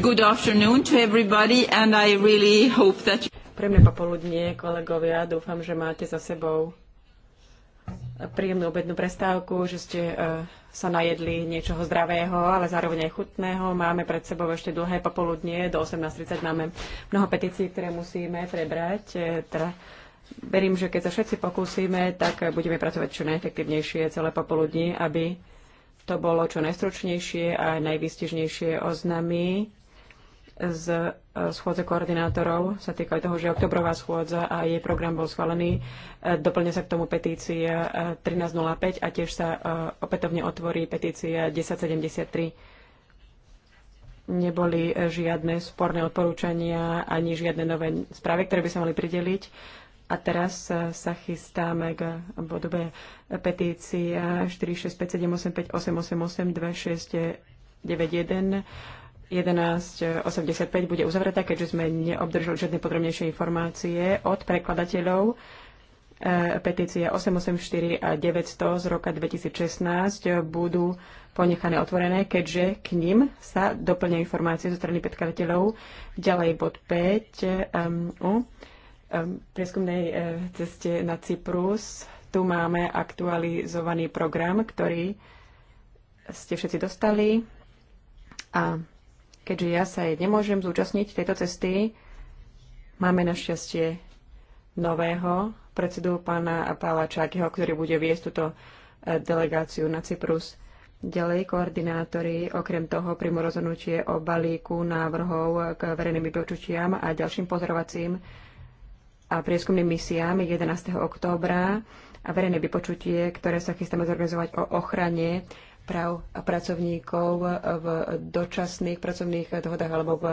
Good afternoon to everybody and I really hope that Príjemné popoludnie, kolegovia. Dúfam, že máte za sebou príjemnú obednú prestávku, že ste uh, sa najedli niečoho zdravého, ale zároveň aj chutného. Máme pred sebou ešte dlhé popoludnie, do 18.30 máme mnoho petícií, ktoré musíme prebrať. E, teda verím, že keď sa všetci pokúsime, tak budeme pracovať čo najefektívnejšie celé popoludní, aby to bolo čo najstručnejšie a najvýstižnejšie oznamy z e, schôdze koordinátorov sa týka toho, že oktobrová schôdza a jej program bol schválený. E, Doplne sa k tomu petícia 1305 e, a tiež sa opätovne otvorí petícia 1073. Neboli žiadne sporné odporúčania ani žiadne nové správy, ktoré by sa mali prideliť. A teraz e, sa chystáme k bodobe B petícia 4657888 bude uzavretá, keďže sme neobdržali žiadne podrobnejšie informácie od prekladateľov. E, petícia 884 a 900 z roka 2016 budú ponechané otvorené, keďže k ním sa doplňa informácie zo strany predkladateľov. Ďalej bod 5. Um, uh, prieskumnej eh, ceste na Cyprus. Tu máme aktualizovaný program, ktorý ste všetci dostali. A keďže ja sa aj nemôžem zúčastniť tejto cesty, máme našťastie nového predsedu pána Pála Čákyho, ktorý bude viesť túto eh, delegáciu na Cyprus. Ďalej koordinátori okrem toho príjmu rozhodnutie o balíku návrhov k verejným vypočutiam a ďalším pozorovacím a prieskumným misiám 11. októbra a verejné vypočutie, ktoré sa chystáme zorganizovať o ochrane práv pracovníkov v dočasných pracovných dohodách alebo v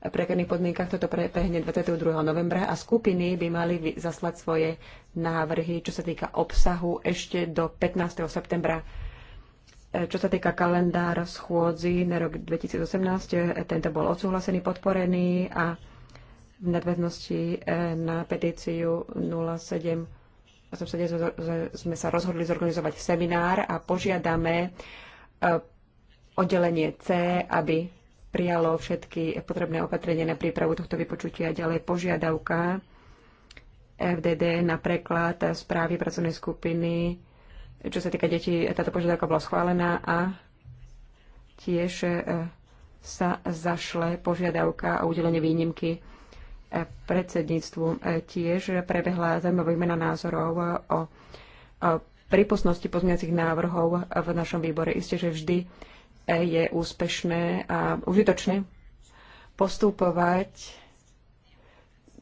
prekerných podmienkach. Toto prebehne 22. novembra a skupiny by mali zaslať svoje návrhy, čo sa týka obsahu, ešte do 15. septembra. E, čo sa týka kalendára schôdzi na rok 2018, e, tento bol odsúhlasený, podporený a v nadväznosti e, na petíciu 07 sme sa rozhodli zorganizovať seminár a požiadame e, oddelenie C, aby prijalo všetky potrebné opatrenia na prípravu tohto vypočutia. Ďalej požiadavka FDD na preklad správy pracovnej skupiny. Čo sa týka detí, táto požiadavka bola schválená a tiež e, sa zašle požiadavka o udelenie výnimky predsedníctvu e, tiež prebehla zaujímavá výmena názorov e, o, e, prípustnosti pozmeňacích návrhov v našom výbore. Isté, že vždy je úspešné a užitočné postupovať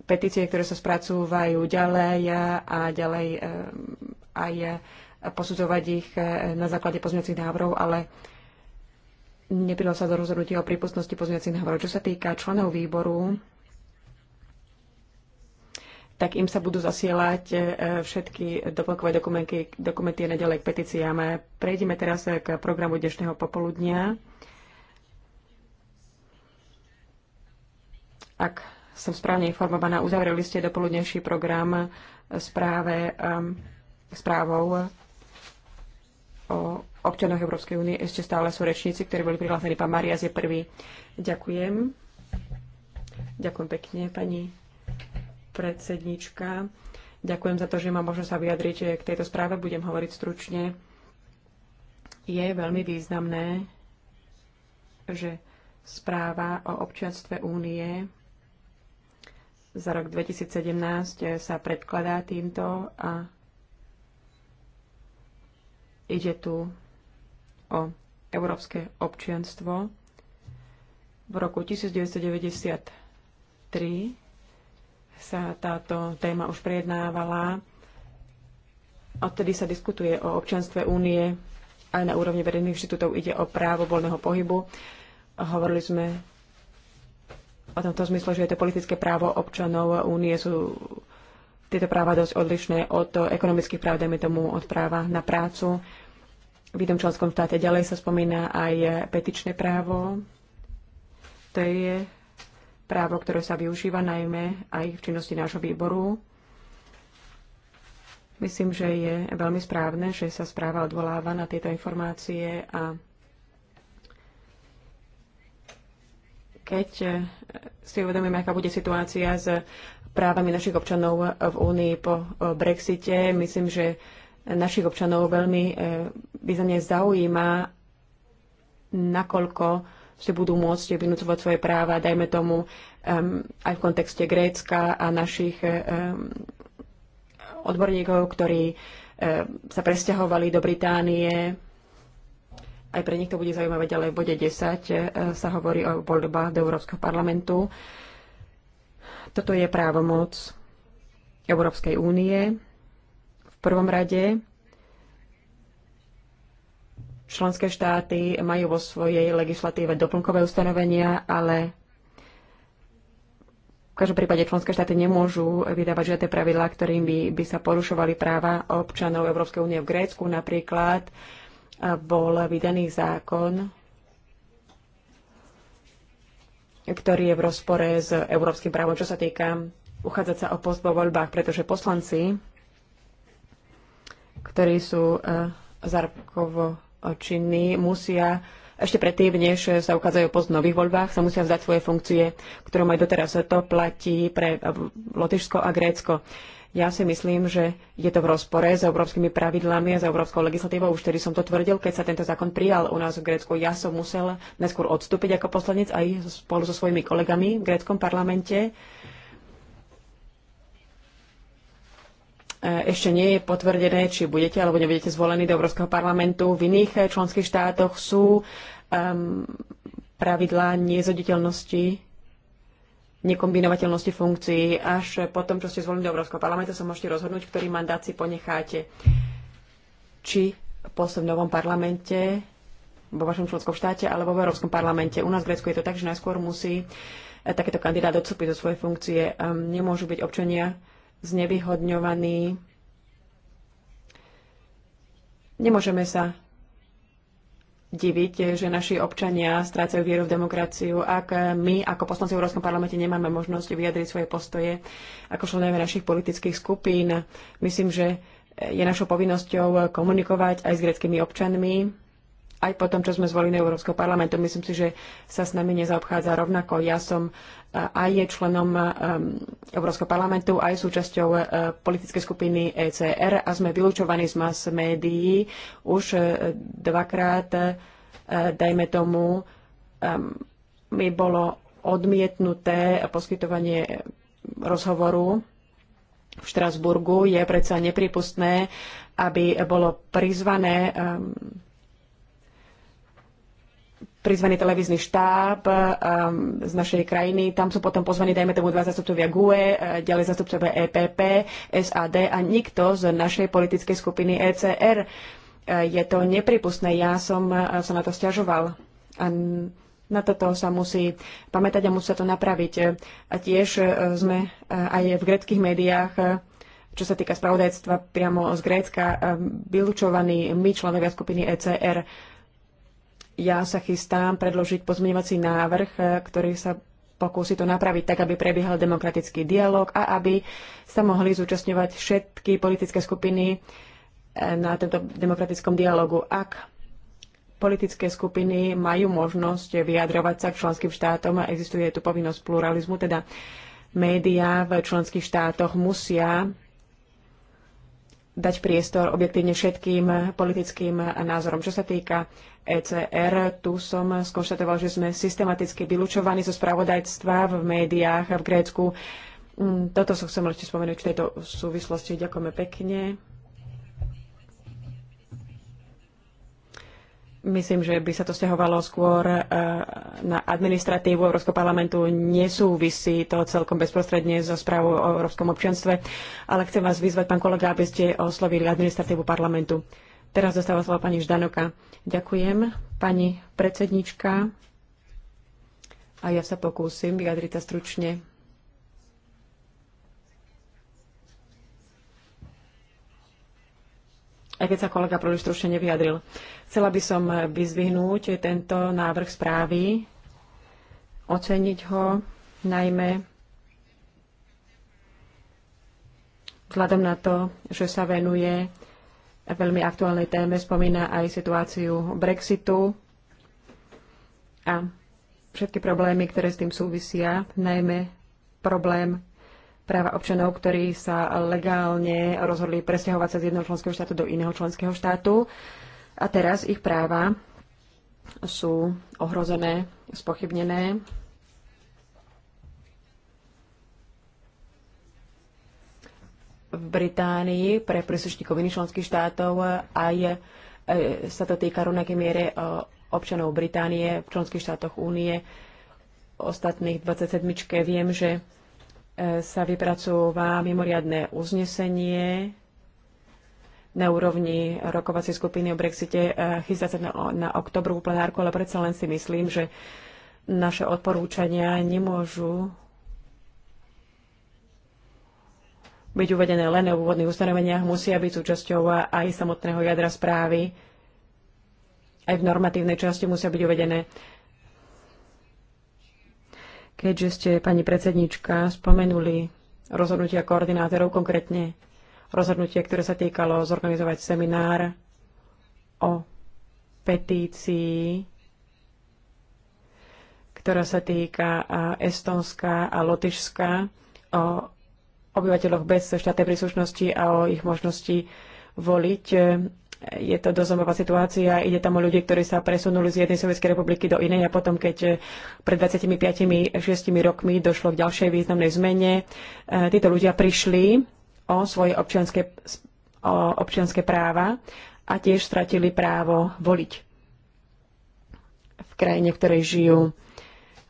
petície, ktoré sa spracúvajú ďalej a ďalej aj posudzovať ich na základe pozmeňacích návrhov, ale nepridal sa do rozhodnutia o prípustnosti pozmeňacích návrhov. Čo sa týka členov výboru, tak im sa budú zasielať e, všetky doplnkové dokumenty, dokumenty naďalej k petíciám. Prejdeme teraz k programu dnešného popoludnia. Ak som správne informovaná, uzavreli ste dopoludnejší program správe, um, správou o občanoch Európskej únie. Ešte stále sú rečníci, ktorí boli prihlásení. Pán Marias je prvý. Ďakujem. Ďakujem pekne, pani podpredsednička. Ďakujem za to, že mám možnosť sa vyjadriť k tejto správe. Budem hovoriť stručne. Je veľmi významné, že správa o občianstve únie za rok 2017 sa predkladá týmto a ide tu o európske občianstvo. V roku 1993 sa táto téma už prejednávala. Odtedy sa diskutuje o občanstve únie. Aj na úrovni verejných inštitútov ide o právo voľného pohybu. Hovorili sme o tomto zmysle, že je to politické právo občanov únie. Sú tieto práva dosť odlišné od ekonomických práv, dajme tomu od práva na prácu. V jednom členskom štáte ďalej sa spomína aj petičné právo. To je právo, ktoré sa využíva najmä aj v činnosti nášho výboru. Myslím, že je veľmi správne, že sa správa odvoláva na tieto informácie a keď si uvedomíme, aká bude situácia s právami našich občanov v Únii po Brexite, myslím, že našich občanov veľmi eh, významne zaujíma, nakoľko si budú môcť vynúcovať svoje práva, dajme tomu, um, aj v kontexte Grécka a našich um, odborníkov, ktorí um, sa presťahovali do Británie. Aj pre nich to bude zaujímavé ďalej. V bode 10 uh, sa hovorí o voľbách do Európskeho parlamentu. Toto je právomoc Európskej únie v prvom rade Členské štáty majú vo svojej legislatíve doplnkové ustanovenia, ale v každom prípade členské štáty nemôžu vydávať žiadne pravidlá, ktorým by, by sa porušovali práva občanov Európskej únie v Grécku. Napríklad eh, bol vydaný zákon, ktorý je v rozpore s európskym právom, čo sa týka uchádzať sa o post vo voľbách, pretože poslanci, ktorí sú eh, zárobkovo činní musia ešte predtým, než sa ukázajú post v nových voľbách, sa musia vzdať svoje funkcie, ktoré majú doteraz. To platí pre eh, Lotyšsko a Grécko. Ja si myslím, že je to v rozpore s európskymi pravidlami a s európskou legislatívou. Už vtedy som to tvrdil, keď sa tento zákon prijal u nás v Grécku. Ja som musel neskôr odstúpiť ako poslanec aj spolu so svojimi kolegami v gréckom parlamente. Uh, E, ešte nie je potvrdené, či budete alebo nebudete zvolení do Európskeho parlamentu. V iných e, členských štátoch sú um, pravidlá nezoditeľnosti, nekombinovateľnosti funkcií. Až po tom, čo ste zvolení do Európskeho parlamentu, sa môžete rozhodnúť, ktorý mandát si ponecháte. Či po v novom parlamente, vo vašom členskom štáte alebo v Európskom parlamente. U nás v Grécku je to tak, že najskôr musí e, takéto kandidát odstúpiť zo svojej funkcie. Um, nemôžu byť občania znevýhodňovaní. Nemôžeme sa diviť, že naši občania strácajú vieru v demokraciu, ak my ako poslanci v Európskom parlamente nemáme možnosť vyjadriť svoje postoje ako členovia našich politických skupín. Myslím, že je našou povinnosťou komunikovať aj s greckými občanmi, aj po tom, čo sme zvolili do Európskeho parlamentu. Myslím si, že sa s nami nezaobchádza rovnako. Ja som Um, a je členom Európskeho parlamentu, aj súčasťou uh, politickej skupiny ECR a sme vylúčovaní z mass médií už uh, dvakrát, uh, dajme tomu, um, mi bolo odmietnuté poskytovanie rozhovoru v Štrasburgu. Je predsa nepripustné, aby bolo prizvané um, prizvaný televízny štáb um, z našej krajiny. Tam sú potom pozvaní, dajme tomu, dva zastupcovia GUE, uh, ďalej zastupcovia EPP, SAD a nikto z našej politickej skupiny ECR. Uh, je to nepripustné. Ja som uh, sa na to stiažoval. A na toto sa musí pamätať a musí sa to napraviť. A tiež sme aj v greckých médiách, čo sa týka spravodajstva priamo z Grécka, vylúčovaní my, členovia skupiny ECR ja sa chystám predložiť pozmeňovací návrh, e, ktorý sa pokúsi to napraviť tak, aby prebiehal demokratický dialog a aby sa mohli zúčastňovať všetky politické skupiny e, na tomto demokratickom dialogu. Ak politické skupiny majú možnosť vyjadrovať sa k členským štátom a existuje tu povinnosť pluralizmu, teda médiá v členských štátoch musia dať priestor objektívne všetkým politickým názorom. Čo sa týka ECR. Tu som skonštatoval, že sme systematicky vylúčovaní zo spravodajstva v médiách v Grécku. Mm, toto som chcem ešte spomenúť v tejto súvislosti. Ďakujeme pekne. Myslím, že by sa to stiahovalo skôr e, na administratívu Európskeho parlamentu. Nesúvisí to celkom bezprostredne so správou o európskom občianstve, ale chcem vás vyzvať, pán kolega, aby ste oslovili administratívu parlamentu. Teraz dostáva slovo pani Ždanoka. Ďakujem, pani predsednička. A ja sa pokúsim vyjadriť sa stručne. aj keď sa kolega príliš stručne nevyjadril. Chcela by som vyzvihnúť tento návrh správy, oceniť ho najmä vzhľadom na to, že sa venuje veľmi aktuálnej téme, spomína aj situáciu Brexitu a všetky problémy, ktoré s tým súvisia, najmä problém práva občanov, ktorí sa legálne rozhodli presťahovať sa z jedného členského štátu do iného členského štátu. A teraz ich práva sú ohrozené, spochybnené v Británii pre príslušníkov iných členských štátov aj e, sa to týka rovnakej miere e, občanov Británie v členských štátoch únie. Ostatných 27. viem, že e, sa vypracúva mimoriadne uznesenie na úrovni rokovacej skupiny o Brexite. Chystá sa na, na oktobrovú plenárku, ale predsa len si myslím, že naše odporúčania nemôžu byť uvedené len v úvodných ustanoveniach, musia byť súčasťou aj samotného jadra správy. Aj v normatívnej časti musia byť uvedené. Keďže ste, pani predsednička, spomenuli rozhodnutia koordinátorov, konkrétne rozhodnutie, ktoré sa týkalo zorganizovať seminár o petícii, ktorá sa týka Estonska a Lotyšska o obyvateľoch bez štátnej príslušnosti a o ich možnosti voliť. Je to dozomová situácia, ide tam o ľudí, ktorí sa presunuli z jednej Sovjetskej republiky do inej a potom, keď pred 25-6 rokmi došlo k ďalšej významnej zmene, e, títo ľudia prišli o svoje občianske, o občianske práva a tiež stratili právo voliť v krajine, v ktorej žijú.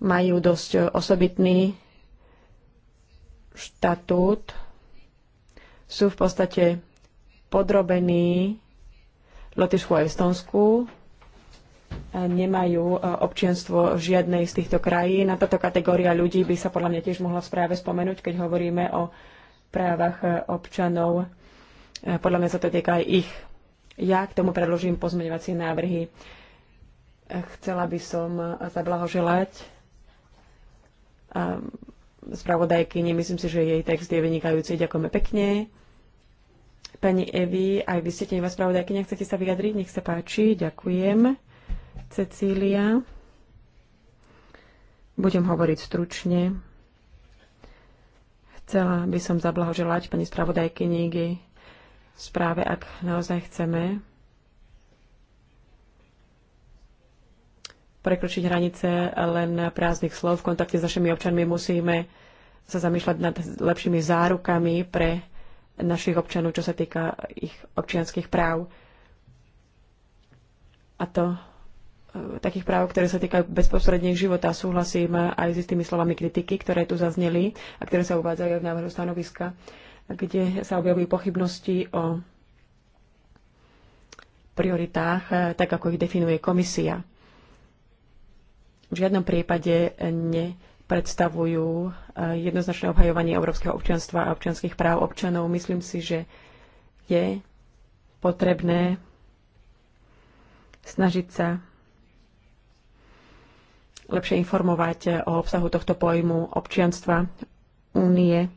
Majú dosť osobitný štatút sú v podstate podrobení Lotyšku a Estonsku, nemajú e, občianstvo v žiadnej z týchto krajín. Na táto kategória ľudí by sa podľa mňa tiež mohla v správe spomenúť, keď hovoríme o právach e, občanov. E, podľa mňa sa to týka aj ich. Ja k tomu predložím pozmeňovacie návrhy. Chcela by som zablahoželať spravodajky, Myslím si, že jej text je vynikajúci. Ďakujeme pekne. Pani Evi, aj vy ste tenová spravodajky, chcete sa vyjadriť? Nech sa páči, ďakujem. Cecília. Budem hovoriť stručne. Chcela by som zablahoželať pani spravodajkyni k správe, ak naozaj chceme prekročiť hranice len prázdnych slov. V kontakte s našimi občanmi musíme sa zamýšľať nad lepšími zárukami pre našich občanov, čo sa týka ich občianských práv. A to e, takých práv, ktoré sa týkajú bezprostredne života. Súhlasím aj s tými slovami kritiky, ktoré tu zazneli a ktoré sa uvádzajú v návrhu stanoviska, kde sa objavujú pochybnosti o prioritách, e, tak ako ich definuje komisia v žiadnom prípade nepredstavujú e, jednoznačné obhajovanie európskeho občianstva a občianských práv občanov. Myslím si, že je potrebné snažiť sa lepšie informovať e, o obsahu tohto pojmu občianstva únie.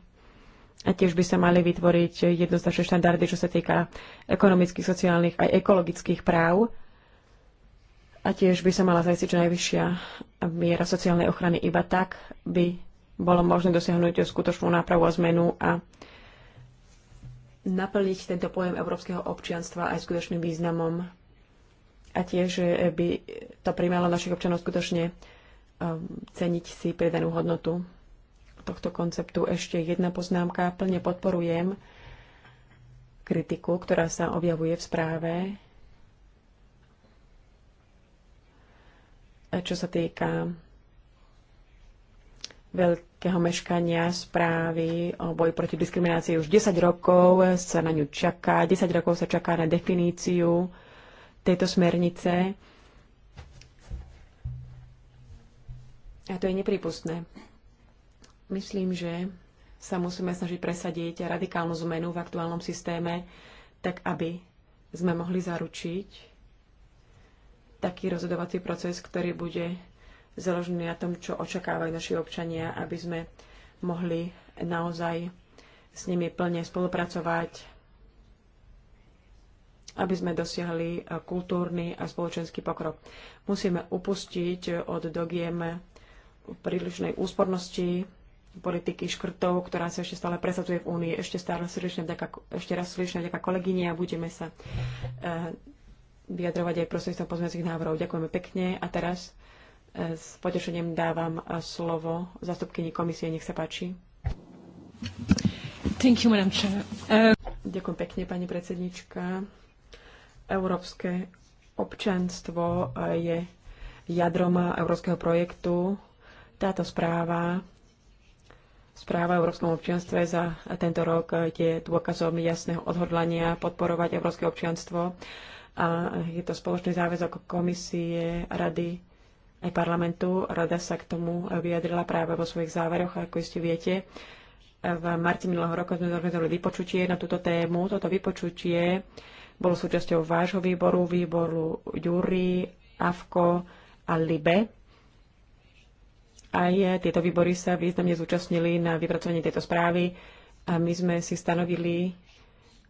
A tiež by sa mali vytvoriť jednoznačné štandardy, čo sa týka ekonomických, sociálnych aj ekologických práv a tiež by sa mala zajistiť čo najvyššia miera sociálnej ochrany. Iba tak by bolo možné dosiahnuť skutočnú nápravu a zmenu a naplniť tento pojem európskeho občianstva aj skutočným významom. A tiež eh, by to primalo našich občanov skutočne eh, ceniť si pridanú hodnotu tohto konceptu. Ešte jedna poznámka. Plne podporujem kritiku, ktorá sa objavuje v správe čo sa týka veľkého meškania správy o boji proti diskriminácii. Už 10 rokov sa na ňu čaká, 10 rokov sa čaká na definíciu tejto smernice. A to je nepripustné. Myslím, že sa musíme snažiť presadiť radikálnu zmenu v aktuálnom systéme, tak aby sme mohli zaručiť, taký rozhodovací proces, ktorý bude založený na tom, čo očakávajú naši občania, aby sme mohli naozaj s nimi plne spolupracovať, aby sme dosiahli eh, kultúrny a spoločenský pokrok. Musíme upustiť eh, od dogiem prílišnej úspornosti, politiky škrtov, ktorá sa ešte stále presadzuje v Únii. Ešte, stále vďaka, ešte raz srdečne vďaka kolegyne a budeme sa eh, vyjadrovať aj prostredstvom pozmeňujúcich návrhov. Ďakujeme pekne a teraz e, s potešením dávam e, slovo zastupkyni komisie. Nech sa páči. Thank you, Madam Chair. Uh... Ďakujem pekne, pani predsednička. Európske občanstvo je jadrom európskeho projektu. Táto správa Správa o európskom občianstve za tento rok je dôkazom jasného odhodlania podporovať európske občianstvo a je to spoločný záväzok komisie, rady aj parlamentu. Rada sa k tomu vyjadrila práve vo svojich záveroch, ako iste viete. V marci minulého roku sme zorganizovali vypočutie na túto tému. Toto vypočutie bolo súčasťou vášho výboru, výboru Jury, AVKO a LIBE. Aj tieto výbory sa významne zúčastnili na vypracovaní tejto správy a my sme si stanovili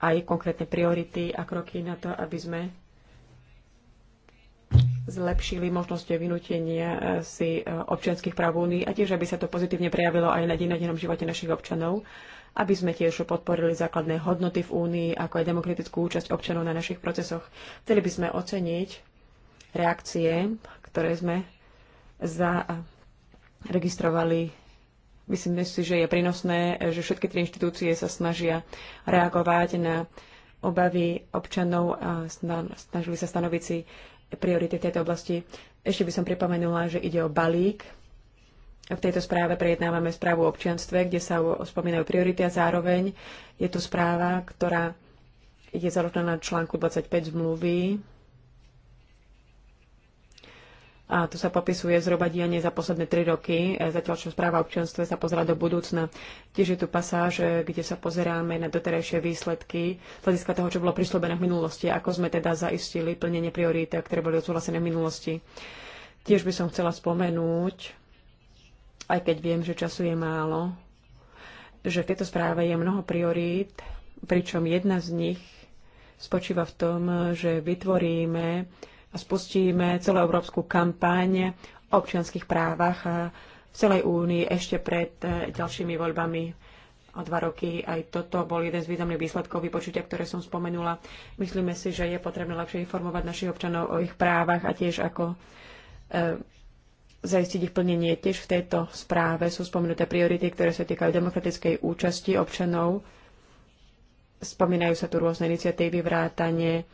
aj konkrétne priority a kroky na to, aby sme zlepšili možnosť vynútenia eh, si eh, občianských práv únii a tiež, aby sa to pozitívne prejavilo aj na dennodennom živote našich občanov, aby sme tiež podporili základné hodnoty v únii, ako aj demokratickú účasť občanov na našich procesoch. Chceli by sme oceniť reakcie, ktoré sme zaregistrovali eh, Myslím si, že je prínosné, že všetky tri inštitúcie sa snažia reagovať na obavy občanov a snažili sa stanoviť si priority v tejto oblasti. Ešte by som pripomenula, že ide o balík. V tejto správe prejednávame správu o občianstve, kde sa spomínajú priority a zároveň je to správa, ktorá je založená na článku 25 zmluvy a tu sa popisuje zhruba dianie za posledné tri roky, e, zatiaľ čo správa o občianstve sa pozera do budúcna. Tiež je tu pasáž, e, kde sa pozeráme na doterajšie výsledky z hľadiska toho, čo bolo prislúbené v minulosti, ako sme teda zaistili plnenie priorít, ktoré boli odsúhlasené v minulosti. Tiež by som chcela spomenúť, aj keď viem, že času je málo, že v tejto správe je mnoho priorít, pričom jedna z nich spočíva v tom, že vytvoríme a spustíme európsku kampaň o občianských právach v celej únii ešte pred e, ďalšími voľbami o dva roky. Aj toto bol jeden z významných výsledkov vypočutia, ktoré som spomenula. Myslíme si, že je potrebné lepšie informovať našich občanov o ich právach a tiež ako e, zaistiť ich plnenie. Tiež v tejto správe sú spomenuté priority, ktoré sa týkajú demokratickej účasti občanov. Spomínajú sa tu rôzne iniciatívy, vrátanie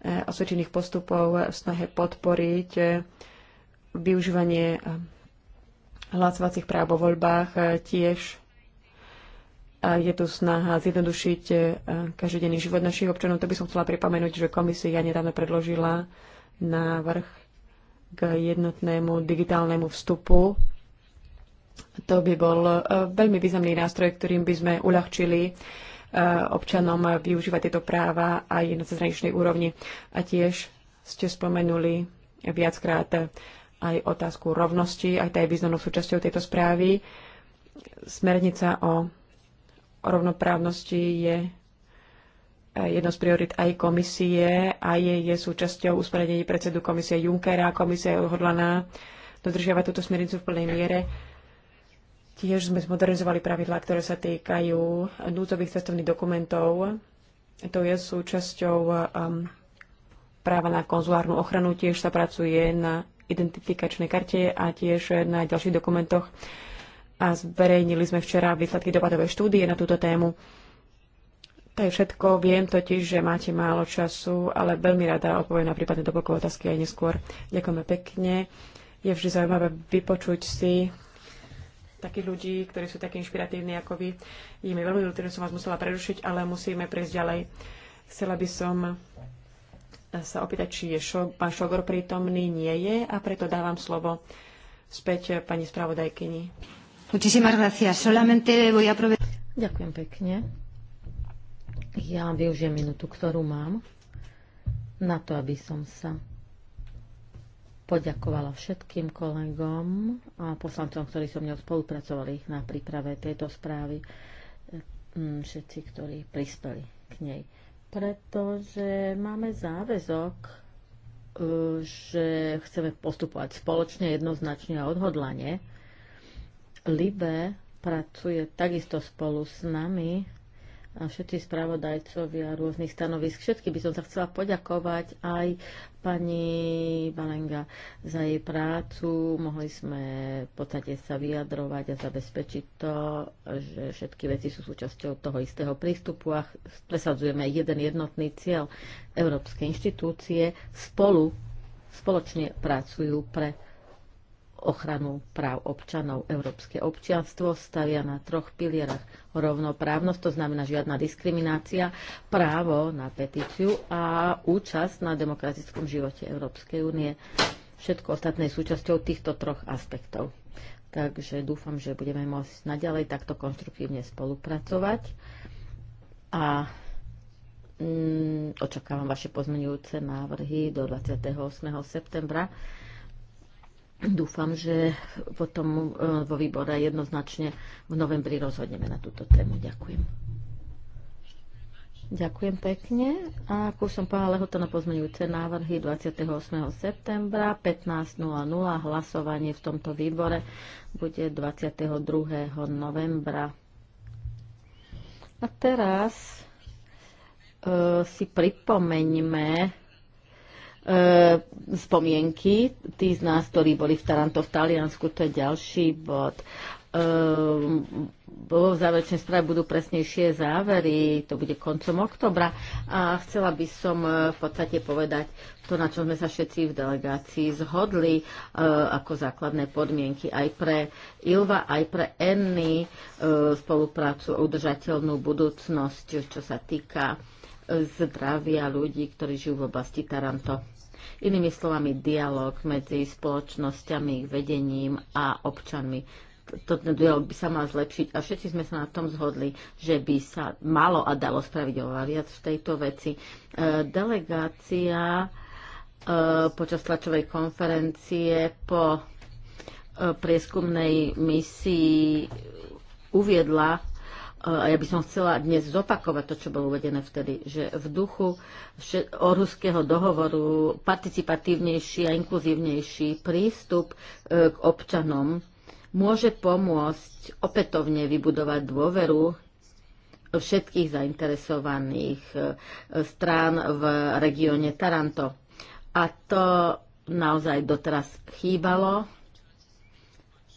Eh, osvedčených postupov v snahe podporiť eh, využívanie eh, hlasovacích práv vo voľbách tiež je tu snaha zjednodušiť každodenný život našich občanov. To by som chcela pripomenúť, že komisia nedávno predložila návrh k jednotnému digitálnemu vstupu. To by bol veľmi významný nástroj, ktorým by sme uľahčili Eh, občanom využívať tieto práva aj na cezhraničnej úrovni. A tiež ste spomenuli viackrát aj otázku rovnosti, aj tá je významnou súčasťou tejto správy. Smernica o rovnoprávnosti je eh, jednou z priorit aj komisie a je, je súčasťou usporiadení predsedu komisie Junckera. Komisia je odhodlaná dodržiavať túto smernicu v plnej miere Tiež sme zmodernizovali pravidlá, ktoré sa týkajú núdzových cestovných dokumentov. To je súčasťou um, práva na konzulárnu ochranu. Tiež sa pracuje na identifikačnej karte a tiež na ďalších dokumentoch. A zverejnili sme včera výsledky dopadovej štúdie na túto tému. To je všetko. Viem totiž, že máte málo času, ale veľmi rada odpoviem na prípadne doplnkové otázky aj neskôr. Ďakujeme pekne. Je vždy zaujímavé vypočuť si takých ľudí, ktorí sú takí inšpiratívni ako vy. Je mi veľmi ľúto, že som vás musela prerušiť, ale musíme prejsť ďalej. Chcela by som sa opýtať, či je šok, pán Šogor prítomný, nie je a preto dávam slovo späť pani spravodajkyni. Ďakujem pekne. Ja využijem minútu, ktorú mám, na to, aby som sa poďakovala všetkým kolegom a poslancom, ktorí so mnou spolupracovali na príprave tejto správy, mm, všetci, ktorí prispeli k nej. Pretože máme záväzok, e, že chceme postupovať spoločne, jednoznačne a odhodlane. Libe pracuje takisto spolu s nami a všetci spravodajcovia rôznych stanovisk. Všetky by som sa chcela poďakovať aj pani Balenga za jej prácu. Mohli sme v podstate sa vyjadrovať a zabezpečiť to, že všetky veci sú súčasťou toho istého prístupu a presadzujeme jeden jednotný cieľ. Európske inštitúcie spolu, spoločne pracujú pre ochranu práv občanov. Európske občianstvo stavia na troch pilierach rovnoprávnosť, to znamená žiadna diskriminácia, právo na petíciu a účasť na demokratickom živote Európskej únie. Všetko ostatné je súčasťou týchto troch aspektov. Takže dúfam, že budeme môcť naďalej takto konstruktívne spolupracovať a mm, očakávam vaše pozmenujúce návrhy do 28. septembra Dúfam, že potom e, vo výbore jednoznačne v novembri rozhodneme na túto tému. Ďakujem. Ďakujem pekne. A ako som povedala, lehoto na pozmeňujúce návrhy 28. septembra 15.00 hlasovanie v tomto výbore bude 22. novembra. A teraz e, si pripomeňme E, spomienky. Tí z nás, ktorí boli v Taranto v Taliansku, to je ďalší bod. v e, záverečnej správe budú presnejšie závery, to bude koncom oktobra a chcela by som e, v podstate povedať to, na čo sme sa všetci v delegácii zhodli ako základné podmienky aj pre Ilva, aj pre Enny spoluprácu o udržateľnú budúcnosť, čo sa týka zdravia ľudí, ktorí žijú v oblasti Taranto. Inými slovami, dialog medzi spoločnosťami, ich vedením a občanmi Toto dialog by sa mal zlepšiť a všetci sme sa na tom zhodli, že by sa malo a dalo spraviť oveľa viac v tejto veci. E, delegácia e, počas tlačovej konferencie po e, prieskumnej misii uviedla, a ja by som chcela dnes zopakovať to, čo bolo uvedené vtedy, že v duchu Orhuského dohovoru participatívnejší a inkluzívnejší prístup e, k občanom môže pomôcť opätovne vybudovať dôveru všetkých zainteresovaných e, strán v regióne Taranto. A to naozaj doteraz chýbalo.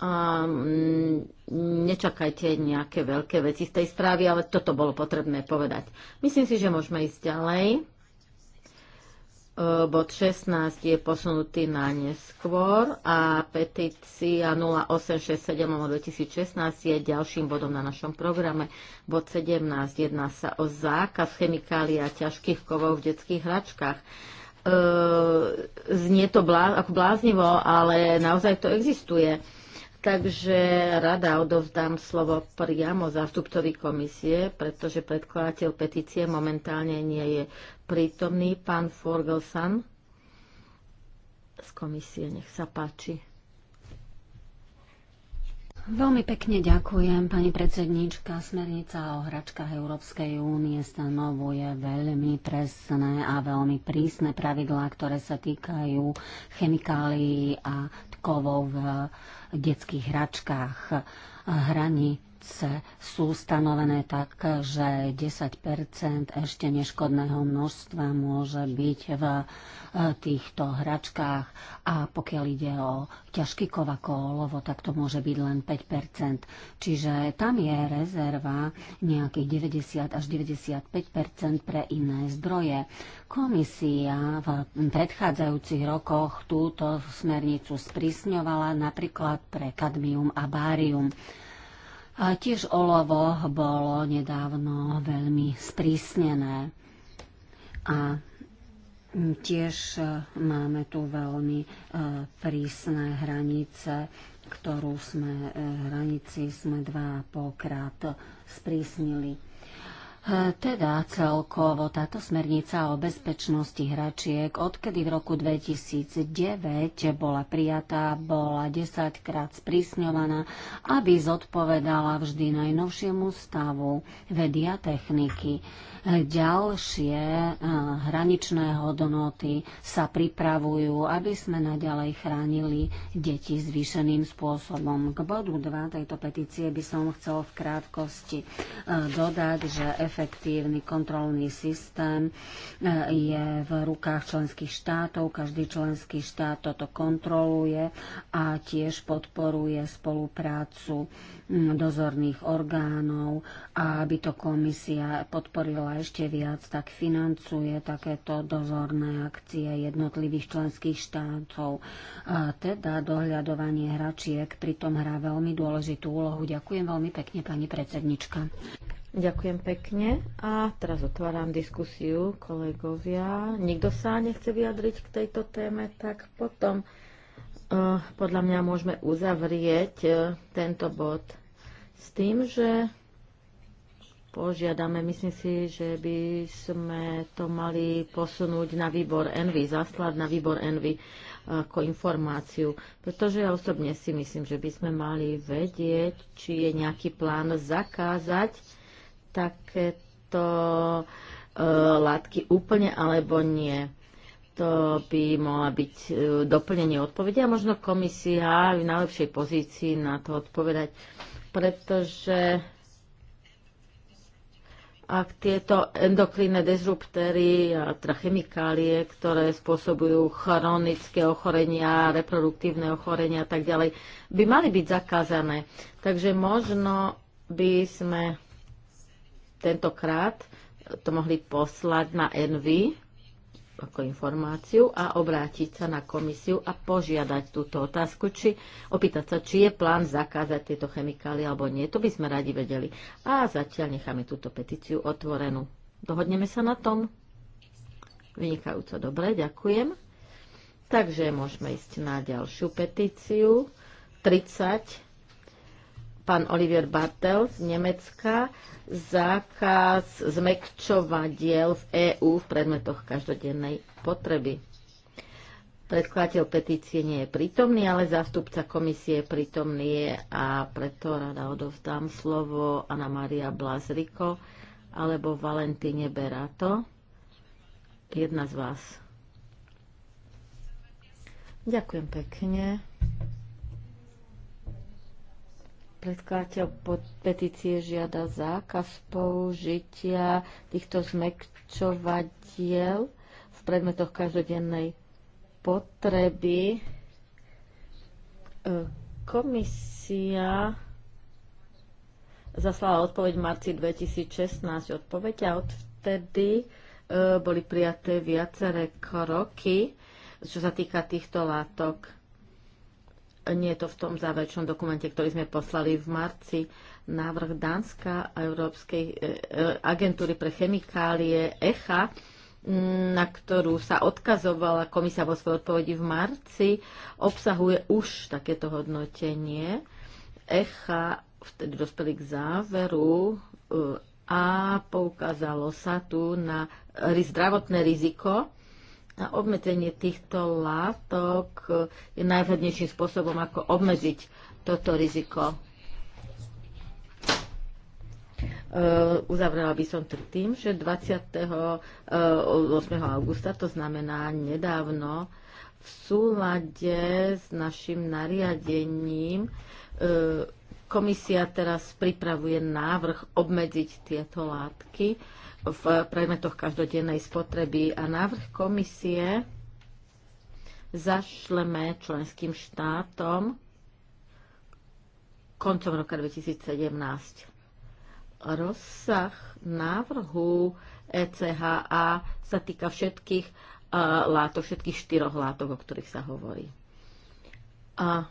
Um, nečakajte nejaké veľké veci z tej správy, ale toto bolo potrebné povedať. Myslím si, že môžeme ísť ďalej. E, bod 16 je posunutý na neskôr a petícia 0867 2016 je ďalším bodom na našom programe. Bod 17 jedná sa o zákaz chemikálií a ťažkých kovov v detských hračkách. E, znie to blá, ako bláznivo, ale naozaj to existuje Takže rada odovzdám slovo priamo zástupcovi komisie, pretože predkladateľ petície momentálne nie je prítomný. Pán Forgelsan z komisie, nech sa páči. Veľmi pekne ďakujem, pani predsednička. Smernica o hračkách Európskej únie stanovuje veľmi presné a veľmi prísne pravidlá, ktoré sa týkajú chemikálií a kovov v detských hračkách, hraní obce sú stanovené tak, že 10 ešte neškodného množstva môže byť v eh, týchto hračkách a pokiaľ ide o ťažký kov ako olovo, tak to môže byť len 5 Čiže tam je rezerva nejakých 90 až 95 pre iné zdroje. Komisia v predchádzajúcich rokoch túto smernicu sprísňovala napríklad pre kadmium a bárium. A tiež olovo bolo nedávno veľmi sprísnené. A tiež e, máme tu veľmi e, prísne hranice, ktorú sme, e, hranici sme dva krát sprísnili. E, teda celkovo táto smernica o bezpečnosti hračiek, odkedy v roku 2009 bola prijatá, bola 10 krát sprísňovaná, aby zodpovedala vždy najnovšiemu stavu vedia techniky ďalšie eh, hraničné hodnoty sa pripravujú, aby sme naďalej chránili deti zvýšeným spôsobom. K bodu 2 tejto petície by som chcel v krátkosti eh, dodať, že efektívny kontrolný systém eh, je v rukách členských štátov. Každý členský štát toto kontroluje a tiež podporuje spoluprácu dozorných orgánov a aby to komisia podporila ešte viac, tak financuje takéto dozorné akcie jednotlivých členských štátov. A teda dohľadovanie hračiek pritom hrá veľmi dôležitú úlohu. Ďakujem veľmi pekne, pani predsednička. Ďakujem pekne. A teraz otváram diskusiu, kolegovia. Nikto sa nechce vyjadriť k tejto téme, tak potom Eh, podľa mňa môžeme uzavrieť eh, tento bod s tým, že požiadame, myslím si, že by sme to mali posunúť na výbor Envy, zaslať na výbor Envy eh, ako informáciu, pretože ja osobne si myslím, že by sme mali vedieť, či je nejaký plán zakázať takéto látky úplne alebo nie to by mohla byť e, doplnenie odpovede a možno komisia je v najlepšej pozícii na to odpovedať, pretože ak tieto endokrinné dezruptéry a chemikálie, ktoré spôsobujú chronické ochorenia, reproduktívne ochorenia a tak ďalej, by mali byť zakázané. Takže možno by sme tentokrát to mohli poslať na Envy, ako informáciu a obrátiť sa na komisiu a požiadať túto otázku, či opýtať sa, či je plán zakázať tieto chemikálie alebo nie. To by sme radi vedeli. A zatiaľ necháme túto petíciu otvorenú. Dohodneme sa na tom? Vynikajúco dobre, ďakujem. Takže môžeme ísť na ďalšiu petíciu. 30 pán Olivier Bartel z Nemecka zákaz zmekčovadiel v EÚ v predmetoch každodennej potreby. Predkladateľ petície nie je prítomný, ale zástupca komisie je prítomný je a preto rada odovzdám slovo Ana Maria Blazriko alebo Valentíne Berato. Jedna z vás. Ďakujem pekne. Predkladateľ petície žiada zákaz použitia týchto zmekčovadiel v predmetoch každodennej potreby. E, komisia zaslala odpoveď v marci 2016. Odpoveď a odvtedy e, boli prijaté viaceré kroky, čo sa týka týchto látok nie je to v tom záverečnom dokumente, ktorý sme poslali v marci. Návrh Dánska a Európskej e, e, agentúry pre chemikálie ECHA, mm, na ktorú sa odkazovala komisia vo svojej odpovedi v marci, obsahuje už takéto hodnotenie. ECHA vtedy dospeli k záveru e, a poukázalo sa tu na zdravotné riziko a obmedzenie týchto látok je najvhodnejším spôsobom, ako obmedziť toto riziko. E, uzavrela by som to tým, že 28. E, augusta, to znamená nedávno, v súlade s našim nariadením e, komisia teraz pripravuje návrh obmedziť tieto látky v predmetoch každodennej spotreby a návrh komisie zašleme členským štátom koncom roka 2017. Rozsah návrhu ECHA sa týka všetkých uh, látok, všetkých štyroch látok, o ktorých sa hovorí. A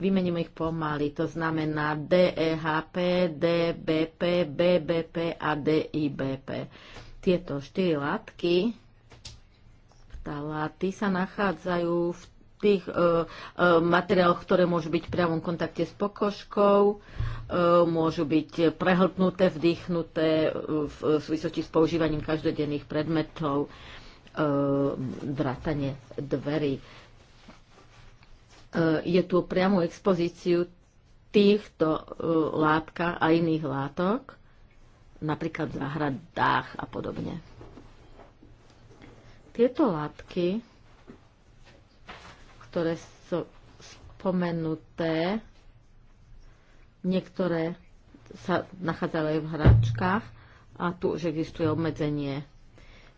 Vymeníme ich pomaly, to znamená DEHP, DBP, BBP a DIBP. Tieto štyri látky, láty sa nachádzajú v tých e, e, materiáloch, ktoré môžu byť v priamom kontakte s pokožkou, e, môžu byť prehltnuté, vdýchnuté e, v, e, v súvislosti s používaním každodenných predmetov, e, vrátanie dverí E, je tu priamu expozíciu týchto e, látka a iných látok, napríklad v záhradách a podobne. Tieto látky, ktoré sú spomenuté, niektoré sa nachádzali aj v hračkách a tu už existuje obmedzenie.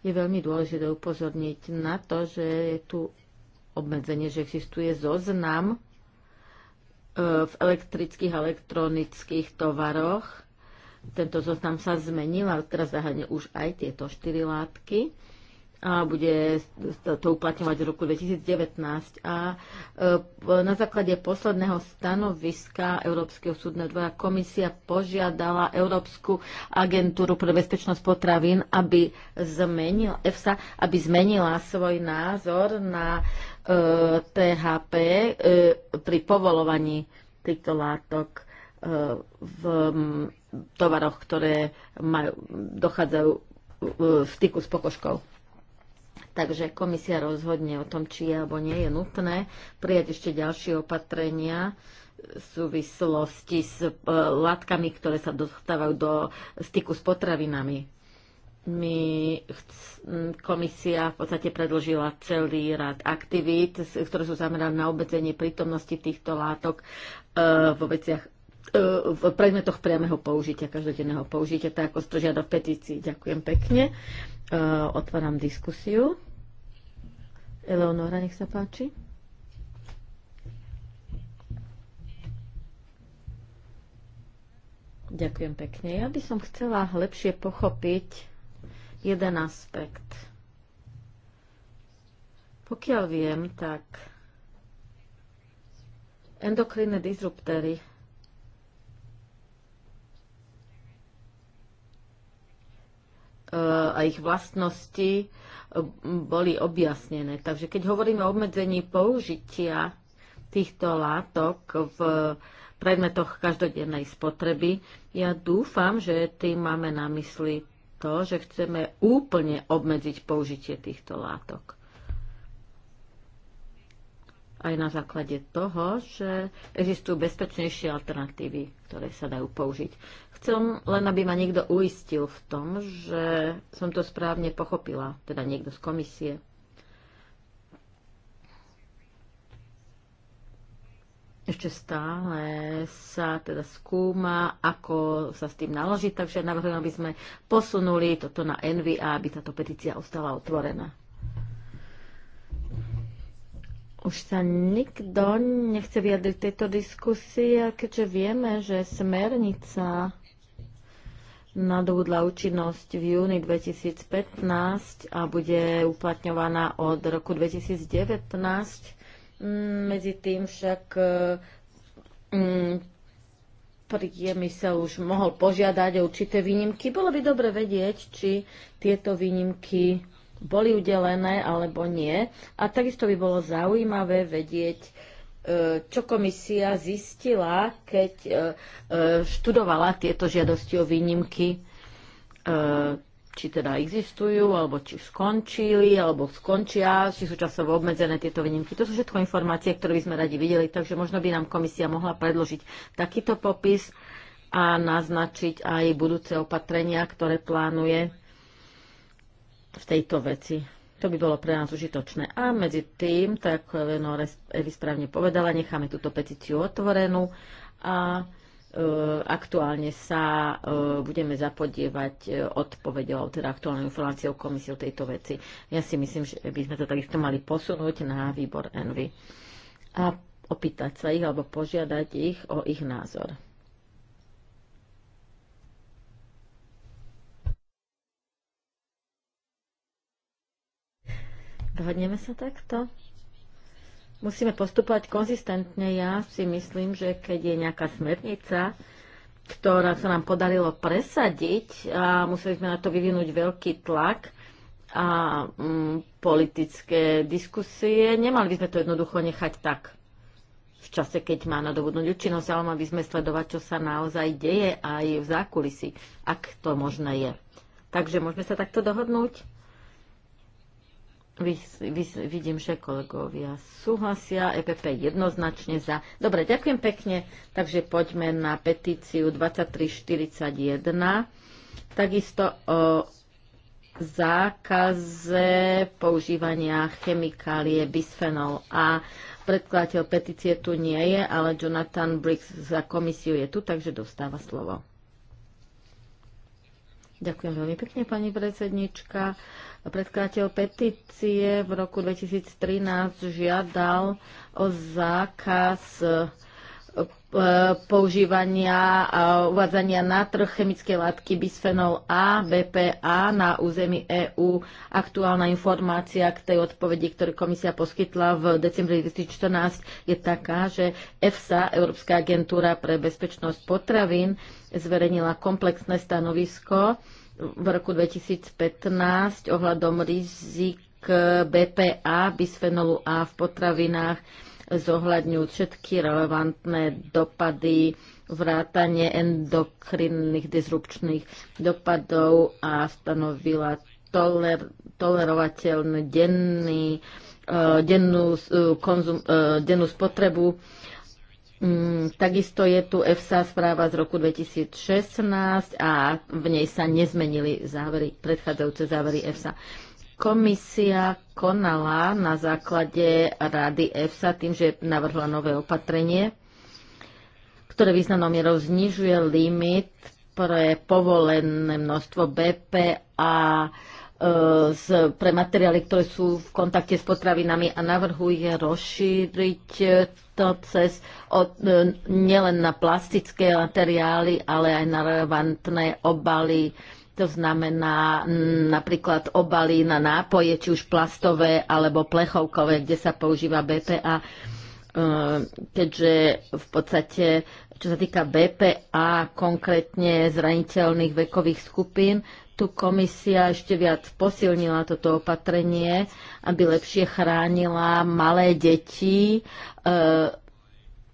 Je veľmi dôležité upozorniť na to, že je tu obmedzenie, že existuje zoznam e, v elektrických a elektronických tovaroch. Tento zoznam sa zmenil a teraz zahrne už aj tieto štyri látky a bude to uplatňovať v roku 2019. A e, na základe posledného stanoviska Európskeho súdneho dvora komisia požiadala Európsku agentúru pre bezpečnosť potravín, aby EFSA, aby zmenila svoj názor na THP e, pri povolovaní týchto látok e, v tovaroch, ktoré majú, dochádzajú e, v styku s pokožkou. Takže komisia rozhodne o tom, či je alebo nie je nutné prijať ešte ďalšie opatrenia v súvislosti s látkami, ktoré sa dostávajú do styku s potravinami mi komisia v podstate predložila celý rad aktivít, ktoré sú zamerané na obmedzenie prítomnosti týchto látok e, vo veciach e, v predmetoch priameho použitia, každodenného použitia, tak ako to žiada v petícii. Ďakujem pekne. E, otváram diskusiu. Eleonora, nech sa páči. Ďakujem pekne. Ja by som chcela lepšie pochopiť jeden aspekt. Pokiaľ viem, tak endokrinné disruptory a ich vlastnosti eh, boli objasnené. Takže keď hovoríme o obmedzení použitia týchto látok v predmetoch každodennej spotreby, ja dúfam, že tým máme na mysli to, že chceme úplne obmedziť použitie týchto látok. Aj na základe toho, že existujú bezpečnejšie alternatívy, ktoré sa dajú použiť. Chcem len, aby ma niekto uistil v tom, že som to správne pochopila, teda niekto z komisie. Ešte stále sa teda skúma, ako sa s tým naloží, takže navrhujem, aby sme posunuli toto na Envy a aby táto petícia ostala otvorená. Už sa nikto nechce vyjadriť tejto diskusii, keďže vieme, že smernica nadobudla účinnosť v júni 2015 a bude uplatňovaná od roku 2019. Mm, medzi tým však e, mm, sa už mohol požiadať o určité výnimky. Bolo by dobre vedieť, či tieto výnimky boli udelené alebo nie. A takisto by bolo zaujímavé vedieť, e, čo komisia zistila, keď e, študovala tieto žiadosti o výnimky či teda existujú, alebo či skončili, alebo skončia, či sú časovo obmedzené tieto výnimky. To sú všetko informácie, ktoré by sme radi videli, takže možno by nám komisia mohla predložiť takýto popis a naznačiť aj budúce opatrenia, ktoré plánuje v tejto veci. To by bolo pre nás užitočné. A medzi tým, tak ako Evi správne povedala, necháme túto petíciu otvorenú a E, aktuálne sa e, budeme zapodievať e, odpovedou, teda aktuálnou informáciou komisiou tejto veci. Ja si myslím, že by sme to takisto mali posunúť na výbor Envy a opýtať sa ich alebo požiadať ich o ich názor. Dohodneme sa takto? musíme postupovať konzistentne. Ja si myslím, že keď je nejaká smernica, ktorá sa nám podarilo presadiť a museli sme na to vyvinúť veľký tlak a mm, politické diskusie, nemali by sme to jednoducho nechať tak v čase, keď má nadobudnúť účinnosť, ale mali by sme sledovať, čo sa naozaj deje aj v zákulisí, ak to možné je. Takže môžeme sa takto dohodnúť? Vys, vys, vidím, že kolegovia súhlasia. EPP jednoznačne za. Dobre, ďakujem pekne. Takže poďme na petíciu 2341. Takisto o zákaze používania chemikálie bisphenol A. Predkladateľ petície tu nie je, ale Jonathan Briggs za komisiu je tu, takže dostáva slovo. Ďakujem veľmi pekne, pani predsednička. Predkladateľ petície v roku 2013 žiadal o zákaz používania a uvádzania na trh chemické látky bisfenol A, BPA na území EÚ. Aktuálna informácia k tej odpovedi, ktorú komisia poskytla v decembri 2014, je taká, že EFSA, Európska agentúra pre bezpečnosť potravín, zverejnila komplexné stanovisko v roku 2015 ohľadom rizik BPA, bisfenolu A v potravinách zohľadňujú všetky relevantné dopady vrátanie endokrinných disrupčných dopadov a stanovila toler, tolerovateľnú denný, e, dennú, e, konzum, e, dennú spotrebu. Mm, takisto je tu EFSA správa z roku 2016 a v nej sa nezmenili závery, predchádzajúce závery EFSA. Komisia konala na základe rady EFSA tým, že navrhla nové opatrenie, ktoré významnou mierou znižuje limit pre povolené množstvo BPA e, z, pre materiály, ktoré sú v kontakte s potravinami a navrhuje rozšíriť to cez od, e, nielen na plastické materiály, ale aj na relevantné obaly to znamená napríklad obaly na nápoje, či už plastové alebo plechovkové, kde sa používa BPA. Ehm, keďže v podstate, čo sa týka BPA, konkrétne zraniteľných vekových skupín, tu komisia ešte viac posilnila toto opatrenie, aby lepšie chránila malé deti ehm,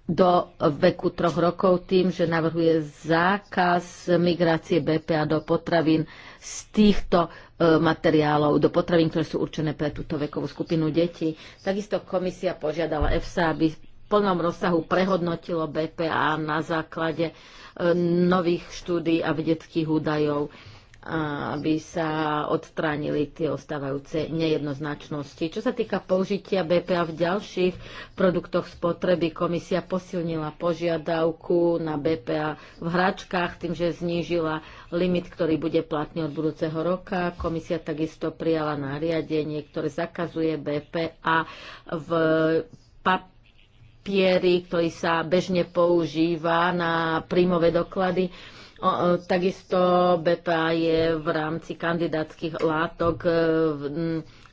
do veku troch rokov tým, že navrhuje zákaz migrácie BPA do potravín z týchto e, materiálov, do potravín, ktoré sú určené pre túto vekovú skupinu detí. Takisto komisia požiadala EFSA, aby v plnom rozsahu prehodnotilo BPA na základe e, nových štúdí a vedeckých údajov aby sa odstránili tie ostávajúce nejednoznačnosti. Čo sa týka použitia BPA v ďalších produktoch spotreby, komisia posilnila požiadavku na BPA v hračkách tým, že znížila limit, ktorý bude platný od budúceho roka. Komisia takisto prijala nariadenie, ktoré zakazuje BPA v papíroch papieri, ktorý sa bežne používa na príjmové doklady. E, takisto beta je v rámci kandidátskych látok e,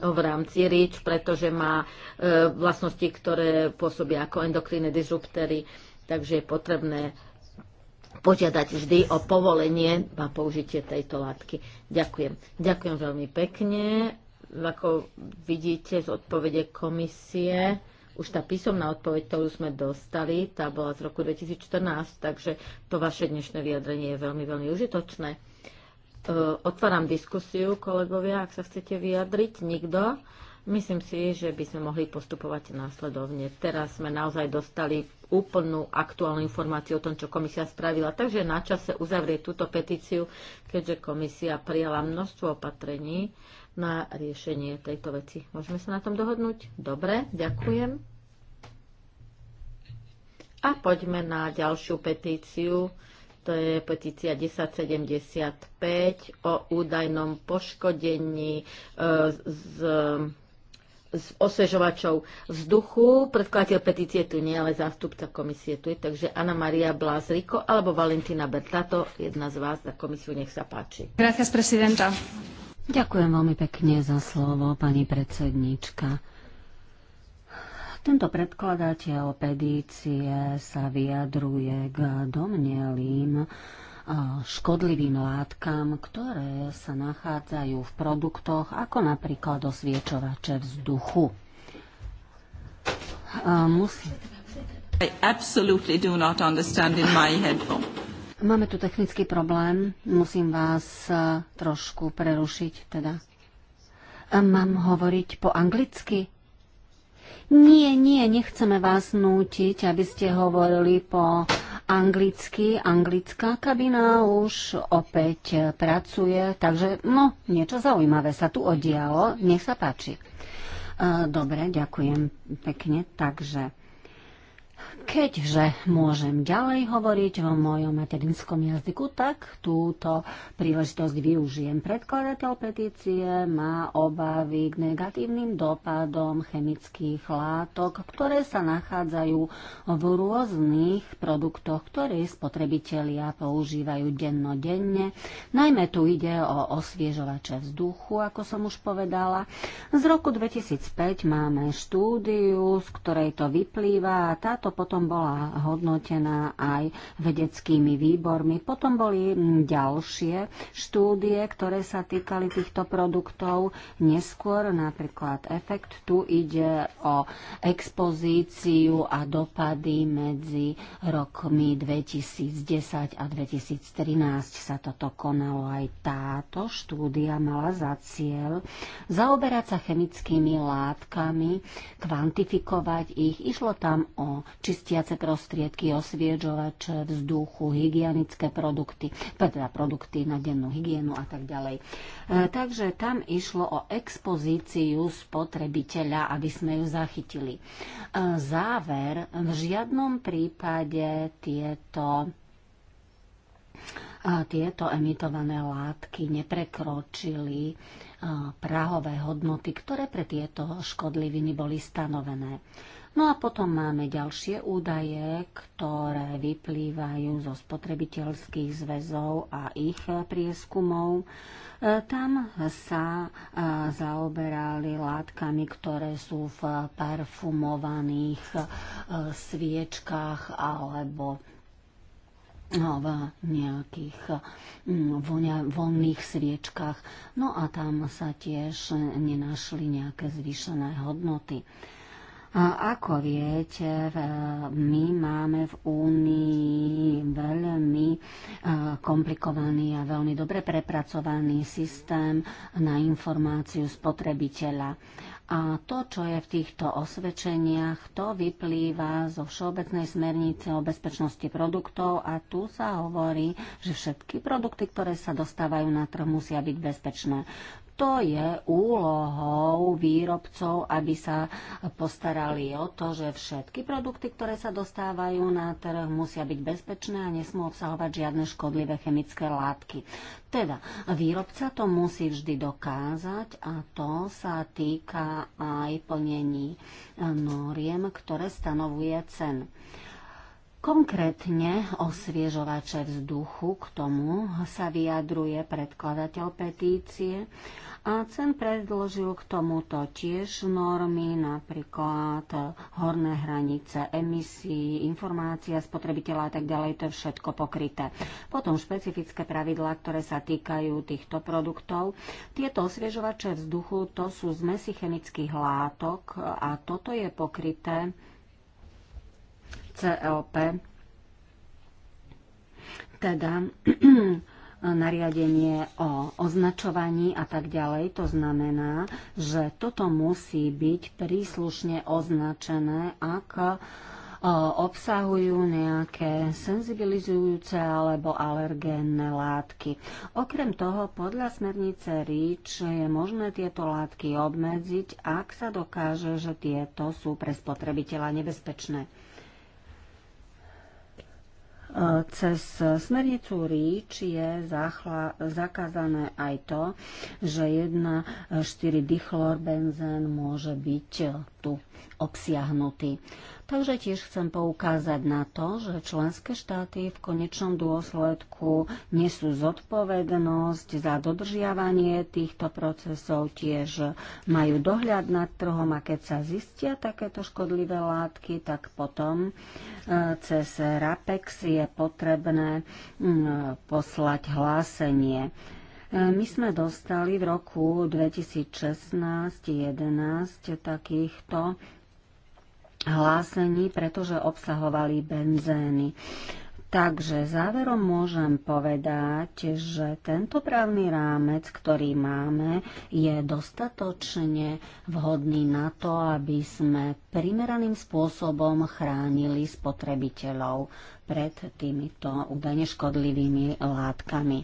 v rámci RIČ, pretože má e, vlastnosti, ktoré pôsobia ako endokrinné disruptory, takže je potrebné požiadať vždy o povolenie na použitie tejto látky. Ďakujem. Ďakujem veľmi pekne. Ako vidíte z odpovede komisie, už tá písomná odpoveď, ktorú sme dostali, tá bola z roku 2014, takže to vaše dnešné vyjadrenie je veľmi, veľmi užitočné. E, otváram diskusiu, kolegovia, ak sa chcete vyjadriť. Nikto? Myslím si, že by sme mohli postupovať následovne. Teraz sme naozaj dostali úplnú aktuálnu informáciu o tom, čo komisia spravila. Takže na čase uzavrieť túto petíciu, keďže komisia prijala množstvo opatrení na riešenie tejto veci. Môžeme sa na tom dohodnúť? Dobre, ďakujem. A poďme na ďalšiu petíciu. To je petícia 1075 o údajnom poškodení e, z z osvežovačov vzduchu. Predkladateľ petície tu nie, ale zástupca komisie tu je. Takže Ana Maria Blázriko alebo Valentina Bertato, jedna z vás za komisiu, nech sa páči. Gracias, presidenta. Ďakujem veľmi pekne za slovo, pani predsednička. Tento predkladateľ pedície sa vyjadruje k domnelým škodlivým látkam, ktoré sa nachádzajú v produktoch ako napríklad osviečovače vzduchu. Musím... I absolutely do not understand in my headphone. Máme tu technický problém, musím vás e, trošku prerušiť teda. E, mám hovoriť po anglicky? Nie, nie, nechceme vás nútiť, aby ste hovorili po anglicky. Anglická kabina už opäť e, pracuje, takže no, niečo zaujímavé sa tu odialo. Nech sa páči. Dobre, ďakujem pekne. Takže Keďže môžem ďalej hovoriť o mojom materinskom jazyku, tak túto príležitosť využijem. Predkladateľ petície má obavy k negatívnym dopadom chemických látok, ktoré sa nachádzajú v rôznych produktoch, ktoré spotrebitelia používajú dennodenne. Najmä tu ide o osviežovače vzduchu, ako som už povedala. Z roku 2005 máme štúdiu, z ktorej to vyplýva a táto potom potom bola hodnotená aj vedeckými výbormi. Potom boli ďalšie štúdie, ktoré sa týkali týchto produktov. Neskôr napríklad efekt. Tu ide o expozíciu a dopady medzi rokmi 2010 a 2013 sa toto konalo. Aj táto štúdia mala za cieľ zaoberať sa chemickými látkami, kvantifikovať ich. Išlo tam o čist čistiace prostriedky, osviežovač vzduchu, hygienické produkty, teda produkty na dennú hygienu a tak ďalej. E, takže tam išlo o expozíciu spotrebiteľa, aby sme ju zachytili. E, záver, v žiadnom prípade tieto e, tieto emitované látky neprekročili prahové hodnoty, ktoré pre tieto škodliviny boli stanovené. No a potom máme ďalšie údaje, ktoré vyplývajú zo spotrebiteľských zväzov a ich prieskumov. E, tam sa e, zaoberali látkami, ktoré sú v parfumovaných e, sviečkách alebo no, v nejakých mm, voľných sviečkách. No a tam sa tiež nenašli nejaké zvýšené hodnoty. Ako viete, my máme v Únii veľmi e, komplikovaný a veľmi dobre prepracovaný systém na informáciu spotrebiteľa. A to, čo je v týchto osvedčeniach, to vyplýva zo Všeobecnej smernice o bezpečnosti produktov a tu sa hovorí, že všetky produkty, ktoré sa dostávajú na trh, musia byť bezpečné. To je úlohou výrobcov, aby sa postarali o to, že všetky produkty, ktoré sa dostávajú na trh, musia byť bezpečné a nesmú obsahovať žiadne škodlivé chemické látky. Teda výrobca to musí vždy dokázať a to sa týka aj plnení noriem, ktoré stanovuje cen. Konkrétne osviežovače vzduchu k tomu sa vyjadruje predkladateľ petície a cen predložil k tomuto tiež normy, napríklad horné hranice emisí, informácia spotrebiteľa a tak ďalej, to je všetko pokryté. Potom špecifické pravidlá, ktoré sa týkajú týchto produktov. Tieto osviežovače vzduchu to sú zmesi chemických látok a toto je pokryté CLP, teda nariadenie o označovaní a tak ďalej. To znamená, že toto musí byť príslušne označené ak e, obsahujú nejaké senzibilizujúce alebo alergénne látky. Okrem toho, podľa smernice REACH je možné tieto látky obmedziť, ak sa dokáže, že tieto sú pre spotrebiteľa nebezpečné. Cez smernicu ríč je zakázané aj to, že 1,4 dichlorbenzén môže byť tu obsiahnutý. Takže tiež chcem poukázať na to, že členské štáty v konečnom dôsledku nesú zodpovednosť za dodržiavanie týchto procesov, tiež majú dohľad nad trhom a keď sa zistia takéto škodlivé látky, tak potom e, cez RAPEX je potrebné poslať hlásenie. E, my sme dostali v roku 2016-2011 takýchto hlásení, pretože obsahovali benzény. Takže záverom môžem povedať, že tento právny rámec, ktorý máme, je dostatočne vhodný na to, aby sme primeraným spôsobom chránili spotrebiteľov pred týmito údajne škodlivými látkami.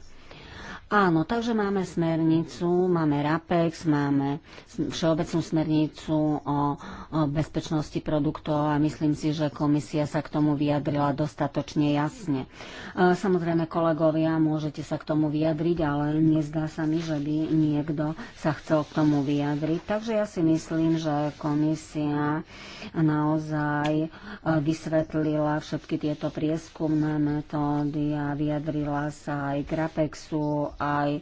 Áno, takže máme smernicu, máme RAPEX, máme všeobecnú smernicu o, o bezpečnosti produktov a myslím si, že komisia sa k tomu vyjadrila dostatočne jasne. E, samozrejme, kolegovia, môžete sa k tomu vyjadriť, ale nezdá sa mi, že by niekto sa chcel k tomu vyjadriť. Takže ja si myslím, že komisia naozaj e, vysvetlila všetky tieto prieskumné metódy a vyjadrila sa aj k RAPEXu aj e,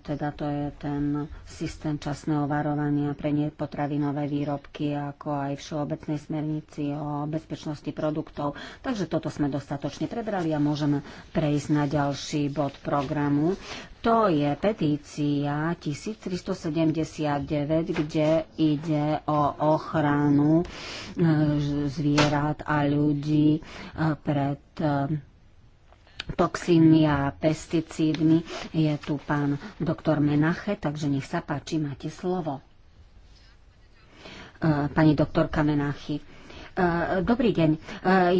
teda to je ten systém časného varovania pre nepotravinové výrobky, ako aj všeobecnej smernici o bezpečnosti produktov. Takže toto sme dostatočne prebrali a môžeme prejsť na ďalší bod programu. To je petícia 1379, kde ide o ochranu e, zvierat a ľudí e, pred toxínmi a pesticídmi. Je tu pán doktor Menache, takže nech sa páči, máte slovo. E, pani doktorka Menachy. E, dobrý deň. E,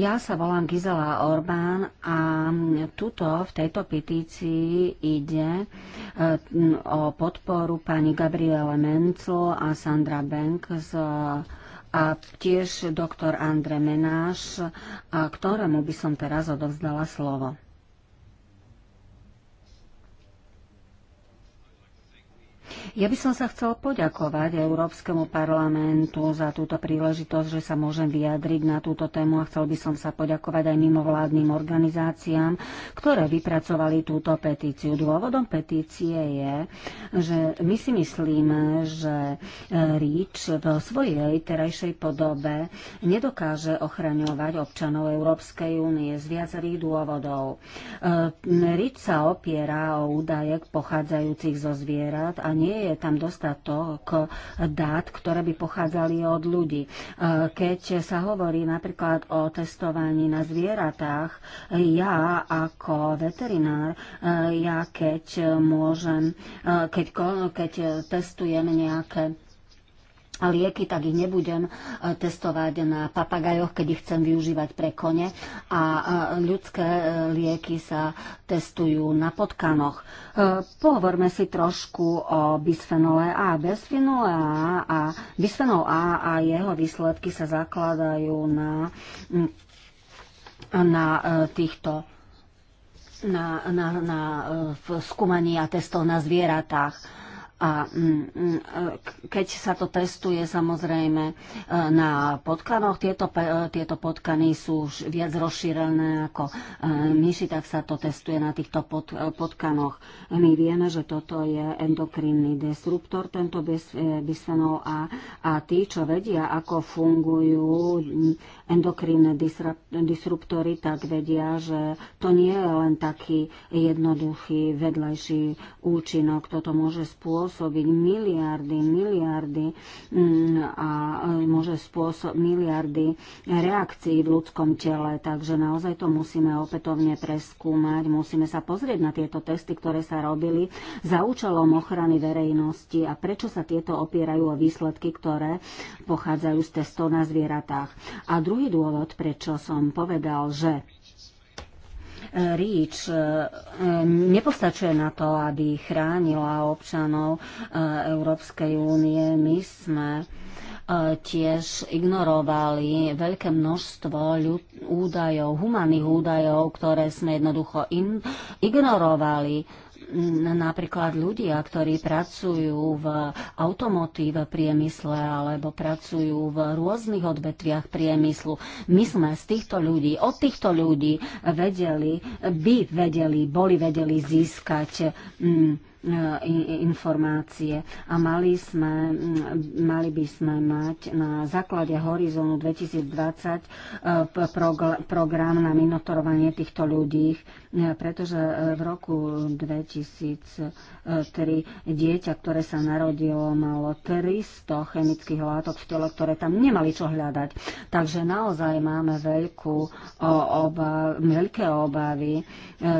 ja sa volám Gizela Orbán a tuto v tejto petícii ide o podporu pani Gabriele Menclo a Sandra Bank z a tiež doktor Andre Menáš, ktorému by som teraz odovzdala slovo. Ja by som sa chcel poďakovať Európskemu parlamentu za túto príležitosť, že sa môžem vyjadriť na túto tému a chcel by som sa poďakovať aj mimovládnym organizáciám, ktoré vypracovali túto petíciu. Dôvodom petície je, že my si myslíme, že e, REACH v svojej terajšej podobe nedokáže ochraňovať občanov Európskej únie z viacerých dôvodov. E, REACH sa opiera o údaje pochádzajúcich zo zvierat a nie nie je tam dostatok dát, ktoré by pochádzali od ľudí. E, keď sa hovorí napríklad o testovaní na zvieratách, ja ako veterinár, e, ja keď môžem, e, keď, keď testujem nejaké lieky, tak ich nebudem e, testovať na papagajoch, keď ich chcem využívať pre kone. A e, ľudské e, lieky sa testujú na potkanoch. Pohovorme si trošku o bisfenole A. Bisfenol A a, bisfenol A a jeho výsledky sa zakladajú na, na týchto na, na, na, na skúmaní a testov na zvieratách a mm, mm, keď sa to testuje samozrejme e, na potkanoch, tieto, e, tieto potkany sú už viac rozšírené ako e, myši, tak sa to testuje na týchto pod, potkanoch. My vieme, že toto je endokrinný disruptor, tento bisfenol A, a tí, čo vedia, ako fungujú endokrinné disruptory, tak vedia, že to nie je len taký jednoduchý vedľajší účinok, toto môže spôsobiť spôsobiť miliardy, miliardy mm, a e, môže spôsobiť miliardy reakcií v ľudskom tele. Takže naozaj to musíme opätovne preskúmať. Musíme sa pozrieť na tieto testy, ktoré sa robili za účelom ochrany verejnosti a prečo sa tieto opierajú o výsledky, ktoré pochádzajú z testov na zvieratách. A druhý dôvod, prečo som povedal, že REACH e, nepostačuje na to, aby chránila občanov e, Európskej únie. My sme e, tiež ignorovali veľké množstvo ľud- údajov, humaných údajov, ktoré sme jednoducho in- ignorovali napríklad ľudia, ktorí pracujú v automotíve priemysle alebo pracujú v rôznych odvetviach priemyslu. My sme z týchto ľudí, od týchto ľudí vedeli, by vedeli, boli vedeli získať mm, informácie a mali, sme, mali by sme mať na základe Horizonu 2020 e, program na minotorovanie týchto ľudí, e, pretože e, v roku 2003 dieťa, ktoré sa narodilo, malo 300 chemických látok v tele, ktoré tam nemali čo hľadať. Takže naozaj máme veľkú oba, veľké obavy,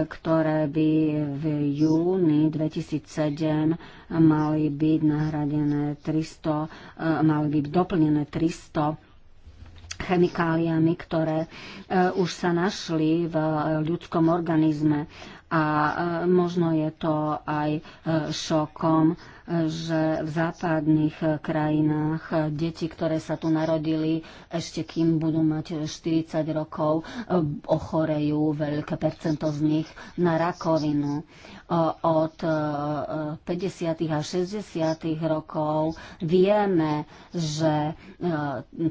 ktoré by v júni 2020 227 mali byť nahradené 300, e, mali byť doplnené 300 chemikáliami, ktoré e, už sa našli v e, ľudskom organizme a e, možno je to aj e, šokom, e, že v západných krajinách deti, ktoré sa tu narodili, ešte kým budú mať 40 rokov, ochorejú veľké percento z nich na rakovinu. Od 50. a 60. rokov vieme, že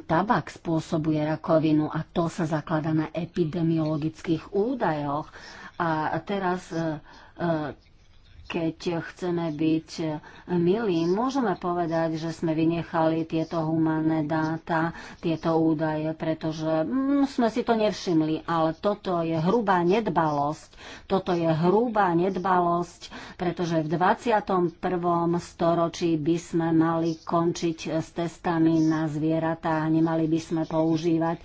tabak spôsobuje rakovinu a to sa zaklada na epidemiologických údajoch a teraz e, e, keď chceme byť milí, môžeme povedať, že sme vynechali tieto humánne dáta, tieto údaje, pretože mm, sme si to nevšimli, ale toto je hrubá nedbalosť. Toto je hrubá nedbalosť, pretože v 21. storočí by sme mali končiť s testami na zvieratá a nemali by sme používať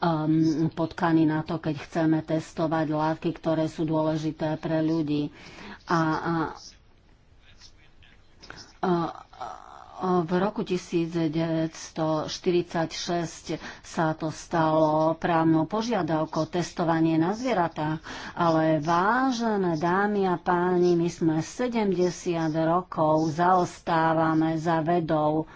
um, potkany na to, keď chceme testovať látky, ktoré sú dôležité pre ľudí a, a, a v roku 1946 sa to stalo právnou požiadavkou testovanie na zvieratách, ale vážené dámy a páni, my sme 70 rokov zaostávame za vedou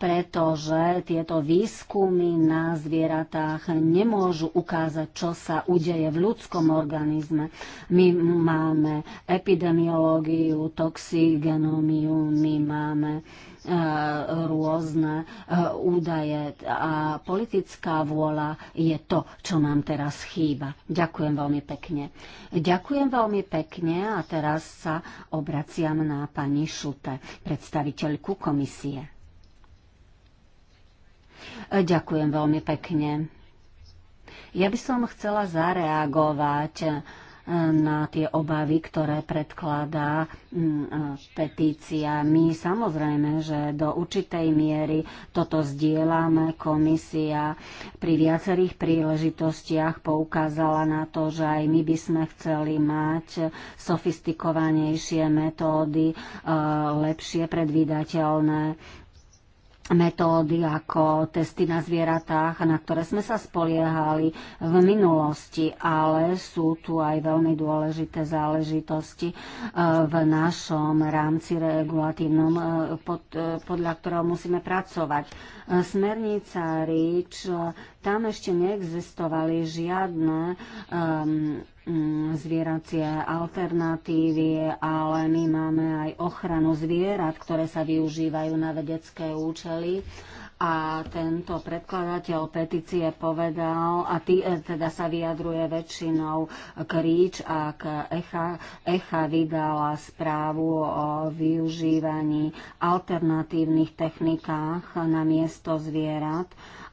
pretože tieto výskumy na zvieratách nemôžu ukázať, čo sa udeje v ľudskom organizme. My máme epidemiológiu, toxigenómiu, my máme e, rôzne e, údaje a politická vôľa je to, čo nám teraz chýba. Ďakujem veľmi pekne. Ďakujem veľmi pekne a teraz sa obraciam na pani Šute, predstaviteľku komisie. E, ďakujem veľmi pekne. Ja by som chcela zareagovať e, na tie obavy, ktoré predkladá e, petícia. My samozrejme, že do určitej miery toto zdieľame. Komisia pri viacerých príležitostiach poukázala na to, že aj my by sme chceli mať sofistikovanejšie metódy, lepšie predvídateľné metódy ako testy na zvieratách, na ktoré sme sa spoliehali v minulosti, ale sú tu aj veľmi dôležité záležitosti e, v našom rámci regulatívnom, e, pod, e, podľa ktorého musíme pracovať. Smernica REACH tam ešte neexistovali žiadne um, mm, zvieracie alternatívy, ale my máme aj ochranu zvierat, ktoré sa využívajú na vedecké účely. A tento predkladateľ petície povedal, a tý, e, teda sa vyjadruje väčšinou kríč Ríč a k Echa. Echa vydala správu o využívaní alternatívnych technikách na miesto zvierat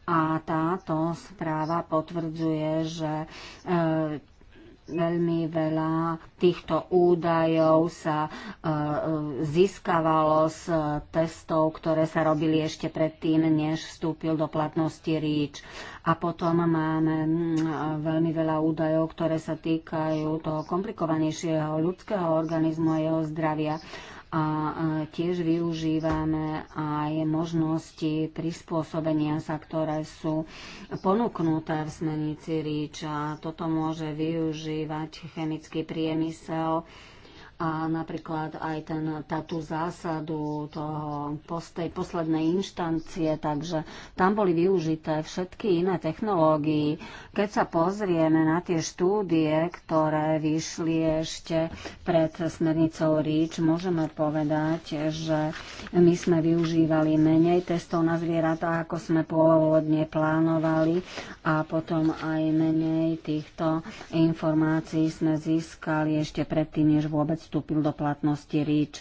a táto správa potvrdzuje, že e, veľmi veľa týchto údajov sa e, získavalo z e, testov, ktoré sa robili ešte predtým, než vstúpil do platnosti ríč. A potom máme veľmi veľa údajov, ktoré sa týkajú toho komplikovanejšieho ľudského organizmu a jeho zdravia a e, tiež využívame aj možnosti prispôsobenia sa, ktoré sú ponúknuté v smernici ríča. a toto môže využívať chemický priemysel a napríklad aj ten, tá, tú zásadu toho tej poslednej inštancie, takže tam boli využité všetky iné technológie. Keď sa pozrieme na tie štúdie, ktoré vyšli ešte pred smernicou REACH, môžeme povedať, že my sme využívali menej testov na zvieratá, ako sme pôvodne plánovali a potom aj menej týchto informácií sme získali ešte predtým, než vôbec vstúpil do platnosti REACH.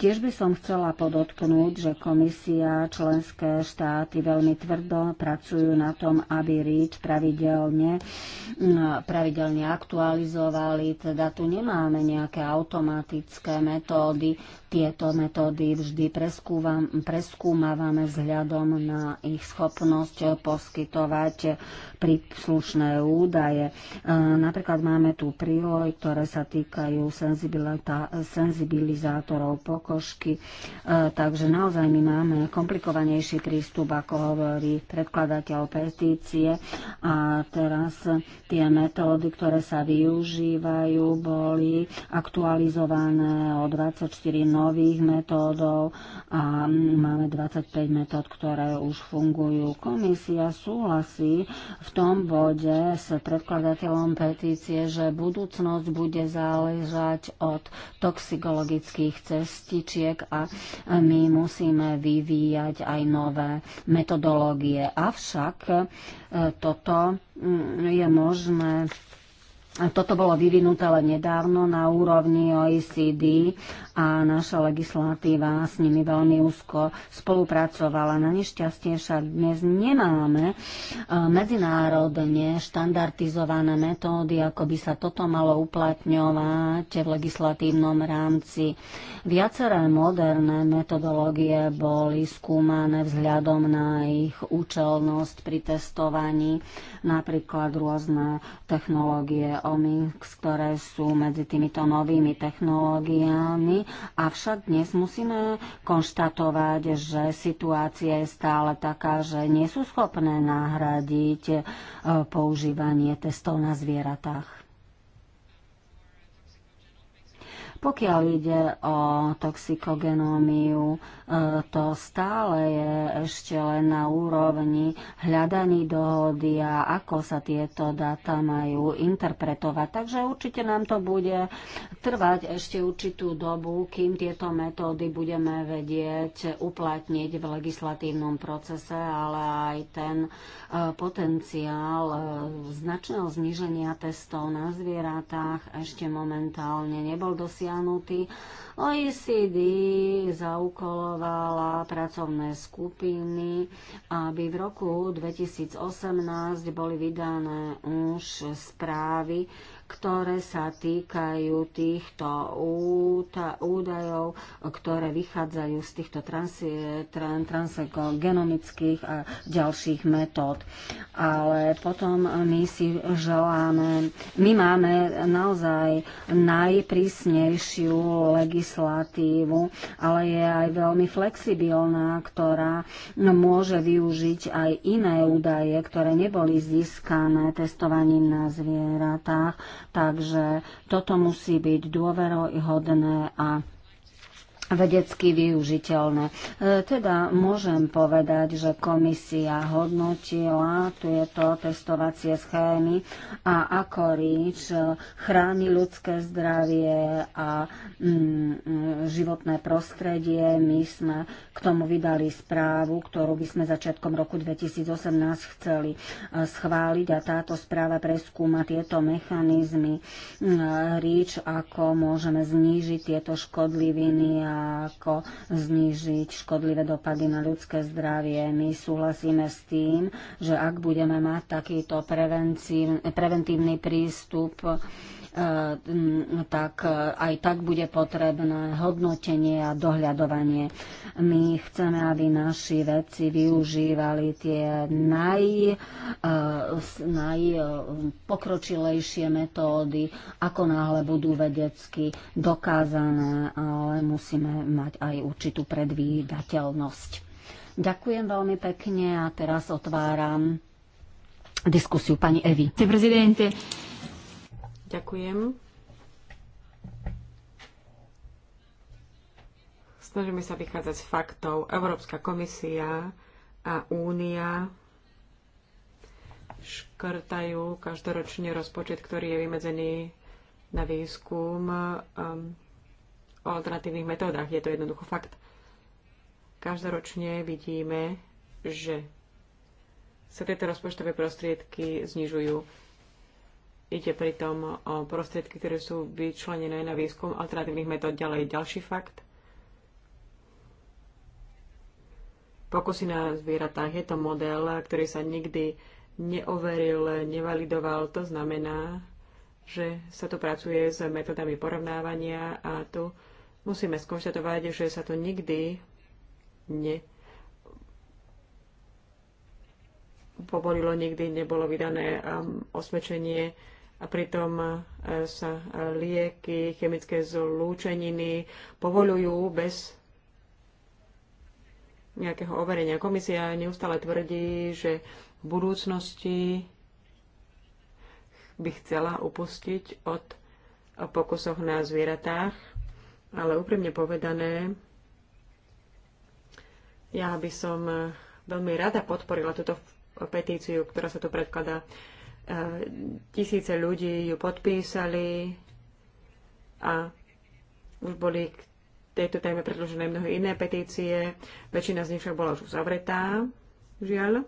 Tiež by som chcela podotknúť, že komisia, členské štáty veľmi tvrdo pracujú na tom, aby REACH pravidelne, pravidelne aktualizovali. Teda tu nemáme nejaké automatické metódy tieto metódy vždy preskúmavame vzhľadom na ich schopnosť poskytovať príslušné údaje. Napríklad máme tu prílohy, ktoré sa týkajú senzibilizátorov pokožky, takže naozaj my máme komplikovanejší prístup, ako hovorí predkladateľ petície. A teraz tie metódy, ktoré sa využívajú, boli aktualizované o 24 nových nových metódov a máme 25 metód, ktoré už fungujú. Komisia súhlasí v tom bode s predkladateľom petície, že budúcnosť bude záležať od toxikologických cestičiek a my musíme vyvíjať aj nové metodológie. Avšak e, toto mm, je možné toto bolo vyvinuté len nedávno na úrovni OECD a naša legislatíva s nimi veľmi úzko spolupracovala. Na nešťastie však dnes nemáme e, medzinárodne štandardizované metódy, ako by sa toto malo uplatňovať v legislatívnom rámci. Viaceré moderné metodológie boli skúmané vzhľadom na ich účelnosť pri testovaní, napríklad rôzne technológie o mix, ktoré sú medzi týmito novými technológiami. Avšak dnes musíme konštatovať, že situácia je stále taká, že nie sú schopné nahradiť eh, používanie testov na zvieratách. Pokiaľ ide o toxikogenómiu, e, to stále je ešte len na úrovni hľadaní dohody a ako sa tieto dáta majú interpretovať. Takže určite nám to bude trvať ešte určitú dobu, kým tieto metódy budeme vedieť uplatniť v legislatívnom procese, ale aj ten e, potenciál e, značného zniženia testov na zvieratách ešte momentálne nebol dosiahnutý dosiahnutý. OECD zaukolovala pracovné skupiny, aby v roku 2018 boli vydané už správy ktoré sa týkajú týchto údajov, ktoré vychádzajú z týchto transgenomických a ďalších metód. Ale potom my si želáme, my máme naozaj najprísnejšiu legislatívu, ale je aj veľmi flexibilná, ktorá môže využiť aj iné údaje, ktoré neboli získané testovaním na zvieratách Takže toto musí byť dôverohodné a vedecky využiteľné. E, teda môžem povedať, že komisia hodnotila tieto testovacie schémy a ako ríč chráni ľudské zdravie a mm, životné prostredie. My sme k tomu vydali správu, ktorú by sme začiatkom roku 2018 chceli e, schváliť a táto správa preskúma tieto mechanizmy mm, ríč, ako môžeme znížiť tieto škodliviny a ako znížiť škodlivé dopady na ľudské zdravie. My súhlasíme s tým, že ak budeme mať takýto preventívny prístup, Ehm, tak eh, aj tak bude potrebné hodnotenie a dohľadovanie. My chceme, aby naši vedci využívali tie naj, eh, najpokročilejšie eh, metódy, ako náhle budú vedecky dokázané, ale musíme mať aj určitú predvídateľnosť. Ďakujem veľmi pekne a teraz otváram diskusiu pani Evi. Ďakujem. Snažíme sa vychádzať z faktov. Európska komisia a únia škrtajú každoročne rozpočet, ktorý je vymedzený na výskum um, o alternatívnych metódach. Je to jednoducho fakt. Každoročne vidíme, že sa tieto rozpočtové prostriedky znižujú Ide pritom o prostriedky, ktoré sú vyčlenené na výskum alternatívnych metód. Ďalej ďalší fakt. Pokusy na zvieratách je to model, ktorý sa nikdy neoveril, nevalidoval. To znamená, že sa tu pracuje s metodami porovnávania a tu musíme skonštatovať, že sa to nikdy ne povolilo, nikdy nebolo vydané um, osvedčenie a pritom e, sa lieky, chemické zlúčeniny povolujú bez nejakého overenia. Komisia neustále tvrdí, že v budúcnosti by chcela upustiť od pokusov na zvieratách, ale úprimne povedané, ja by som veľmi rada podporila túto petíciu, ktorá sa tu predkladá. Tisíce ľudí ju podpísali a už boli k tejto téme predložené mnohé iné petície. Väčšina z nich však bola už uzavretá, žiaľ.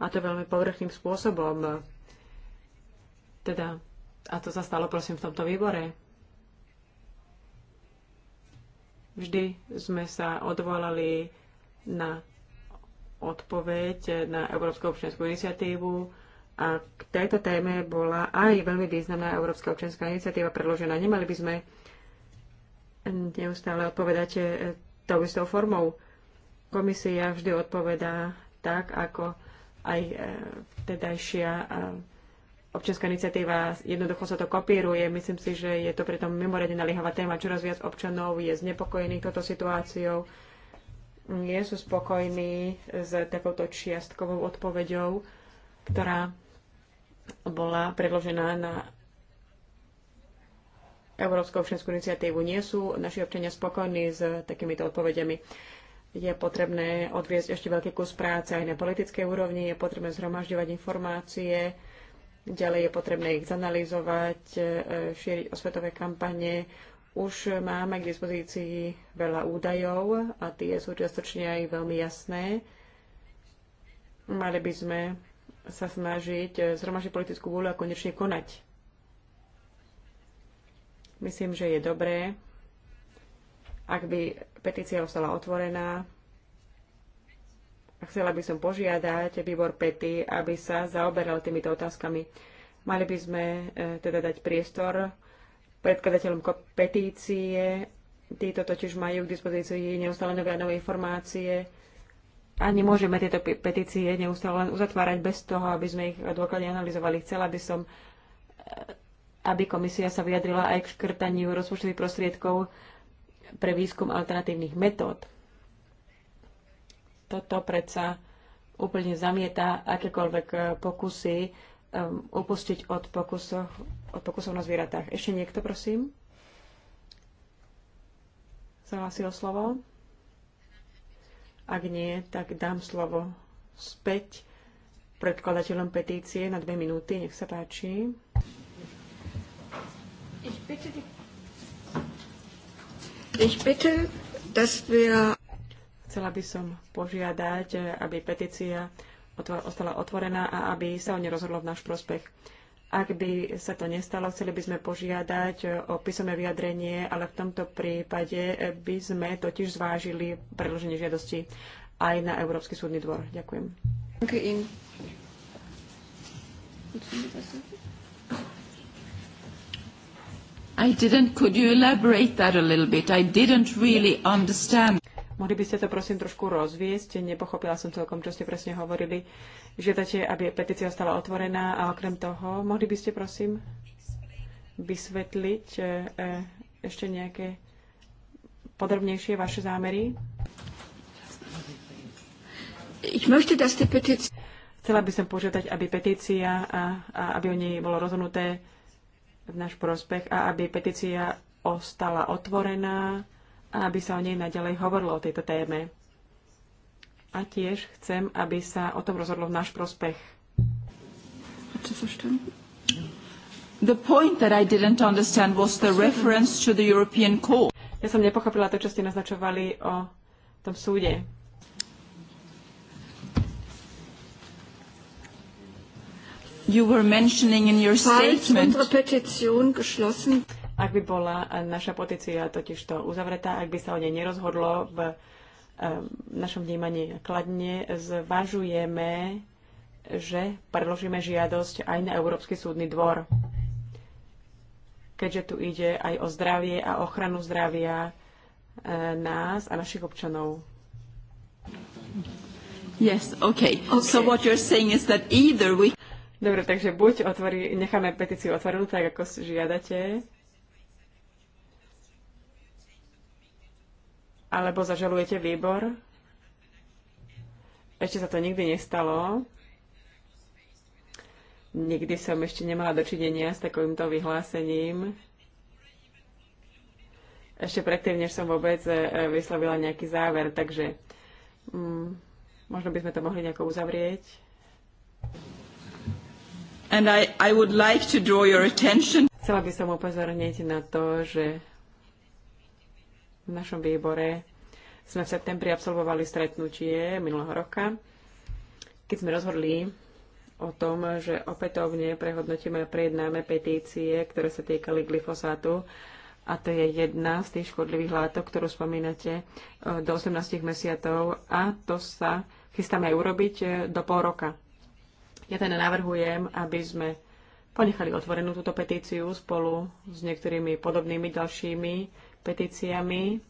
A to veľmi povrchným spôsobom. Teda, a to sa stalo prosím v tomto výbore. Vždy sme sa odvolali na odpoveď na Európsku občianskú iniciatívu a k tejto téme bola aj veľmi významná Európska občianská iniciatíva predložená. Nemali by sme neustále odpovedať e, tou istou formou. Komisia vždy odpovedá tak, ako aj e, vtedajšia e, občianská iniciatíva. Jednoducho sa to kopíruje. Myslím si, že je to pritom mimoriadne naliehavá téma. Čoraz viac občanov je znepokojených toto situáciou nie sú spokojní s takouto čiastkovou odpoveďou, ktorá bola predložená na Európskou všetkú iniciatívu. Nie sú naši občania spokojní s takýmito odpovediami. Je potrebné odviesť ešte veľký kus práce aj na politickej úrovni, je potrebné zhromažďovať informácie, ďalej je potrebné ich zanalizovať, eh, šíriť osvetové kampane, už máme k dispozícii veľa údajov a tie sú čiastočne aj veľmi jasné. Mali by sme sa snažiť zhromažiť politickú vôľu a konečne konať. Myslím, že je dobré, ak by petícia ostala otvorená. a Chcela by som požiadať výbor pety, aby sa zaoberal týmito otázkami. Mali by sme eh, teda dať priestor predkladateľom petície. Títo totiž majú k dispozícii neustále nové nové informácie a nemôžeme tieto petície neustále len uzatvárať bez toho, aby sme ich dôkladne analyzovali. Chcela by som, aby komisia sa vyjadrila aj k škrtaniu rozpočtových prostriedkov pre výskum alternatívnych metód. Toto predsa úplne zamieta akékoľvek pokusy upustiť um, od pokusov od pokusov na zvieratách. Ešte niekto, prosím? Zahlasil slovo? Ak nie, tak dám slovo späť predkladateľom petície na dve minúty. Nech sa páči. ich bitte, dass wir... Chcela by som požiadať, aby petícia ostala otvorená a aby sa o nej rozhodlo v náš prospech. Ak by sa to nestalo, chceli by sme požiadať o písomné vyjadrenie, ale v tomto prípade by sme totiž zvážili predloženie žiadosti aj na Európsky súdny dvor. Ďakujem. I didn't, could you elaborate that a little bit? I didn't really understand. Mohli by ste to prosím trošku rozviesť? Nepochopila som celkom, čo ste presne hovorili. Žiadate, aby petícia stala otvorená a okrem toho, mohli by ste prosím vysvetliť e, e, ešte nejaké podrobnejšie vaše zámery? Ich möchte, dass die Chcela by som požiadať, aby petícia a, a aby o nej bolo rozhodnuté v náš prospech a aby petícia ostala otvorená a aby sa o nej naďalej hovorilo o tejto téme. A tiež chcem, aby sa o tom rozhodlo v náš prospech. The point that I didn't understand was the reference to the European Court. Ja som nepochopila to, čo ste naznačovali o tom súde. You were mentioning in your statement. Ak by bola e, naša petícia totižto uzavretá, ak by sa o nej nerozhodlo v e, našom vnímaní kladne, zvažujeme, že predložíme žiadosť aj na Európsky súdny dvor. Keďže tu ide aj o zdravie a ochranu zdravia e, nás a našich občanov. Yes, okay. okay. So what you're saying is that either we... Dobre, takže buď otvorí, necháme petíciu otvorenú, tak ako žiadate, Alebo zažalujete výbor? Ešte sa to nikdy nestalo. Nikdy som ešte nemala dočinenia s takýmto vyhlásením. Ešte predtým, než som vôbec e, e, vyslovila nejaký záver, takže mm, možno by sme to mohli nejako uzavrieť. And I, I would like to draw your attention. Chcela by som upozorniť na to, že v našom výbore sme v septembri absolvovali stretnutie minulého roka, keď sme rozhodli o tom, že opätovne prehodnotíme a prejednáme petície, ktoré sa týkali glyfosátu a to je jedna z tých škodlivých látok, ktorú spomínate, e, do 18 mesiacov a to sa chystáme aj urobiť e, do pol roka. Ja teda navrhujem, aby sme ponechali otvorenú túto petíciu spolu s niektorými podobnými ďalšími petíciami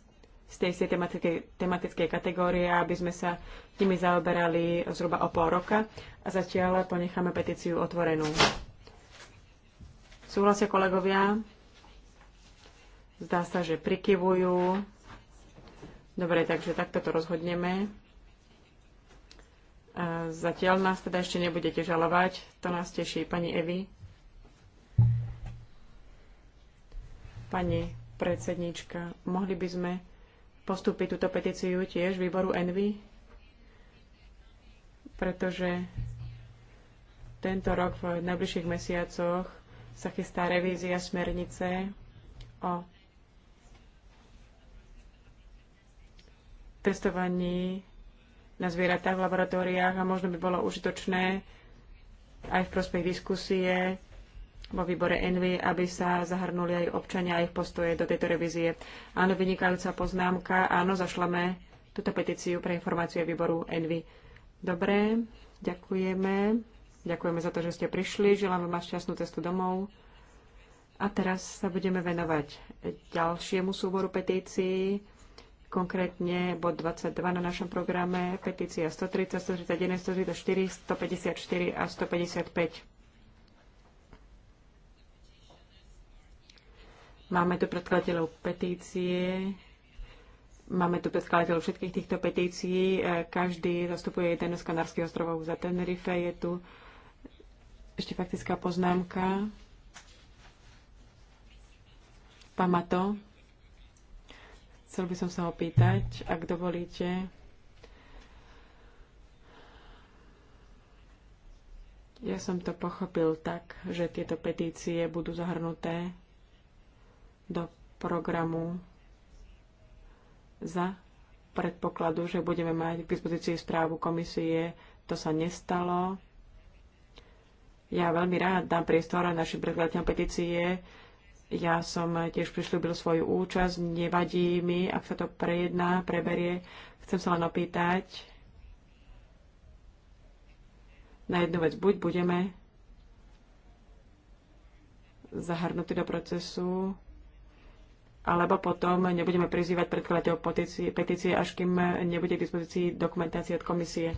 z tej istej tematickej, tematickej kategórie, aby sme sa nimi zaoberali zhruba o pol roka a zatiaľ ponecháme petíciu otvorenú. Súhlasia kolegovia? Zdá sa, že prikyvujú. Dobre, takže takto to rozhodneme. A zatiaľ nás teda ešte nebudete žalovať. To nás teší, pani Evi. Pani predsednička. Mohli by sme postúpiť túto petíciu tiež výboru Envy? Pretože tento rok v najbližších mesiacoch sa chystá revízia smernice o testovaní na zvieratách v laboratóriách a možno by bolo užitočné aj v prospech diskusie vo výbore Envy, aby sa zahrnuli aj občania a ich postoje do tejto revízie. Áno, vynikajúca poznámka. Áno, zašleme túto petíciu pre informáciu výboru Envy. Dobre, ďakujeme. Ďakujeme za to, že ste prišli. Želám vám šťastnú cestu domov. A teraz sa budeme venovať ďalšiemu súboru petícií, konkrétne bod 22 na našom programe, petícia 130, 131, 134, 154 a 155. Máme tu predkladateľov petície, máme tu predkladateľov všetkých týchto petícií. E, každý zastupuje jeden z Kanárskych ostrovov za Tenerife. Je tu ešte faktická poznámka. Pán Mato, chcel by som sa opýtať, ak dovolíte, Ja som to pochopil tak, že tieto petície budú zahrnuté do programu za predpokladu, že budeme mať k dispozícii správu komisie. To sa nestalo. Ja veľmi rád dám priestor našim predkladateľom petície. Ja som tiež prislúbil svoju účasť. Nevadí mi, ak sa to prejedná, preberie. Chcem sa len opýtať na jednu vec. Buď budeme zahrnutí do procesu alebo potom nebudeme prizývať predkladateľov petície, až kým nebude k dispozícii dokumentácia od komisie.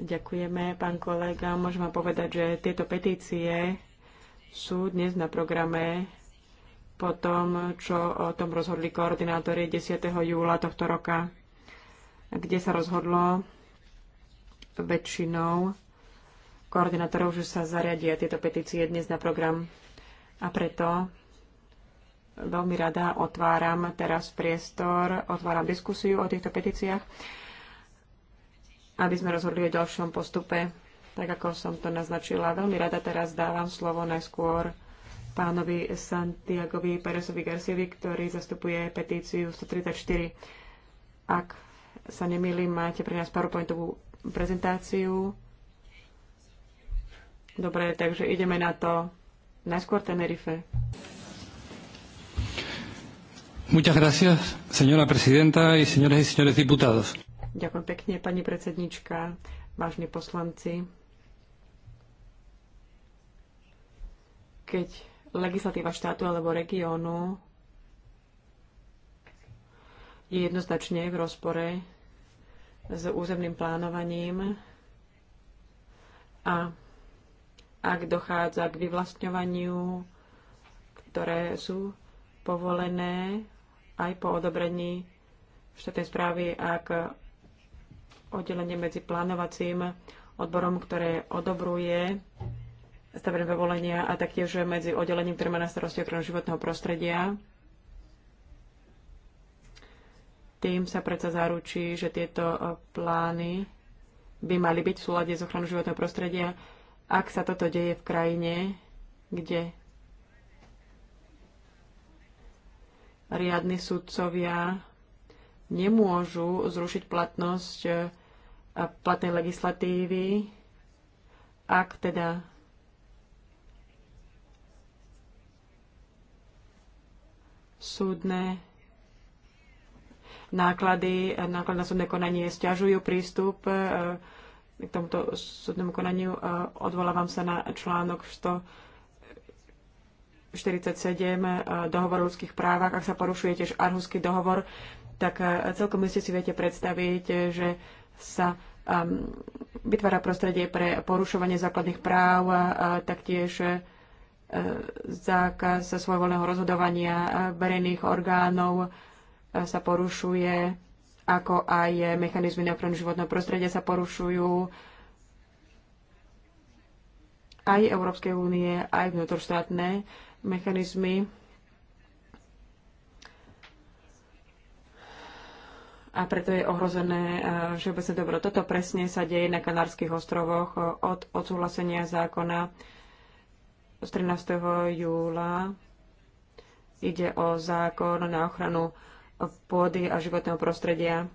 Ďakujeme, pán kolega. Môžem vám povedať, že tieto petície sú dnes na programe po tom, čo o tom rozhodli koordinátori 10. júla tohto roka, kde sa rozhodlo väčšinou koordinátorov, že sa zariadia tieto petície dnes na program. A preto veľmi rada otváram teraz priestor, otváram diskusiu o týchto petíciách, aby sme rozhodli o ďalšom postupe, tak ako som to naznačila. Veľmi rada teraz dávam slovo najskôr pánovi Santiagovi Peresovi Garciovi, ktorý zastupuje petíciu 134. Ak sa nemýlim, máte pre nás PowerPointovú prezentáciu. Dobre, takže ideme na to. Najskôr Tenerife. Muchas gracias, señora presidenta y señores y señores diputados. Ďakujem pekne, pani predsednička, vážni poslanci. Keď legislatíva štátu alebo regiónu je jednoznačne v rozpore s územným plánovaním a ak dochádza k vyvlastňovaniu, ktoré sú povolené aj po odobrení štátnej správy, ak oddelenie medzi plánovacím odborom, ktoré odobruje stavebné povolenia a taktiež medzi oddelením, ktoré má na starosti ochranu životného prostredia. Tým sa predsa zaručí, že tieto e, plány by mali byť v súlade s ochranou životného prostredia. Ak sa toto deje v krajine, kde riadni sudcovia nemôžu zrušiť platnosť e, platnej legislatívy, ak teda súdne náklady, náklady na súdne konanie stiažujú prístup e, k tomuto súdnemu konaniu. E, odvolávam sa na článok 100 47 eh, dohovor o ľudských právach, ak sa porušuje tiež Arhuský dohovor, tak eh, celkom iste si viete predstaviť, eh, že sa um, vytvára prostredie pre porušovanie základných práv, a taktiež zákaz svojvoľného rozhodovania verejných orgánov sa porušuje, ako aj mechanizmy na ochranu životného prostredia sa porušujú aj Európskej únie, aj vnútroštátne mechanizmy a preto je ohrozené eh, všeobecné dobro. Toto presne sa deje na Kanárskych ostrovoch eh, od odsúhlasenia zákona z 13. júla. Ide o zákon na ochranu pôdy a životného prostredia.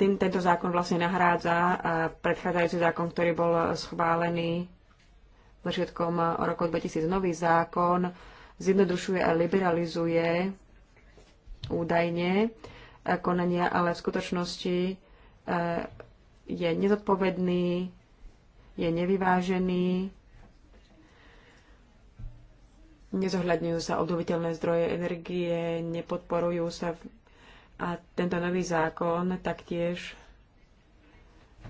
Tým tento zákon vlastne nahrádza predchádzajúci zákon, ktorý bol schválený začiatkom roku 2000. Nový zákon zjednodušuje a liberalizuje údajne konania, ale v skutočnosti e, je nezodpovedný, je nevyvážený, nezohľadňujú sa obnoviteľné zdroje energie, nepodporujú sa a tento nový zákon taktiež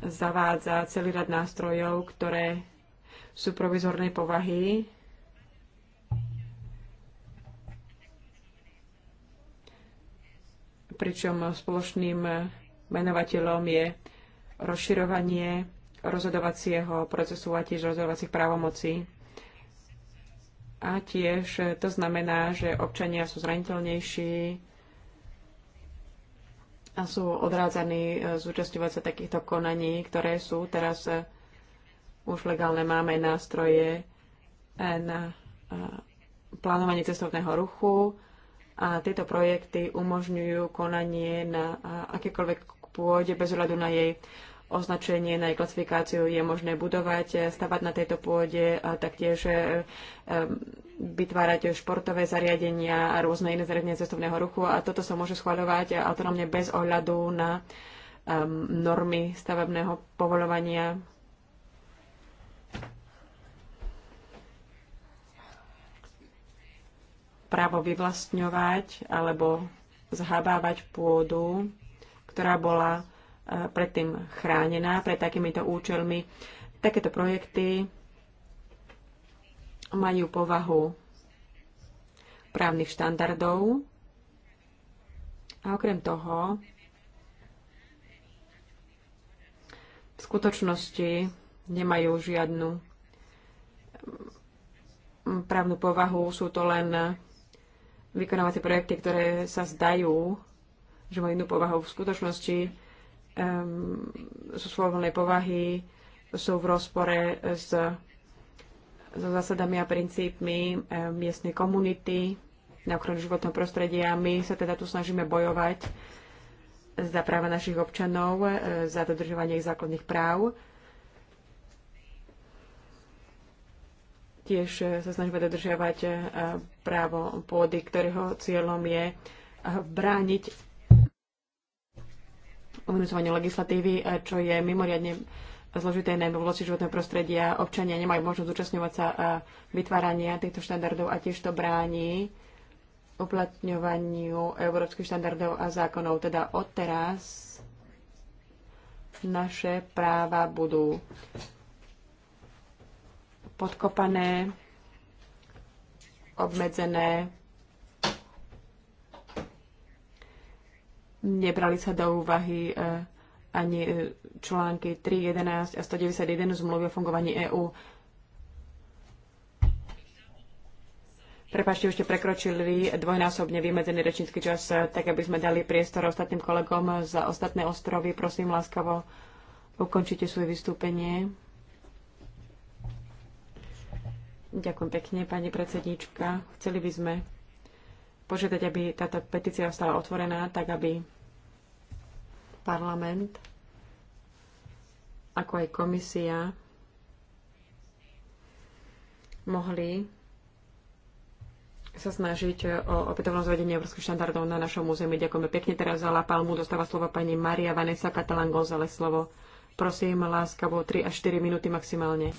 zavádza celý rad nástrojov, ktoré sú provizornej povahy. Pričom spoločným menovateľom je rozširovanie rozhodovacieho procesu a tiež rozhodovacích právomocí. A tiež to znamená, že občania sú zraniteľnejší, a sú odrádzaní e, zúčastňovať sa takýchto konaní, ktoré sú teraz e, už legálne. Máme nástroje e, na plánovanie cestovného ruchu a tieto projekty umožňujú konanie na akékoľvek pôde bez hľadu na jej označenie, na jej klasifikáciu. Je možné budovať, stavať na tejto pôde a taktiež vytvárať športové zariadenia a rôzne iné zariadenia cestovného ruchu a toto sa môže schváľovať autonómne bez ohľadu na um, normy stavebného povolovania. Právo vyvlastňovať alebo zhabávať pôdu, ktorá bola eh, predtým chránená pred takýmito účelmi. Takéto projekty majú povahu právnych štandardov a okrem toho v skutočnosti nemajú žiadnu mm, právnu povahu, sú to len vykonávacie projekty, ktoré sa zdajú, že majú inú povahu. V skutočnosti um, sú svojvoľnej povahy, sú v rozpore s so zásadami a princípmi eh, miestnej komunity na ochranu životného prostredia. My sa teda tu snažíme bojovať za práva našich občanov, eh, za dodržovanie ich základných práv. Tiež eh, sa snažíme dodržiavať právo pôdy, ktorého cieľom je brániť umenúcovanie legislatívy, čo je mimoriadne zložité najmä v oblasti životného prostredia. Občania nemajú možnosť zúčastňovať sa vytvárania týchto štandardov a tiež to bráni uplatňovaniu európskych štandardov a zákonov. Teda odteraz naše práva budú podkopané, obmedzené, nebrali sa do úvahy e, ani e, články 3, 11 a 191 zmluvy o fungovaní EÚ. Prepašte, už ste prekročili dvojnásobne vymedzený rečnícky čas, e, tak aby sme dali priestor ostatným kolegom za ostatné ostrovy. Prosím, láskavo ukončite svoje vystúpenie. Ďakujem pekne, pani predsedníčka. Chceli by sme požiadať, aby táto petícia ostala otvorená, tak aby parlament, ako aj komisia, mohli sa snažiť o opätovnom zvedenie európskych štandardov na našom území. Ďakujeme pekne teraz za La Palmu. Dostáva slovo pani Maria Vanessa Catalán González slovo. Prosím, láskavo 3 až 4 minúty maximálne.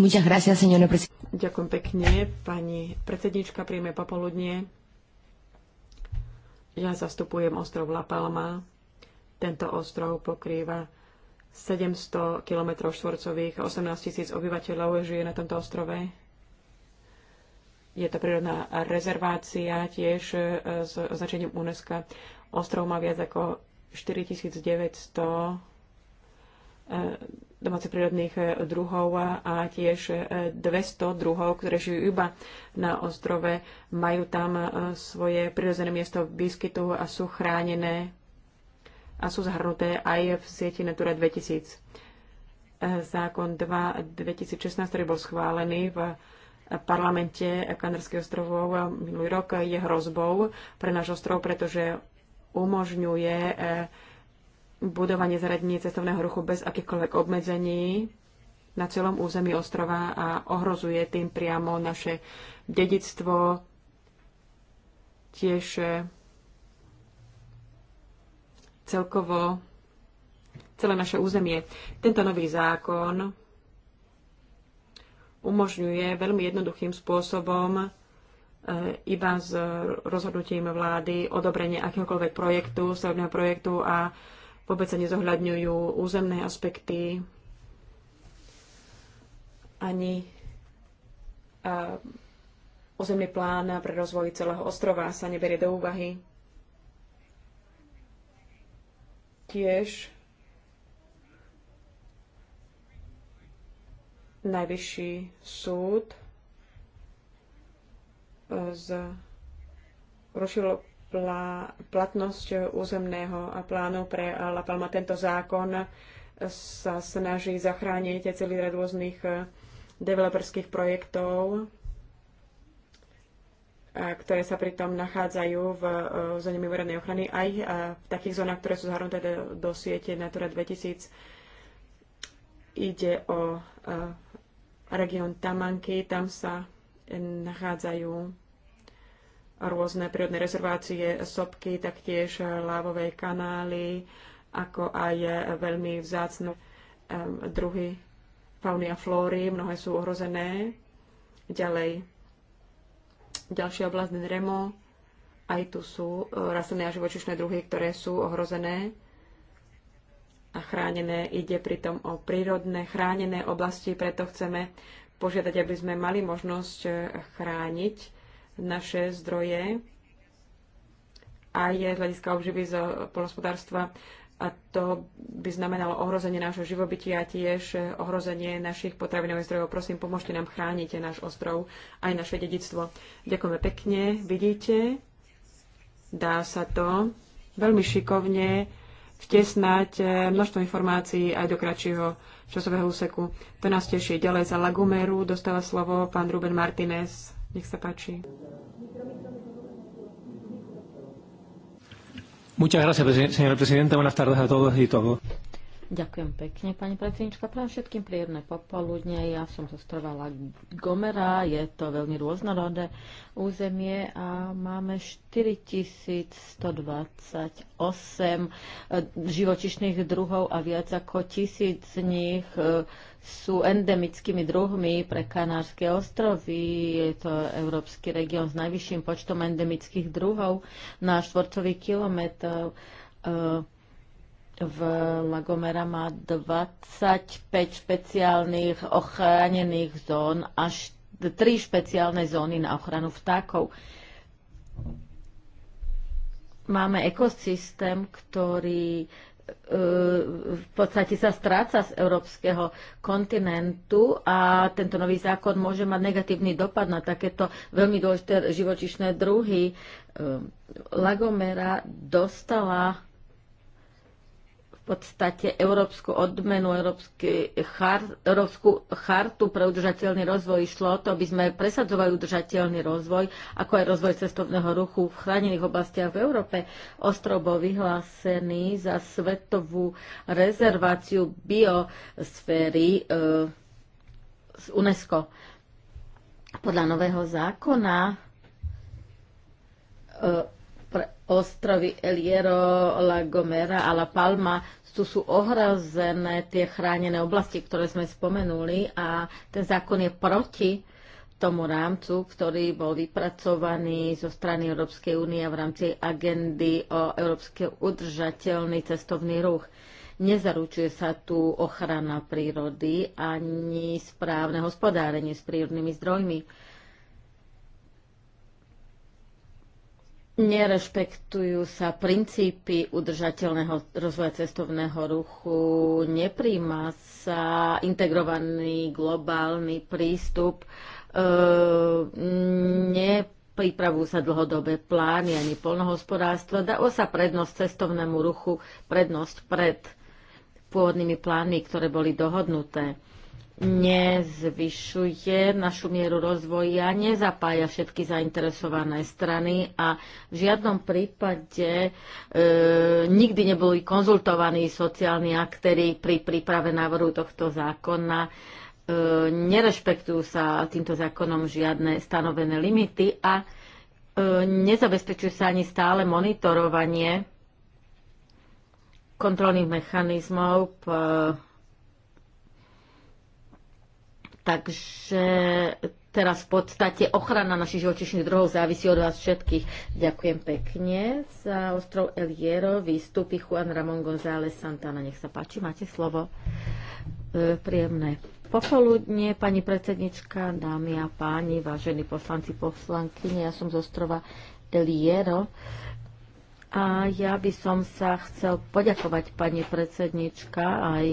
Muchas gracias, señora Ďakujem pekne. Pani predsednička príjme popoludnie. Ja zastupujem ostrov La Palma tento ostrov pokrýva 700 km štvorcových, 18 tisíc obyvateľov žije na tomto ostrove. Je to prírodná rezervácia tiež e, s označením UNESCO. Ostrov má viac ako 4900 e, domácich prírodných e, druhov a tiež 200 druhov, ktoré žijú iba na ostrove. Majú tam svoje prirodzené miesto výskytu a sú chránené a sú zahrnuté aj v sieti Natura 2000. Zákon 2 2016, ktorý bol schválený v parlamente Kanárskych ostrovov minulý rok, je hrozbou pre náš ostrov, pretože umožňuje eh, budovanie zaradení cestovného ruchu bez akýchkoľvek obmedzení na celom území ostrova a ohrozuje tým priamo naše dedictvo, tiež eh, celkovo celé naše územie. Tento nový zákon umožňuje veľmi jednoduchým spôsobom e, iba s rozhodnutím vlády odobrenie akéhokoľvek projektu, stavebného projektu a vôbec sa nezohľadňujú územné aspekty ani e, územný plán pre rozvoj celého ostrova sa neberie do úvahy. tiež najvyšší súd e, z rušil plá, platnosť územného plánu pre La Palma. Tento zákon sa snaží zachrániť celý rad rôznych e, developerských projektov ktoré sa pritom nachádzajú v e, zóne mimoriadnej ochrany, aj e, v takých zónach, ktoré sú zahrnuté do, do siete Natura 2000. Ide o e, región Tamanky, tam sa nachádzajú rôzne prírodné rezervácie, sopky, taktiež lávové kanály, ako aj veľmi vzácne druhy fauny a flóry, mnohé sú ohrozené. Ďalej Ďalšia oblasť Remo. Aj tu sú e, rastlinné a živočišné druhy, ktoré sú ohrozené a chránené. Ide pritom o prírodné chránené oblasti, preto chceme požiadať, aby sme mali možnosť e, chrániť naše zdroje aj z hľadiska obživy z polnospodárstva a to by znamenalo ohrozenie nášho živobytia a tiež e, ohrozenie našich potravinových zdrojov. Prosím, pomôžte nám chrániť náš ostrov aj naše dedictvo. Ďakujeme pekne. Vidíte, dá sa to veľmi šikovne vtesnať e, množstvo informácií aj do kratšieho časového úseku. To nás teší. Ďalej za Lagumeru dostáva slovo pán Ruben Martinez. Nech sa páči. Muchas gracias, señora presidenta. Buenas tardes a todos y todos. Ďakujem pekne, pani predsednička. Prajem všetkým príjemné popoludne. Ja som zostrovala Gomera, je to veľmi rôznorodé územie a máme 4128 živočišných druhov a viac ako tisíc z nich e, sú endemickými druhmi pre Kanárske ostrovy. Je to európsky región s najvyšším počtom endemických druhov na štvorcový kilometr. V Lagomera má 25 špeciálnych ochránených zón a 3 špeciálne zóny na ochranu vtákov. Máme ekosystém, ktorý v podstate sa stráca z európskeho kontinentu a tento nový zákon môže mať negatívny dopad na takéto veľmi dôležité živočišné druhy. Ehm, Lagomera dostala v podstate európsku odmenu, európsky char, európsku chartu pre udržateľný rozvoj. Išlo o to, aby sme presadzovali udržateľný rozvoj, ako aj rozvoj cestovného ruchu v chránených oblastiach v Európe. Ostrov bol vyhlásený za svetovú rezerváciu biosféry e, z UNESCO. Podľa nového zákona e, ostrovy Eliero, La Gomera a La Palma. Tu sú ohrozené tie chránené oblasti, ktoré sme spomenuli a ten zákon je proti tomu rámcu, ktorý bol vypracovaný zo strany Európskej únie v rámci agendy o európske udržateľný cestovný ruch. Nezaručuje sa tu ochrana prírody ani správne hospodárenie s prírodnými zdrojmi Nerešpektujú sa princípy udržateľného rozvoja cestovného ruchu, nepríjma sa integrovaný globálny prístup, e, nepripravujú sa dlhodobé plány ani polnohospodárstva, dáva sa prednosť cestovnému ruchu, prednosť pred pôvodnými plány, ktoré boli dohodnuté nezvyšuje našu mieru rozvoja, nezapája všetky zainteresované strany a v žiadnom prípade e, nikdy neboli konzultovaní sociálni aktéry pri príprave návrhu tohto zákona. E, nerešpektujú sa týmto zákonom žiadne stanovené limity a e, nezabezpečuje sa ani stále monitorovanie kontrolných mechanizmov. Takže teraz v podstate ochrana našich živočišných druhov závisí od vás všetkých. Ďakujem pekne. Za ostrov El Hierro vystúpi Juan Ramon González Santana. Nech sa páči, máte slovo. E, príjemné popoludne, pani predsednička, dámy a páni, vážení poslanci, poslankyne. Ja som z ostrova El Hierro. A ja by som sa chcel poďakovať pani predsednička aj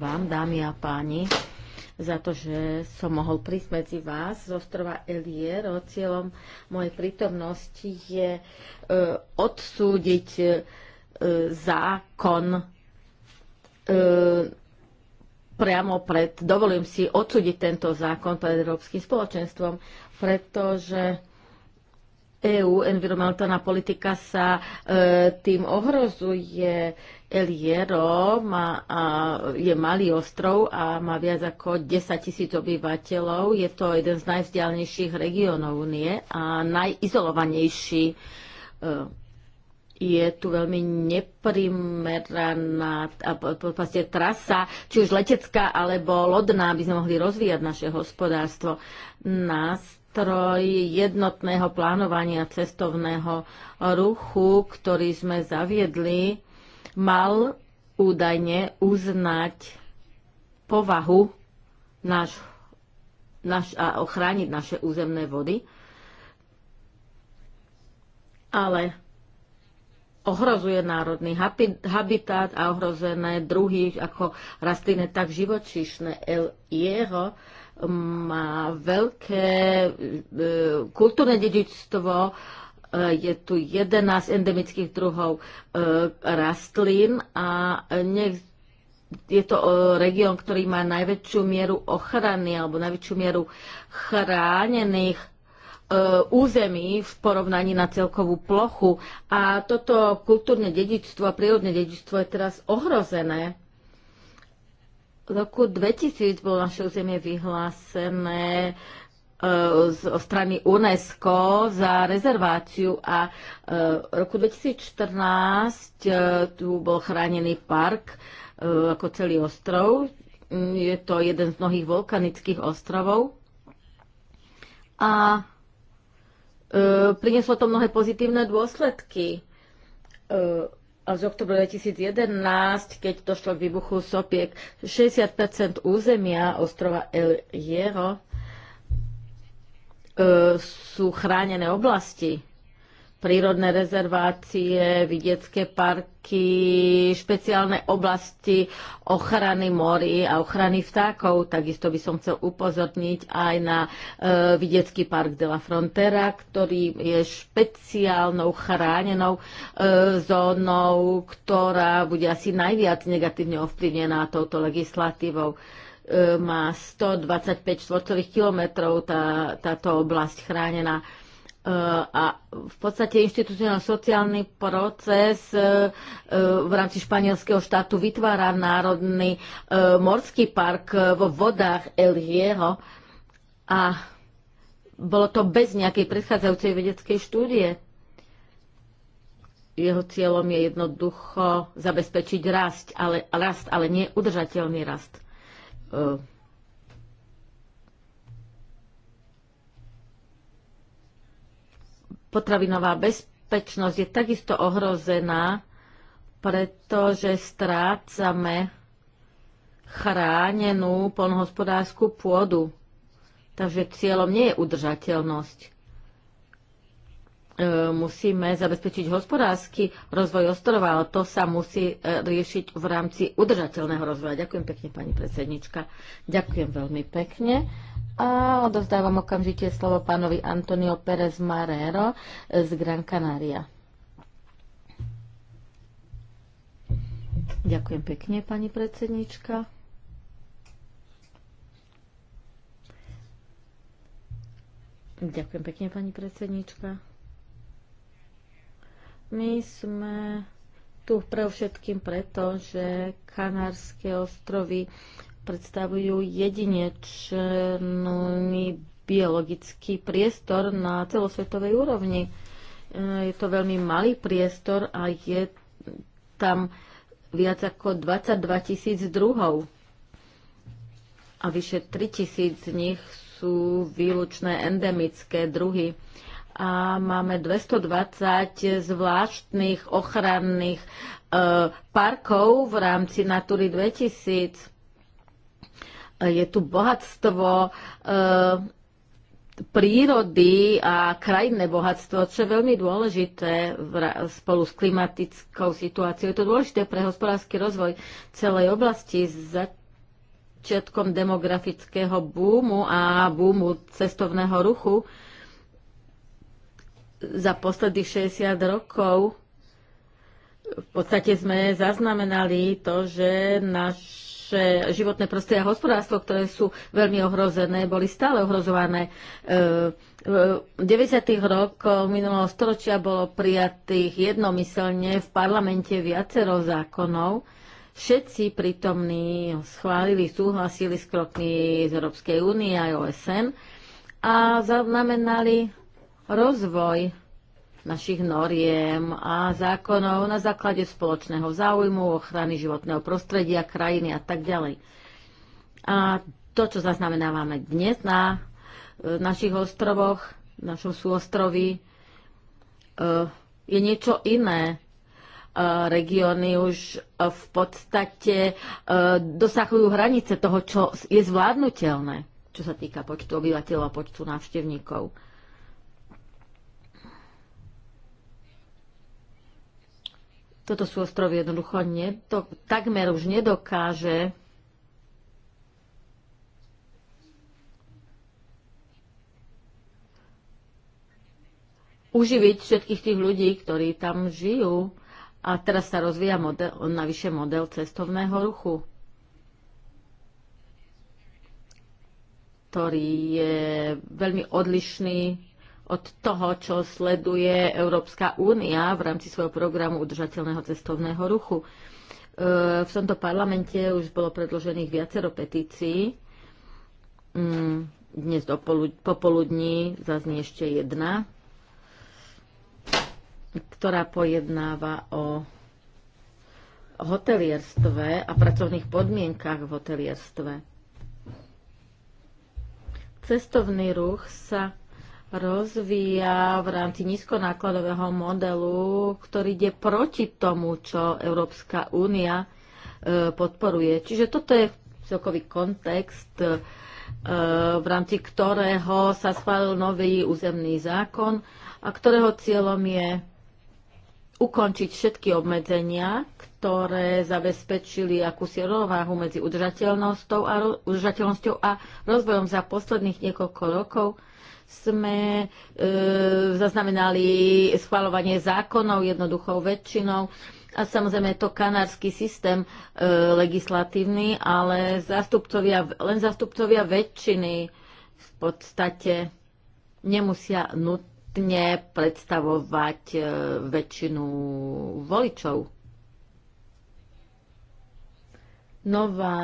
vám, dámy a páni, za to, že som mohol prísť medzi vás z ostrova Elier. O cieľom mojej prítomnosti je e, odsúdiť e, zákon e, priamo pred, dovolím si odsúdiť tento zákon pred Európskym spoločenstvom, pretože EÚ, environmentálna politika sa e, tým ohrozuje. E, Eliero má, a, je malý ostrov a má viac ako 10 tisíc obyvateľov. Je to jeden z najvzdialnejších regiónov Unie a najizolovanejší. E, je tu veľmi neprimeraná a, trasa, či už letecká alebo lodná, aby sme mohli rozvíjať naše hospodárstvo. Nás nástroj jednotného plánovania cestovného ruchu, ktorý sme zaviedli mal údajne uznať povahu náš, náš, a ochrániť naše územné vody, ale ohrozuje národný habitat a ohrozené druhy ako rastliny, tak živočíšne. El Hierro má veľké e, kultúrne dedičstvo, Eh, je tu 11 endemických druhov eh, rastlín a eh, nech je to región, ktorý má najväčšiu mieru ochrany alebo najväčšiu mieru chránených území v porovnaní na celkovú plochu. A toto kultúrne dedičstvo a prírodné dedičstvo je teraz ohrozené. V roku 2000 bolo naše územie vyhlásené zo strany UNESCO za rezerváciu a e, v roku 2014 e, tu bol chránený park e, ako celý ostrov. Je to jeden z mnohých vulkanických ostrovov. A prinieslo to mnohé pozitívne dôsledky. A z oktobra 2011, keď došlo k výbuchu sopiek, 60 územia ostrova El Hierro E, sú chránené oblasti, prírodné rezervácie, vidiecké parky, špeciálne oblasti ochrany morí a ochrany vtákov. Takisto by som chcel upozorniť aj na e, vidiecký park de la Frontera, ktorý je špeciálnou chránenou e, zónou, ktorá bude asi najviac negatívne ovplyvnená touto legislatívou. E, E, má 125 štvorcových kilometrov tá, táto oblasť chránená. E, a v podstate institucionálny sociálny proces e, v rámci španielského štátu vytvára národný morský park vo vodách El Hierro a bolo to bez nejakej predchádzajúcej vedeckej štúdie. Jeho cieľom je jednoducho zabezpečiť rast, ale, rast, ale nie udržateľný rast. E, potravinová bezpečnosť je takisto ohrozená, pretože strácame chránenú polnohospodárskú pôdu. Takže cieľom nie je udržateľnosť. E, musíme zabezpečiť hospodársky rozvoj ostrova, ale to sa musí e, riešiť v rámci udržateľného rozvoja. Ďakujem pekne, pani predsednička. Ďakujem veľmi pekne. A odovzdávam okamžite slovo pánovi Antonio Pérez Marero z Gran Canaria. Ďakujem pekne, pani predsednička. Ďakujem pekne, pani predsednička. My sme tu pre všetkým preto, že Kanárske ostrovy predstavujú jedinečný biologický priestor na celosvetovej úrovni. E, je to veľmi malý priestor a je tam viac ako 22 tisíc druhov. A vyše 3 tisíc z nich sú výlučné endemické druhy a máme 220 zvláštnych ochranných e, parkov v rámci Natury 2000. E, je tu bohatstvo e, prírody a krajinné bohatstvo, čo je veľmi dôležité spolu s klimatickou situáciou. Je to dôležité pre hospodársky rozvoj celej oblasti. Za začiatkom demografického búmu a búmu cestovného ruchu za posledných 60 rokov v podstate sme zaznamenali to, že naše životné prostredie a hospodárstvo, ktoré sú veľmi ohrozené, boli stále ohrozované. V 90. rokoch minulého storočia bolo prijatých jednomyselne v parlamente viacero zákonov, Všetci prítomní schválili, súhlasili s krokmi z Európskej únie aj OSN a zaznamenali rozvoj našich noriem a zákonov na základe spoločného záujmu, ochrany životného prostredia, krajiny a tak ďalej. A to, čo zaznamenávame dnes na e, našich ostrovoch, našom súostroví, e, je niečo iné. E, regióny už v podstate dosahujú hranice toho, čo je zvládnutelné, čo sa týka počtu obyvateľov a počtu návštevníkov. toto sú ostrovy jednoducho to takmer už nedokáže uživiť všetkých tých ľudí, ktorí tam žijú. A teraz sa rozvíja model, navyše model cestovného ruchu, ktorý je veľmi odlišný od toho, čo sleduje Európska únia v rámci svojho programu udržateľného cestovného ruchu. E, v tomto parlamente už bolo predložených viacero petícií. Mm, dnes popoludní zaznie ešte jedna, ktorá pojednáva o hotelierstve a pracovných podmienkach v hotelierstve. Cestovný ruch sa rozvíja v rámci nízkonákladového modelu, ktorý ide proti tomu, čo Európska únia e, podporuje. Čiže toto je celkový kontext, e, v rámci ktorého sa schválil nový územný zákon a ktorého cieľom je ukončiť všetky obmedzenia, ktoré zabezpečili akúsi rovnováhu medzi udržateľnosťou a, udržateľnosťou a rozvojom za posledných niekoľko rokov sme e, zaznamenali schvalovanie zákonov jednoduchou väčšinou. A samozrejme je to kanársky systém e, legislatívny, ale zástupcovia, len zástupcovia väčšiny v podstate nemusia nutne predstavovať e, väčšinu voličov. Nová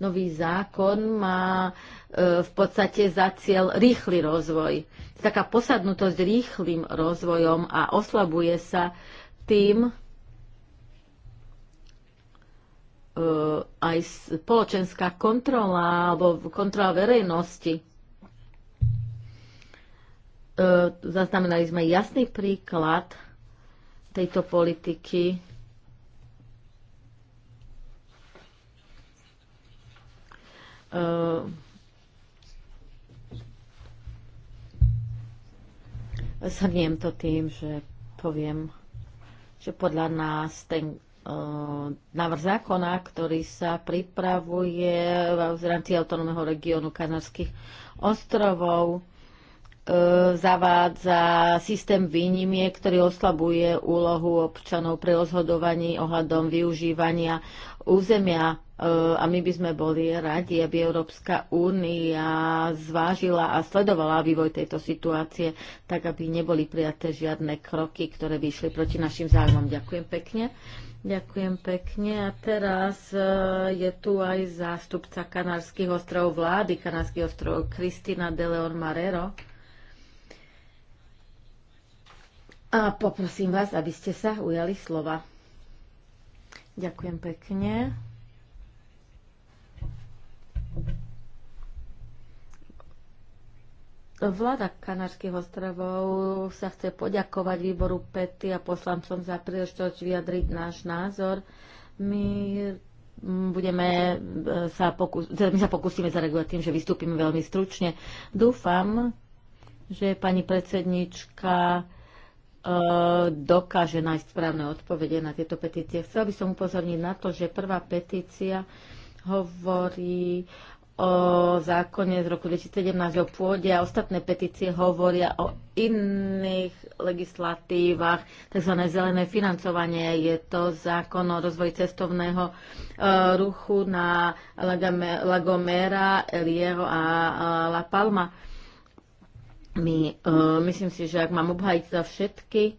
Nový zákon má e, v podstate za cieľ rýchly rozvoj. Taká posadnutosť rýchlým rozvojom a oslabuje sa tým e, aj spoločenská kontrola alebo kontrola verejnosti. E, zaznamenali sme jasný príklad tejto politiky Zhrniem e, to tým, že poviem, že podľa nás ten e, návrh zákona, ktorý sa pripravuje v rámci autonómneho regiónu Kanárskych ostrovov, E, zavádza systém výnimiek, ktorý oslabuje úlohu občanov pri rozhodovaní ohľadom využívania územia e, a my by sme boli radi, aby Európska únia zvážila a sledovala vývoj tejto situácie, tak aby neboli prijaté žiadne kroky, ktoré by išli proti našim záujmom. Ďakujem pekne. Ďakujem pekne. A teraz e, je tu aj zástupca Kanárskych ostrovov vlády Kanárskych ostrovov Kristina de Leon Marero. A poprosím vás, aby ste sa ujali slova. Ďakujem pekne. Vláda Kanárskych ostrovov sa chce poďakovať výboru PETY a poslancom za príležitosť vyjadriť náš názor. My mm, budeme e, sa, pokus- teda my sa pokúsime zareagovať tým, že vystúpime veľmi stručne. Dúfam, že pani predsednička E, dokáže nájsť správne odpovede na tieto petície. Chcel by som upozorniť na to, že prvá petícia hovorí o zákone z roku 2017 o pôde a ostatné petície hovoria o iných legislatívach, tzv. zelené financovanie. Je to zákon o rozvoji cestovného e, ruchu na Lagomera, Eliero a La Palma my, uh, myslím si, že ak mám obhajiť za všetky,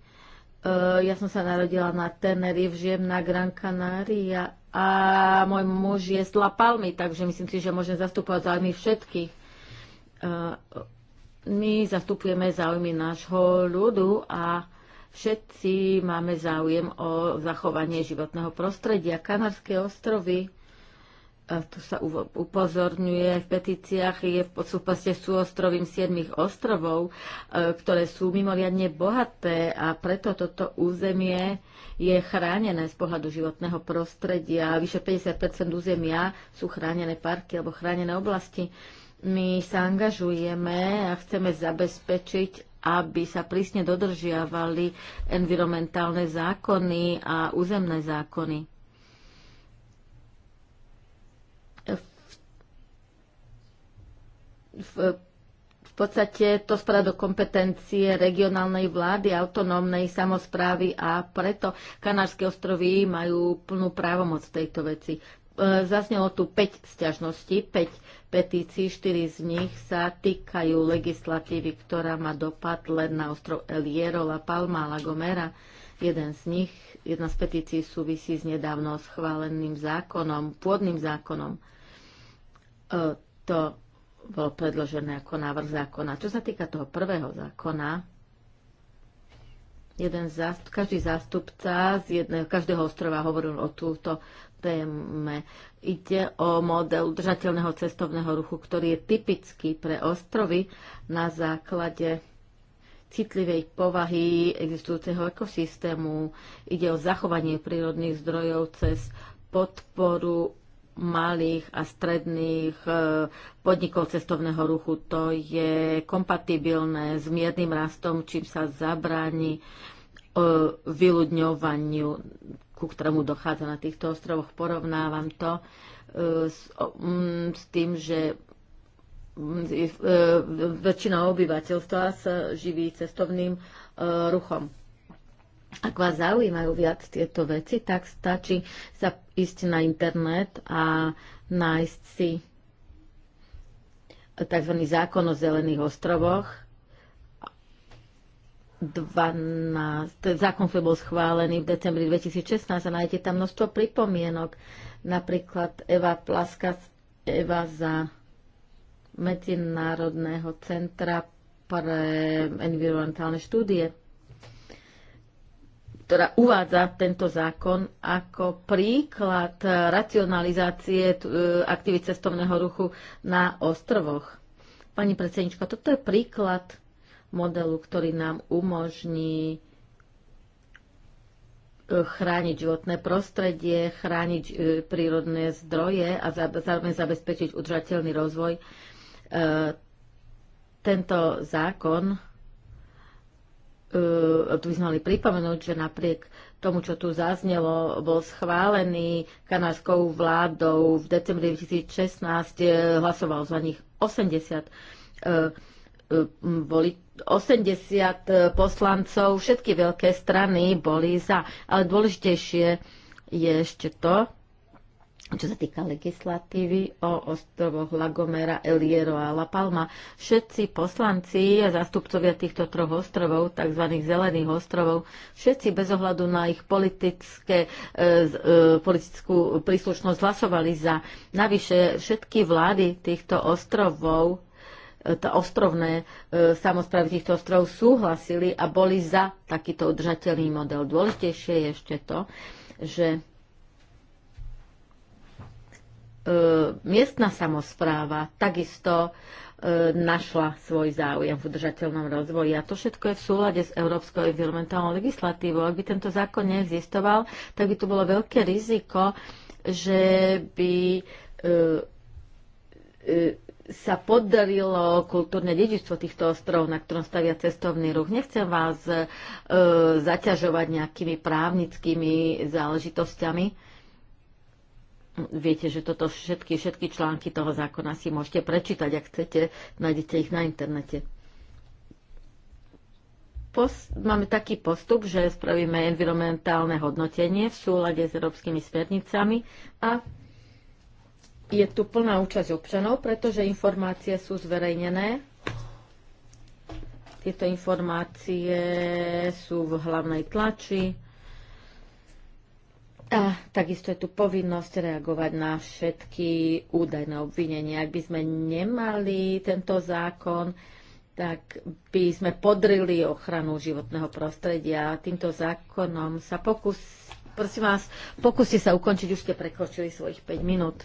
uh, ja som sa narodila na Tenerife, žijem na Gran Canaria a môj muž je z La Palmy, takže myslím si, že môžem zastupovať záujmy všetkých. Uh, my zastupujeme záujmy nášho ľudu a všetci máme záujem o zachovanie životného prostredia. Kanárske ostrovy a tu sa upozorňuje v petíciách, je v podstate súostrovím siedmých ostrovov, e, ktoré sú mimoriadne bohaté a preto toto územie je chránené z pohľadu životného prostredia. Vyše 50 územia sú chránené parky alebo chránené oblasti. My sa angažujeme a chceme zabezpečiť, aby sa prísne dodržiavali environmentálne zákony a územné zákony v, v podstate to spada do kompetencie regionálnej vlády, autonómnej samozprávy a preto Kanárske ostrovy majú plnú právomoc v tejto veci. E, zaznelo tu 5 stiažností, 5 petícií, 4 z nich sa týkajú legislatívy, ktorá má dopad len na ostrov Eliero, La Palma, La Gomera. Jeden z nich, jedna z petícií súvisí s nedávno schváleným zákonom, pôdnym zákonom. E, to bolo predložené ako návrh zákona. Čo sa týka toho prvého zákona, jeden zást, každý zástupca z jedného, každého ostrova hovoril o túto téme. Ide o model udržateľného cestovného ruchu, ktorý je typický pre ostrovy na základe citlivej povahy existujúceho ekosystému. Ide o zachovanie prírodných zdrojov cez podporu malých a stredných e, podnikov cestovného ruchu. To je kompatibilné s miernym rastom, čím sa zabráni e, vyľudňovaniu, ku ktorému dochádza na týchto ostrovoch. Porovnávam to e, s, s tým, že väčšina obyvateľstva sa živí cestovným ruchom. Ak vás zaujímajú viac tieto veci, tak stačí sa ísť na internet a nájsť si tzv. zákon o zelených ostrovoch. 12, zákon, ktorý bol schválený v decembri 2016 a nájdete tam množstvo pripomienok. Napríklad Eva Plaska, Eva za Medzinárodného centra pre environmentálne štúdie ktorá uvádza tento zákon ako príklad racionalizácie e, aktivít cestovného ruchu na ostrovoch. Pani predsednička, toto je príklad modelu, ktorý nám umožní e, chrániť životné prostredie, chrániť e, prírodné zdroje a zároveň zabezpečiť udržateľný rozvoj. Tento zákon E, tu by sme mali pripomenúť, že napriek tomu, čo tu zaznelo, bol schválený kanárskou vládou v decembri 2016, e, hlasoval za nich 80 e, boli 80 poslancov, všetky veľké strany boli za. Ale dôležitejšie je ešte to, čo sa týka legislatívy o ostrovoch Lagomera, Eliero a La Palma. Všetci poslanci a zástupcovia týchto troch ostrovov, tzv. zelených ostrovov, všetci bez ohľadu na ich politické, e, e, politickú príslušnosť hlasovali za. Navyše všetky vlády týchto ostrovov e, to ostrovné e, samozprávy týchto ostrov súhlasili a boli za takýto udržateľný model. Dôležitejšie je ešte to, že E, miestna samozpráva takisto e, našla svoj záujem v udržateľnom rozvoji. A to všetko je v súlade s európskou environmentálnou legislatívou. Ak by tento zákon neexistoval, tak by tu bolo veľké riziko, že by e, sa podarilo kultúrne dedičstvo týchto ostrov, na ktorom stavia cestovný ruch. Nechcem vás e, zaťažovať nejakými právnickými záležitosťami, Viete, že toto všetky, všetky články toho zákona si môžete prečítať, ak chcete, nájdete ich na internete. Post, máme taký postup, že spravíme environmentálne hodnotenie v súlade s európskymi smernicami a je tu plná účasť občanov, pretože informácie sú zverejnené. Tieto informácie sú v hlavnej tlači a takisto je tu povinnosť reagovať na všetky údajné obvinenia. Ak by sme nemali tento zákon, tak by sme podrili ochranu životného prostredia. Týmto zákonom sa pokus, prosím vás, pokúste sa ukončiť, už ste prekročili svojich 5 minút.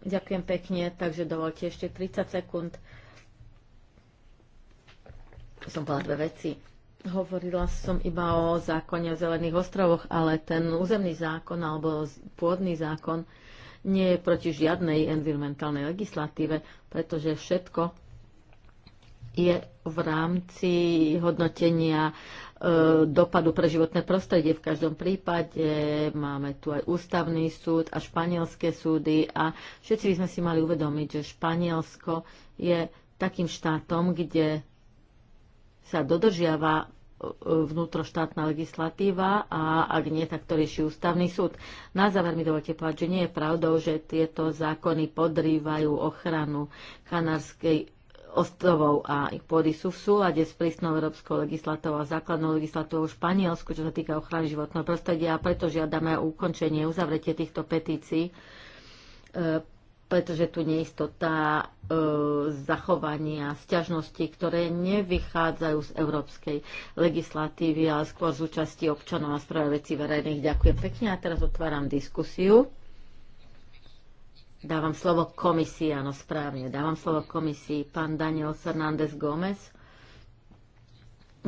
Ďakujem pekne, takže dovolte ešte 30 sekúnd. Som povedala dve veci Hovorila som iba o zákone o zelených ostrovoch, ale ten územný zákon alebo pôdny zákon nie je proti žiadnej environmentálnej legislatíve, pretože všetko je v rámci hodnotenia e, dopadu pre životné prostredie. V každom prípade máme tu aj ústavný súd a španielské súdy a všetci by sme si mali uvedomiť, že Španielsko je takým štátom, kde sa dodržiava e, vnútroštátna legislatíva a ak nie, tak to rieši ústavný súd. Na záver mi dovolte povedať, že nie je pravdou, že tieto zákony podrývajú ochranu kanárskej ostrovov a ich pôdy sú v súlade s prísnou európskou legislatívou a základnou legislatívou v Španielsku, čo sa týka ochrany životného prostredia a preto žiadame o ukončenie, uzavretie týchto petícií e, pretože tu neistota e, zachovania sťažnosti, ktoré nevychádzajú z európskej legislatívy, ale skôr z účasti občanov a sprave veci verejných. Ďakujem pekne a teraz otváram diskusiu. Dávam slovo komisii, áno, správne. Dávam slovo komisii. Pán Daniel Fernández Gómez.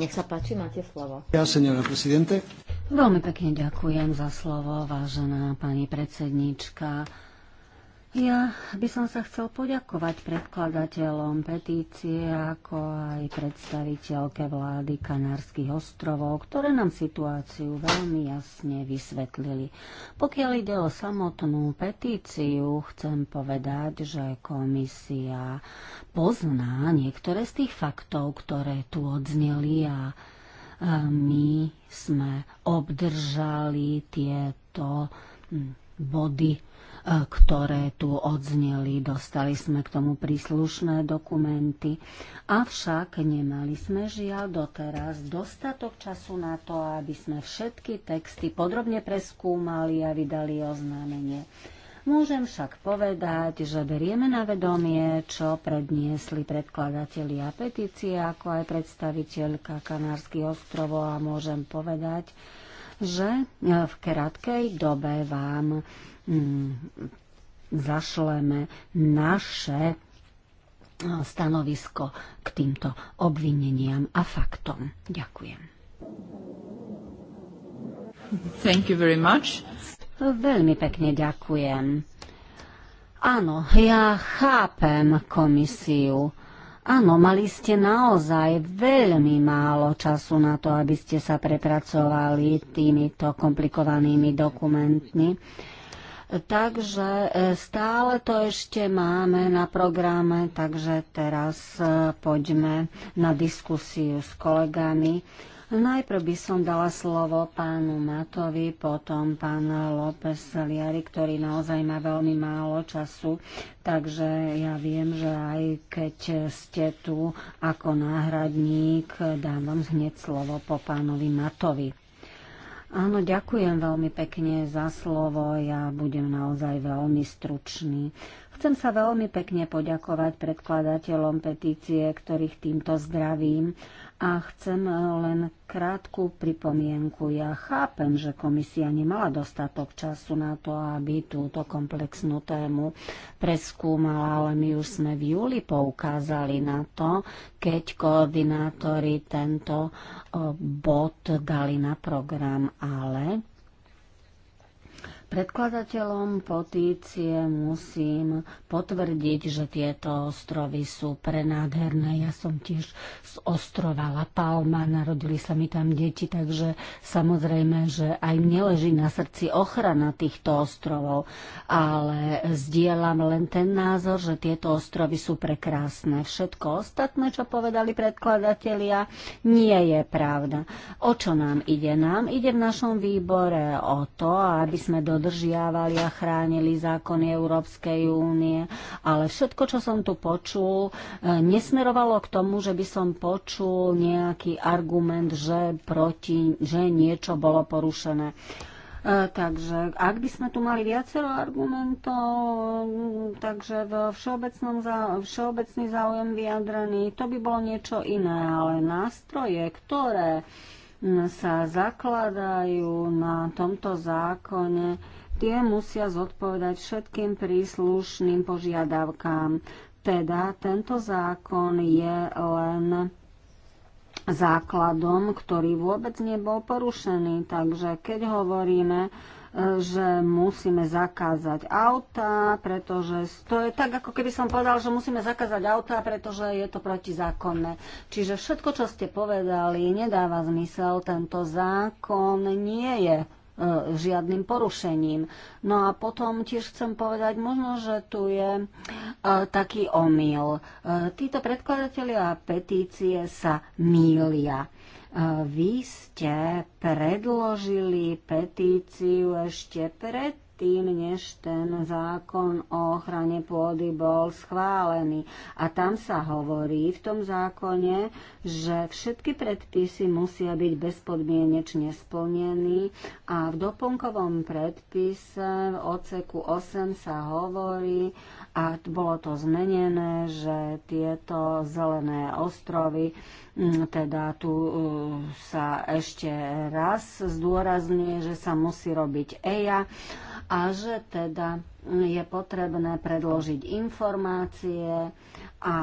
Nech sa páči, máte slovo. Ja, senora prezidente. Veľmi pekne ďakujem za slovo, vážená pani predsednička. Ja by som sa chcel poďakovať predkladateľom petície, ako aj predstaviteľke vlády Kanárskych ostrovov, ktoré nám situáciu veľmi jasne vysvetlili. Pokiaľ ide o samotnú petíciu, chcem povedať, že komisia pozná niektoré z tých faktov, ktoré tu odzneli a my sme obdržali tieto hm, body ktoré tu odzneli. Dostali sme k tomu príslušné dokumenty, avšak nemali sme žiaľ doteraz dostatok času na to, aby sme všetky texty podrobne preskúmali a vydali oznámenie. Môžem však povedať, že berieme na vedomie, čo predniesli predkladatelia petície, ako aj predstaviteľka Kanárskych ostrovov a môžem povedať, že v krátkej dobe vám Mm, zašleme naše eh, stanovisko k týmto obvineniam a faktom. Ďakujem. Thank you very much. Veľmi pekne ďakujem. Áno, ja chápem komisiu. Áno, mali ste naozaj veľmi málo času na to, aby ste sa prepracovali týmito komplikovanými dokumentmi. Takže e, stále to ešte máme na programe, takže teraz e, poďme na diskusiu s kolegami. Najprv by som dala slovo pánu Matovi, potom pán López Liari, ktorý naozaj má veľmi málo času, takže ja viem, že aj keď ste tu ako náhradník, dám vám hneď slovo po pánovi Matovi. Áno, ďakujem veľmi pekne za slovo. Ja budem naozaj veľmi stručný. Chcem sa veľmi pekne poďakovať predkladateľom petície, ktorých týmto zdravím a chcem len krátku pripomienku. Ja chápem, že komisia nemala dostatok času na to, aby túto komplexnú tému preskúmala, ale my už sme v júli poukázali na to, keď koordinátori tento eh, bod dali na program, ale Predkladateľom potície musím potvrdiť, že tieto ostrovy sú prenádherné. Ja som tiež z ostrova La Palma, narodili sa mi tam deti, takže samozrejme, že aj mne leží na srdci ochrana týchto ostrovov, ale zdieľam len ten názor, že tieto ostrovy sú prekrásne. Všetko ostatné, čo povedali predkladatelia, nie je pravda. O čo nám ide? Nám ide v našom výbore o to, aby sme do dodržiavali a chránili zákony Európskej únie. Ale všetko, čo som tu počul, e, nesmerovalo k tomu, že by som počul nejaký argument, že, proti, že niečo bolo porušené. E, takže ak by sme tu mali viacero argumentov, takže v všeobecnom zá, všeobecný záujem vyjadrený, to by bolo niečo iné, ale nástroje, ktoré sa zakladajú na tomto zákone, Tie musia zodpovedať všetkým príslušným požiadavkám. Teda tento zákon je len základom, ktorý vôbec nebol porušený. Takže keď hovoríme, e, že musíme zakázať auta, pretože to je tak, ako keby som povedal, že musíme zakázať auta, pretože je to protizákonné. Čiže všetko, čo ste povedali, nedáva zmysel. Tento zákon nie je E, žiadnym porušením. No a potom tiež chcem povedať, možno, že tu je e, taký omyl. E, títo predkladatelia petície sa mýlia. Vy ste predložili petíciu ešte pred predtým, než ten zákon o ochrane pôdy bol schválený. A tam sa hovorí v tom zákone, že všetky predpisy musia byť bezpodmienečne splnení a v doplnkovom predpise v oceku 8 sa hovorí, a bolo to zmenené, že tieto zelené ostrovy Mm, teda tu uh, sa ešte raz zdôrazňuje, že sa musí robiť EIA a že teda je potrebné predložiť informácie a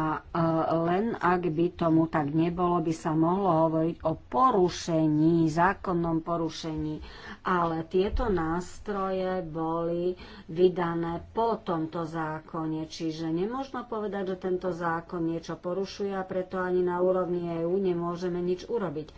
len ak by tomu tak nebolo, by sa mohlo hovoriť o porušení, zákonnom porušení ale tieto nástroje boli vydané po tomto zákone, čiže nemôžno povedať, že tento zákon niečo porušuje a preto ani na úrovni EÚ nemôžeme nič urobiť.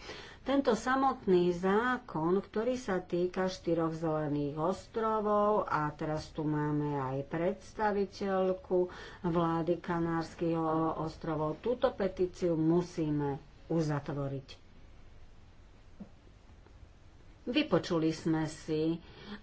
Tento samotný zákon, ktorý sa týka štyroch zelených ostrovov a teraz tu máme aj predstaviteľku vlády Kanárskych ostrovov, túto petíciu musíme uzatvoriť. Vypočuli sme si,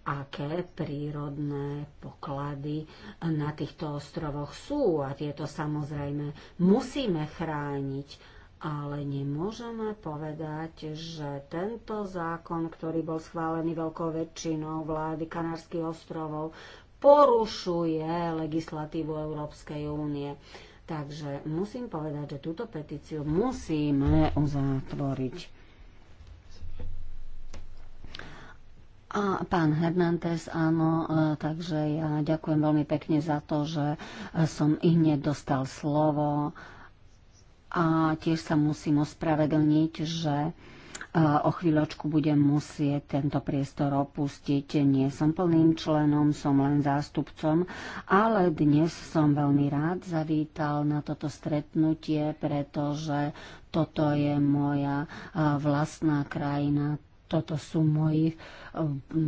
aké prírodné poklady na týchto ostrovoch sú a tieto samozrejme musíme chrániť. Ale nemôžeme povedať, že tento zákon, ktorý bol schválený veľkou väčšinou vlády Kanárskych ostrovov, porušuje legislatívu Európskej únie. Takže musím povedať, že túto petíciu musíme uzatvoriť. A pán Hernández, áno, e, takže ja ďakujem veľmi pekne za to, že e, som i hneď dostal slovo a tiež sa musím ospravedlniť, že e, o chvíľočku budem musieť tento priestor opustiť. Nie som plným členom, som len zástupcom, ale dnes som veľmi rád zavítal na toto stretnutie, pretože toto je moja vlastná krajina, toto sú moji eh,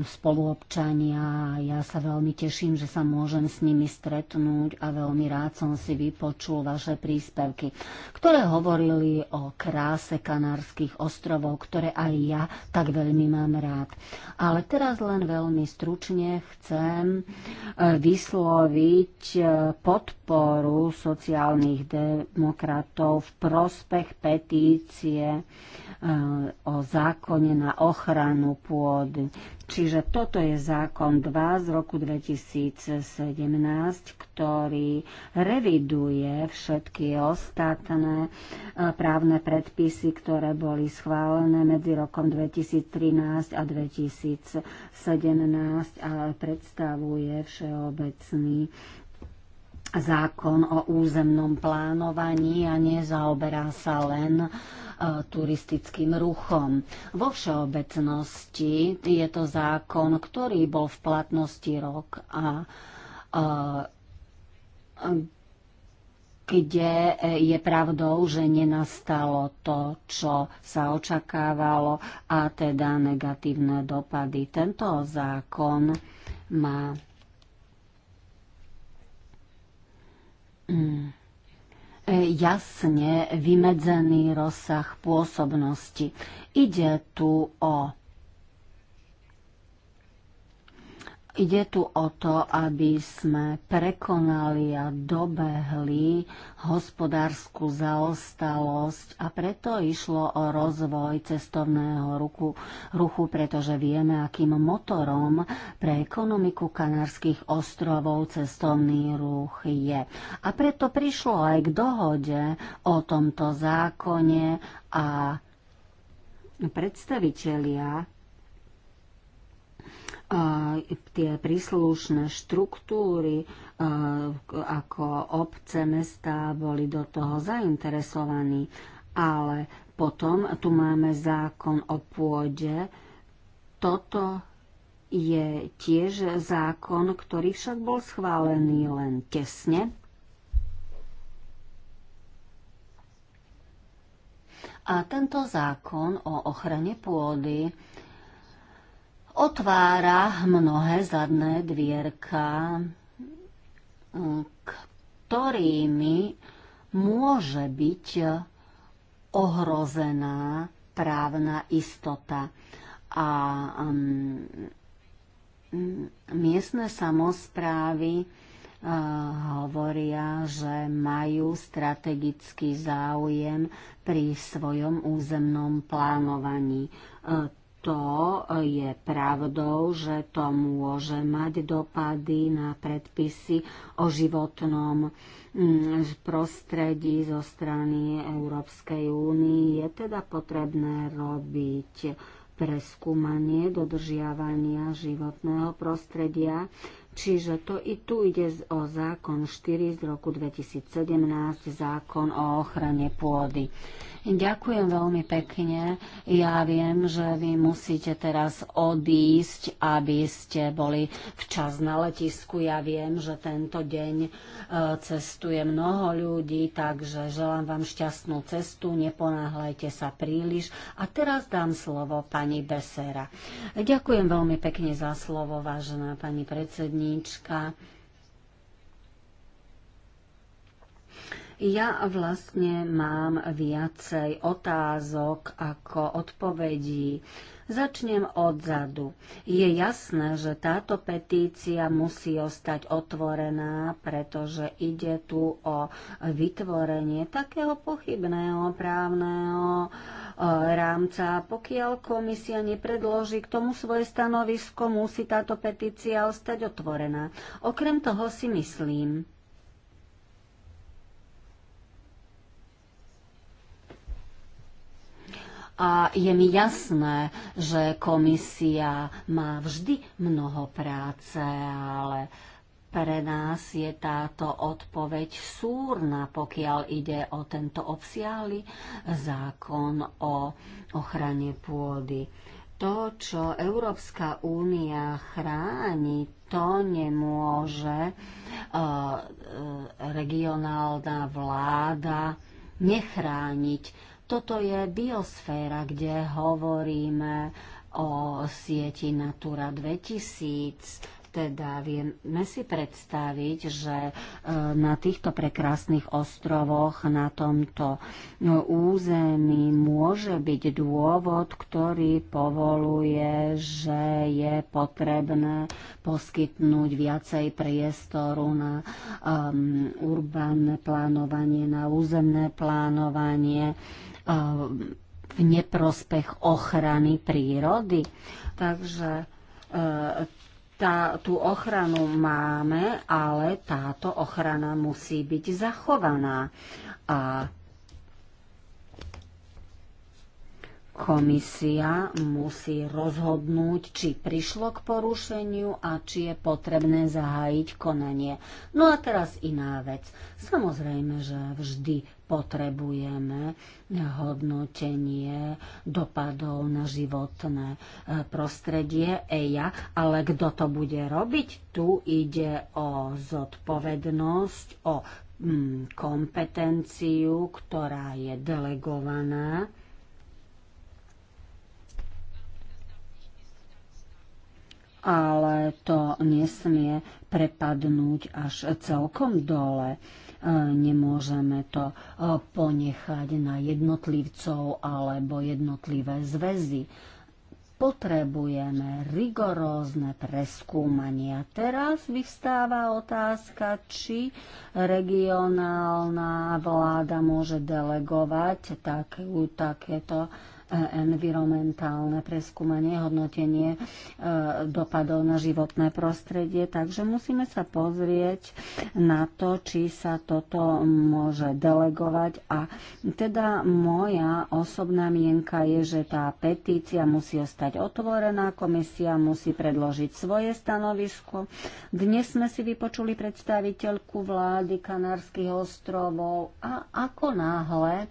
spoluobčania. Ja sa veľmi teším, že sa môžem s nimi stretnúť a veľmi rád som si vypočul vaše príspevky, ktoré hovorili o kráse Kanárskych ostrovov, ktoré aj ja tak veľmi mám rád. Ale teraz len veľmi stručne chcem eh, vysloviť eh, podporu sociálnych demokratov v prospech petície Eh, o zákone na ochranu pôdy. Čiže toto je zákon 2 z roku 2017, ktorý reviduje všetky ostatné eh, právne predpisy, ktoré boli schválené medzi rokom 2013 a 2017 a predstavuje všeobecný zákon o územnom plánovaní a nezaoberá sa len eh, E, turistickým ruchom. Vo všeobecnosti je to zákon, ktorý bol v platnosti rok a, e, kde je pravdou, že nenastalo to, čo sa očakávalo a teda negatívne dopady. Tento zákon má. Mm jasne vymedzený rozsah pôsobnosti. Ide tu o Ide tu o to, aby sme prekonali a dobehli hospodárskú zaostalosť a preto išlo o rozvoj cestovného ruchu, ruchu, pretože vieme, akým motorom pre ekonomiku Kanárskych ostrovov cestovný ruch je. A preto prišlo aj k dohode o tomto zákone a predstavitelia tie príslušné štruktúry ako obce, mesta boli do toho zainteresovaní. Ale potom tu máme zákon o pôde. Toto je tiež zákon, ktorý však bol schválený len tesne. A tento zákon o ochrane pôdy otvára mnohé zadné dvierka, mm, ktorými môže byť ohrozená právna istota. A um, miestne samozprávy hovoria, že majú strategický záujem pri svojom územnom plánovaní to je pravdou, že to môže mať dopady na predpisy o životnom mm, prostredí zo strany Európskej únie. Je teda potrebné robiť preskúmanie dodržiavania životného prostredia Čiže to i tu ide o zákon 4 z roku 2017, zákon o ochrane pôdy. Ďakujem veľmi pekne. Ja viem, že vy musíte teraz odísť, aby ste boli včas na letisku. Ja viem, že tento deň e, cestuje mnoho ľudí, takže želám vám šťastnú cestu, neponáhľajte sa príliš. A teraz dám slovo pani Besera. Ďakujem veľmi pekne za slovo, vážená pani predsedníčka predsedníčka. Ja vlastne mám viacej otázok ako odpovedí. Začnem odzadu. Je jasné, že táto petícia musí ostať otvorená, pretože ide tu o vytvorenie takého pochybného právneho rámca. Pokiaľ komisia nepredloží k tomu svoje stanovisko, musí táto petícia ostať otvorená. Okrem toho si myslím, A je mi jasné, že komisia má vždy mnoho práce, ale uh, pre nás je táto odpoveď súrna, pokiaľ ide o tento obsiahly zákon o ochrane pôdy. To, čo Európska únia chráni, to nemôže e, e, regionálna vláda nechrániť. Toto je biosféra, kde hovoríme o sieti Natura 2000, teda vieme si predstaviť, že e, na týchto prekrásnych ostrovoch, na tomto no, území môže byť dôvod, ktorý povoluje, že je potrebné poskytnúť viacej priestoru na um, urbánne plánovanie, na územné plánovanie. Um, v neprospech ochrany prírody. Takže e, tá, tú ochranu máme, ale táto ochrana musí byť zachovaná. A Komisia musí rozhodnúť, či prišlo k porušeniu a či je potrebné zahájiť konanie. No a teraz iná vec. Samozrejme, že vždy potrebujeme hodnotenie dopadov na životné e, prostredie EIA, ale kto to bude robiť? Tu ide o zodpovednosť, o mm, kompetenciu, ktorá je delegovaná ale to nesmie prepadnúť až celkom dole. Nemôžeme to e, ponechať na jednotlivcov alebo jednotlivé zväzy potrebujeme rigorózne preskúmania. Teraz vystáva otázka, či regionálna vláda môže delegovať takú, takéto environmentálne preskúmanie, hodnotenie e, dopadov na životné prostredie. Takže musíme sa pozrieť na to, či sa toto môže delegovať. A teda moja osobná mienka je, že tá petícia musí ostať otvorená, komisia musí predložiť svoje stanovisko. Dnes sme si vypočuli predstaviteľku vlády Kanárskych ostrovov a ako náhle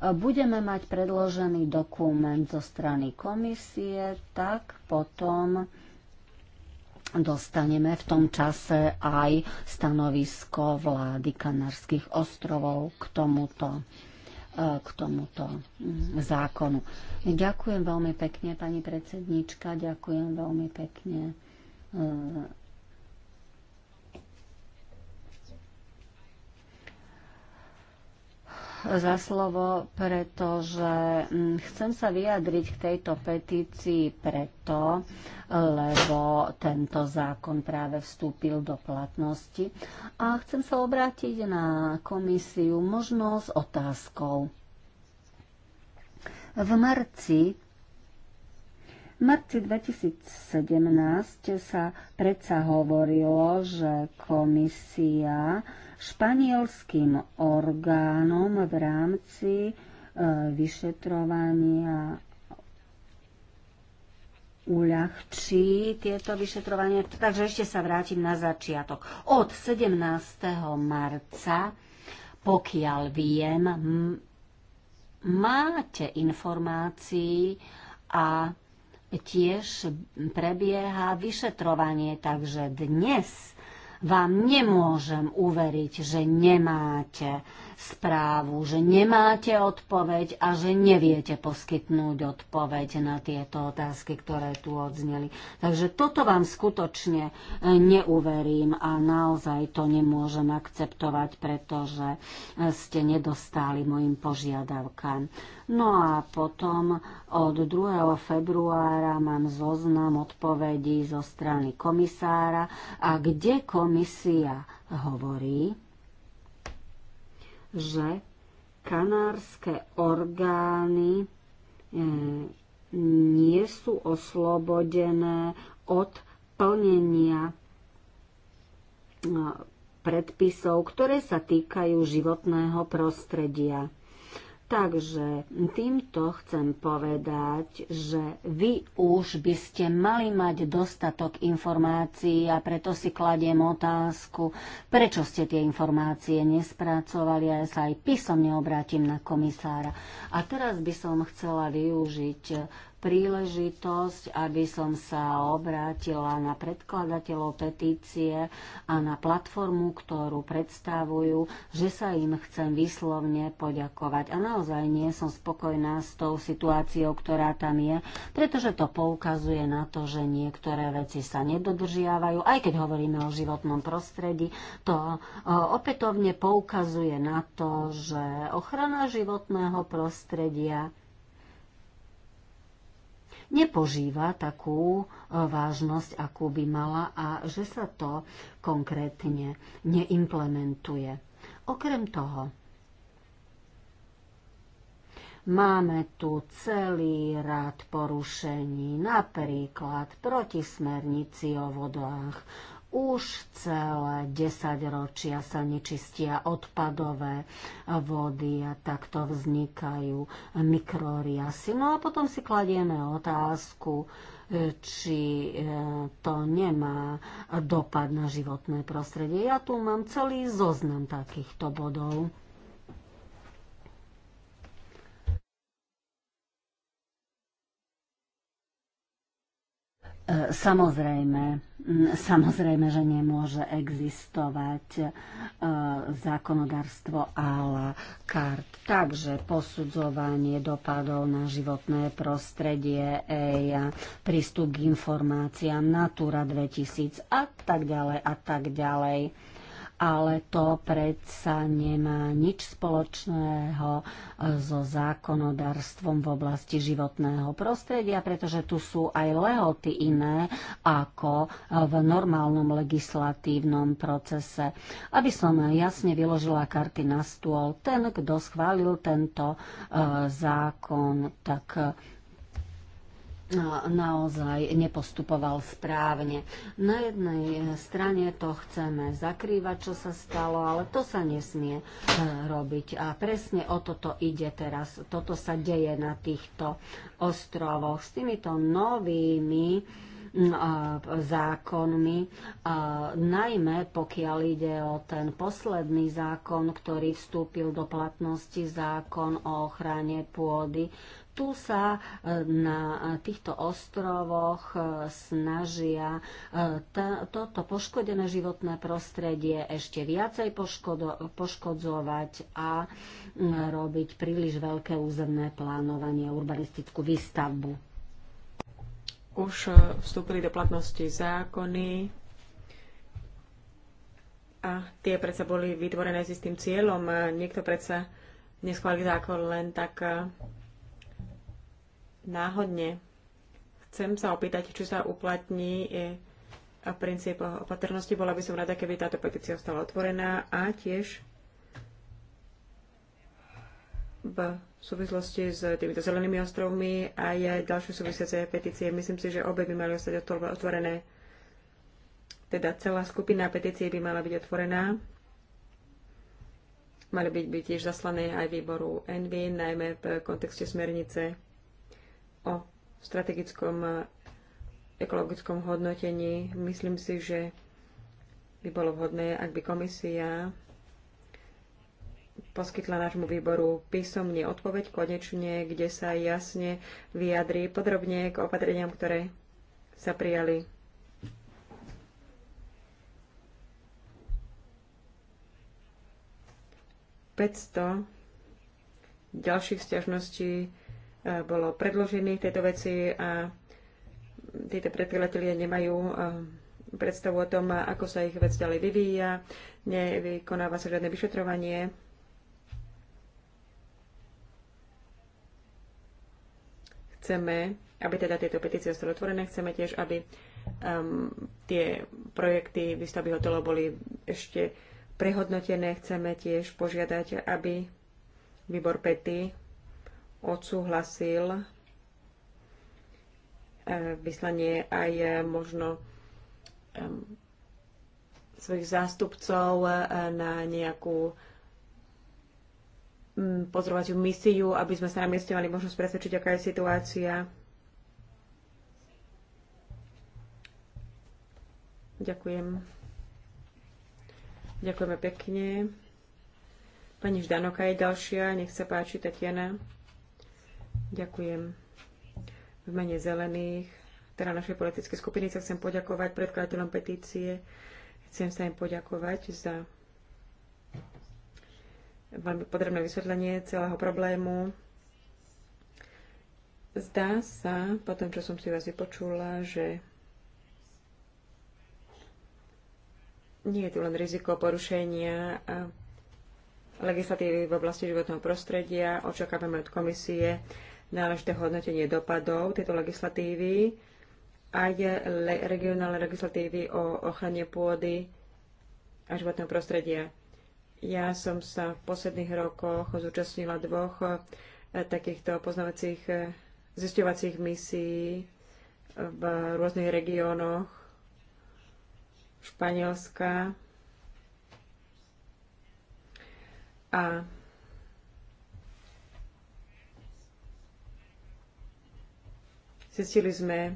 budeme mať predložený dokument zo strany komisie, tak potom dostaneme v tom čase aj stanovisko vlády Kanárskych ostrovov k tomuto e, k tomuto mm, zákonu. Ďakujem veľmi pekne, pani predsednička, ďakujem veľmi pekne e, za slovo, pretože mm, chcem sa vyjadriť k tejto petícii preto, lebo tento zákon práve vstúpil do platnosti. A chcem sa obrátiť na komisiu možno s otázkou. V marci v marci 2017 sa predsa hovorilo, že komisia španielským orgánom v rámci e, vyšetrovania uľahčí tieto vyšetrovania. Takže ešte sa vrátim na začiatok. Od 17. marca, pokiaľ viem, máte informácií a tiež prebieha vyšetrovanie, takže dnes vám nemôžem uveriť, že nemáte správu, že nemáte odpoveď a že neviete poskytnúť odpoveď na tieto otázky, ktoré tu odzneli. Takže toto vám skutočne e, neuverím a naozaj to nemôžem akceptovať, pretože e, ste nedostali mojim požiadavkám. No a potom od 2. februára mám zoznam odpovedí zo strany komisára a kde komisia hovorí, že kanárske orgány eh, nie sú oslobodené od plnenia eh, predpisov, ktoré sa týkajú životného prostredia. Takže týmto chcem povedať, že vy už by ste mali mať dostatok informácií a preto si kladiem otázku, prečo ste tie informácie nespracovali a ja sa aj písomne obrátim na komisára. A teraz by som chcela využiť príležitosť, aby som sa obrátila na predkladateľov petície a na platformu, ktorú predstavujú, že sa im chcem vyslovne poďakovať. A naozaj nie som spokojná s tou situáciou, ktorá tam je, pretože to poukazuje na to, že niektoré veci sa nedodržiavajú, aj keď hovoríme o životnom prostredí, to opätovne poukazuje na to, že ochrana životného prostredia nepožíva takú e, vážnosť, akú by mala a že sa to konkrétne neimplementuje. Okrem toho, Máme tu celý rad porušení, napríklad proti smernici o vodách, už celé 10 ročia sa nečistia odpadové vody a takto vznikajú mikroriasy. No a potom si kladieme otázku, e, či e, to nemá dopad na životné prostredie. Ja tu mám celý zoznam takýchto bodov. E, samozrejme, Mm, samozrejme, že nemôže existovať e, zákonodárstvo a la kart. Takže posudzovanie dopadov na životné prostredie, EIA, prístup k informáciám, Natura 2000 a tak ďalej a tak ďalej ale to predsa nemá nič spoločného e, so zákonodarstvom v oblasti životného prostredia, pretože tu sú aj lehoty iné ako e, v normálnom legislatívnom procese. Aby som jasne vyložila karty na stôl, ten, kto schválil tento e, zákon, tak naozaj nepostupoval správne. Na jednej e, strane to chceme zakrývať, čo sa stalo, ale to sa nesmie e, robiť. A presne o toto ide teraz. Toto sa deje na týchto ostrovoch. S týmito novými zákonmi, najmä pokiaľ ide o ten posledný zákon, ktorý vstúpil do platnosti, zákon o ochrane pôdy tu sa e, na týchto ostrovoch e, snažia e, toto poškodené životné prostredie ešte viacej poškodzovať a robiť príliš veľké územné plánovanie, urbanistickú výstavbu. Už vstúpili do platnosti zákony a tie predsa boli vytvorené s istým cieľom. Niekto predsa neschválil zákon len tak náhodne. Chcem sa opýtať, či sa uplatní e, princíp opatrnosti. Bola by som rada, keby táto petícia ostala otvorená a tiež v súvislosti s týmito zelenými ostrovmi a aj ďalšie súvisiace petície. Myslím si, že obe by mali ostať otvorené. Teda celá skupina petície by mala byť otvorená. Mali by byť tiež zaslané aj výboru Envy, najmä v kontexte smernice o strategickom ekologickom hodnotení. Myslím si, že by bolo vhodné, ak by komisia poskytla nášmu výboru písomne odpoveď konečne, kde sa jasne vyjadrí podrobne k opatreniam, ktoré sa prijali. Petsto ďalších stiažností bolo v tejto veci a títo predkladatelia nemajú eh, predstavu o tom, ako sa ich vec ďalej vyvíja, nevykonáva sa žiadne vyšetrovanie. Chceme, aby teda tieto petície ostali otvorené, chceme tiež, aby um, tie projekty výstavby hotelov boli ešte prehodnotené. Chceme tiež požiadať, aby výbor pety odsúhlasil eh, vyslanie aj eh, možno svojich zástupcov eh, na nejakú mm, pozorovaciu misiu, aby sme sa namiestňovali možnosť presvedčiť, aká je situácia. Ďakujem. Ďakujeme pekne. Pani Ždanoka je ďalšia. Nech sa páči, Tatiana. Ďakujem. V mene zelených, teda našej politickej skupiny, sa chcem poďakovať predkladateľom petície. Chcem sa im poďakovať za veľmi podrobné vysvetlenie celého problému. Zdá sa, po tom, čo som si vás vypočula, že nie je tu len riziko porušenia legislatívy v oblasti životného prostredia. Očakávame od komisie náležité hodnotenie dopadov tejto legislatívy aj le- regionálne legislatívy o ochrane pôdy a životného prostredia. Ja som sa v posledných rokoch zúčastnila dvoch eh, takýchto poznávacích eh, zisťovacích misií v rôznych regiónoch Španielska, A zistili sme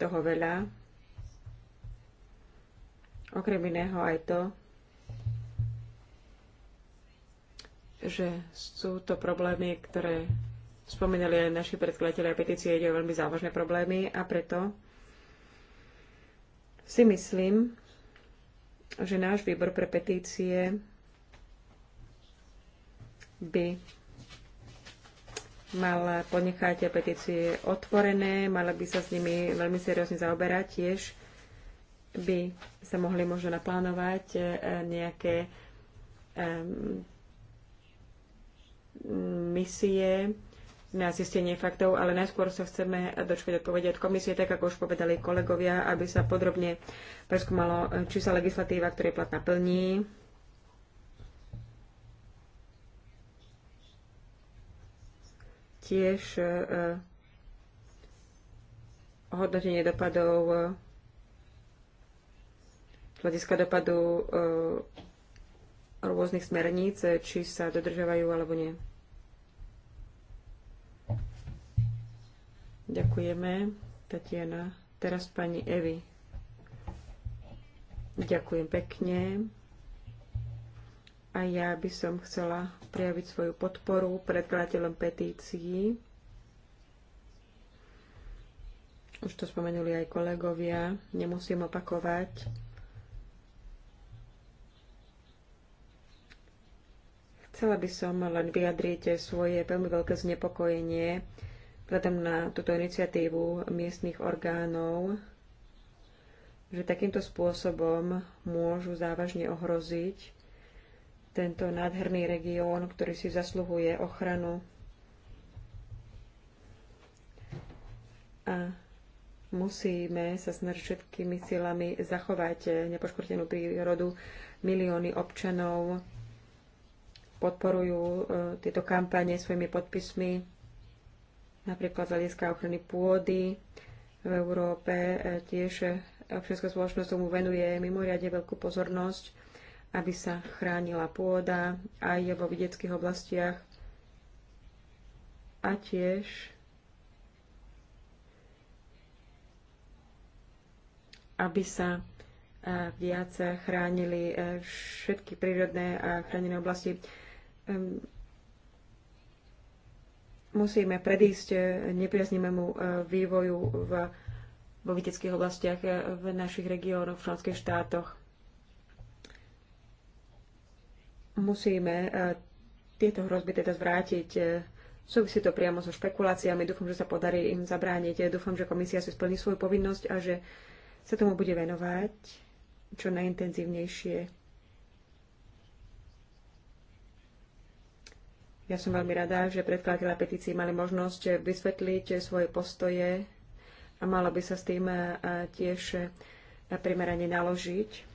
toho veľa. Okrem iného aj to, že sú to problémy, ktoré spomínali aj naši predkladateľe a petície, ide o veľmi závažné problémy a preto si myslím, že náš výbor pre petície by mal ponechať petície otvorené, mal by sa s nimi veľmi seriózne zaoberať, tiež by sa mohli možno naplánovať eh, nejaké um, misie na zistenie faktov, ale najskôr sa chceme dočkať odpovede od komisie, tak ako už povedali kolegovia, aby sa podrobne preskúmalo, eh, či sa legislatíva, ktorá je platná, plní tiež e, e, hodnotenie dopadov e, z hľadiska dopadu rôznych smerníc, či sa dodržovajú alebo nie. Ďakujeme, Tatiana. Teraz pani Evi. Ďakujem pekne. A ja by som chcela prejaviť svoju podporu predkladateľom petícií. Už to spomenuli aj kolegovia, nemusím opakovať. Chcela by som len vyjadriť svoje veľmi veľké znepokojenie vzhľadom na túto iniciatívu miestnych orgánov, že takýmto spôsobom môžu závažne ohroziť tento nádherný región, ktorý si zasluhuje ochranu. A musíme sa snažiť všetkými silami zachovať nepoškvrtenú prírodu. Milióny občanov podporujú e, tieto kampane svojimi podpismi, napríklad z hľadiska ochrany pôdy v Európe. E, tiež občianská spoločnosť tomu venuje mimoriadne veľkú pozornosť aby sa chránila pôda aj vo vidieckých oblastiach a tiež aby sa e, viac chránili e, všetky prírodné a chránené oblasti. Musíme predísť e, nepriaznivému vývoju v, vo viteckých oblastiach v našich regiónoch, v členských štátoch. musíme e, tieto hrozby teda zvrátiť. E, súvisí to priamo so špekuláciami. Dúfam, že sa podarí im zabrániť. E, dúfam, že komisia si splní svoju povinnosť a že sa tomu bude venovať čo najintenzívnejšie. Ja som veľmi rada, že predkladateľa petícií mali možnosť vysvetliť svoje postoje a malo by sa s tým tiež primerane naložiť.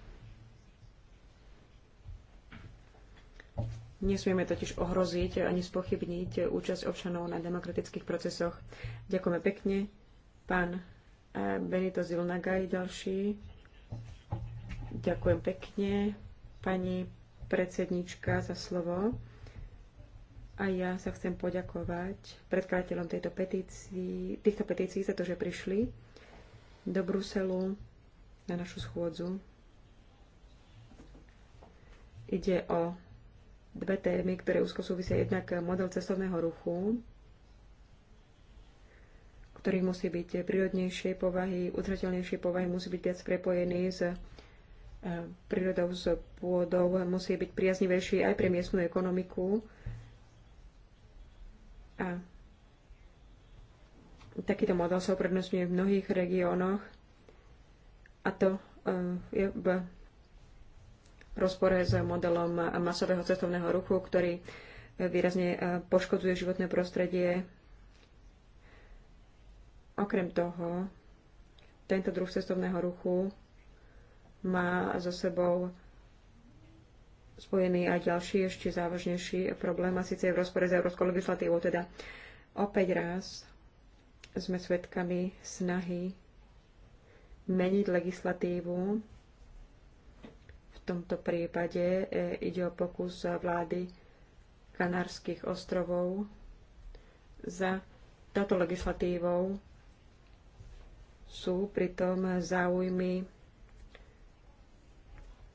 Nesmieme totiž ohroziť ani spochybniť účasť občanov na demokratických procesoch. Ďakujeme pekne. Pán eh, Benito Zilnagaj ďalší. Ďakujem pekne. Pani predsednička za slovo. A ja sa chcem poďakovať predkladateľom tejto petícii, týchto petícií za to, že prišli do Bruselu na našu schôdzu. Ide o dve témy, ktoré úzko súvisia jednak model cestovného ruchu, ktorý musí byť prírodnejšej povahy, udržateľnejšej povahy, musí byť viac prepojený s e, prírodou, s pôdou, musí byť priaznivejší aj pre miestnú ekonomiku. A takýto model sa uprednostňuje v mnohých regiónoch a to e, je v v rozpore s modelom masového cestovného ruchu, ktorý e, výrazne e, poškodzuje životné prostredie. Okrem toho, tento druh cestovného ruchu má za sebou spojený aj ďalší, ešte závažnejší problém, a síce je v rozpore s európskou legislatívou. Teda opäť raz sme svedkami snahy meniť legislatívu tomto prípade e, ide o pokus vlády Kanárskych ostrovov za táto legislatívou sú pritom záujmy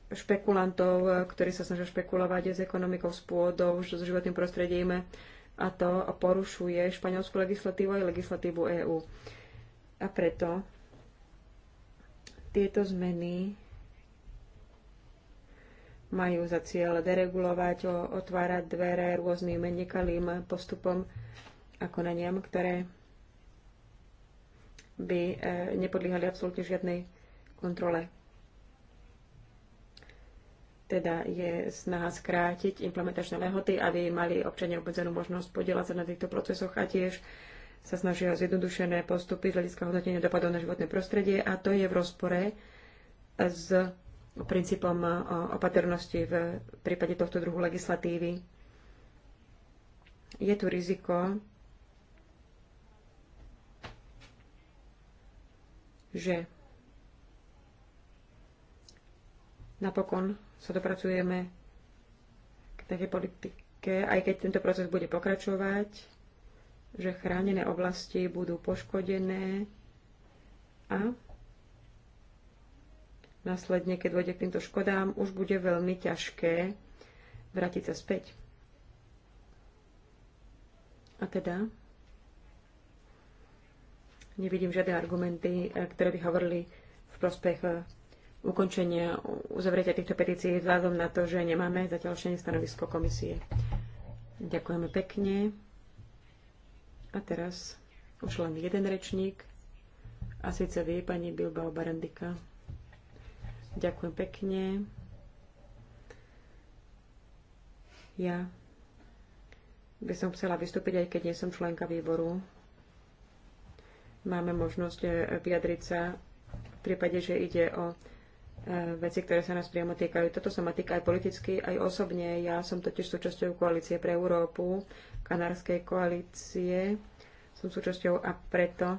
špekulantov, ktorí sa snažia špekulovať s ekonomikou, s pôdou, s životným prostredím a to porušuje španielskú legislatívu aj legislatívu EÚ. A preto tieto zmeny majú za cieľ deregulovať, otvárať dvere rôznym nekalým postupom a konaniam, ktoré by e, nepodliehali absolútne žiadnej kontrole. Teda je snaha skrátiť implementačné lehoty, aby mali občania obmedzenú možnosť podielať sa na týchto procesoch a tiež sa snažia zjednodušené postupy z hľadiska hodnotenia dopadov na životné prostredie a to je v rozpore s princípom e, opatrnosti v prípade tohto druhu legislatívy. Je tu riziko, že napokon sa dopracujeme k takej politike, aj keď tento proces bude pokračovať, že chránené oblasti budú poškodené a Následne, keď dôjde k týmto škodám, už bude veľmi ťažké vrátiť sa späť. A teda nevidím žiadne argumenty, eh, ktoré by hovorili v prospech eh, ukončenia, uzavretia týchto petícií vzhľadom na to, že nemáme zatiaľ ešte stanovisko komisie. Ďakujeme pekne. A teraz už len jeden rečník, a síce vy, pani Bilbao Barandika. Ďakujem pekne. Ja by som chcela vystúpiť, aj keď nie som členka výboru. Máme možnosť eh, vyjadriť sa v prípade, že ide o eh, veci, ktoré sa nás priamo týkajú. Toto sa ma týka aj politicky, aj osobne. Ja som totiž súčasťou koalície pre Európu, kanárskej koalície. Som súčasťou a preto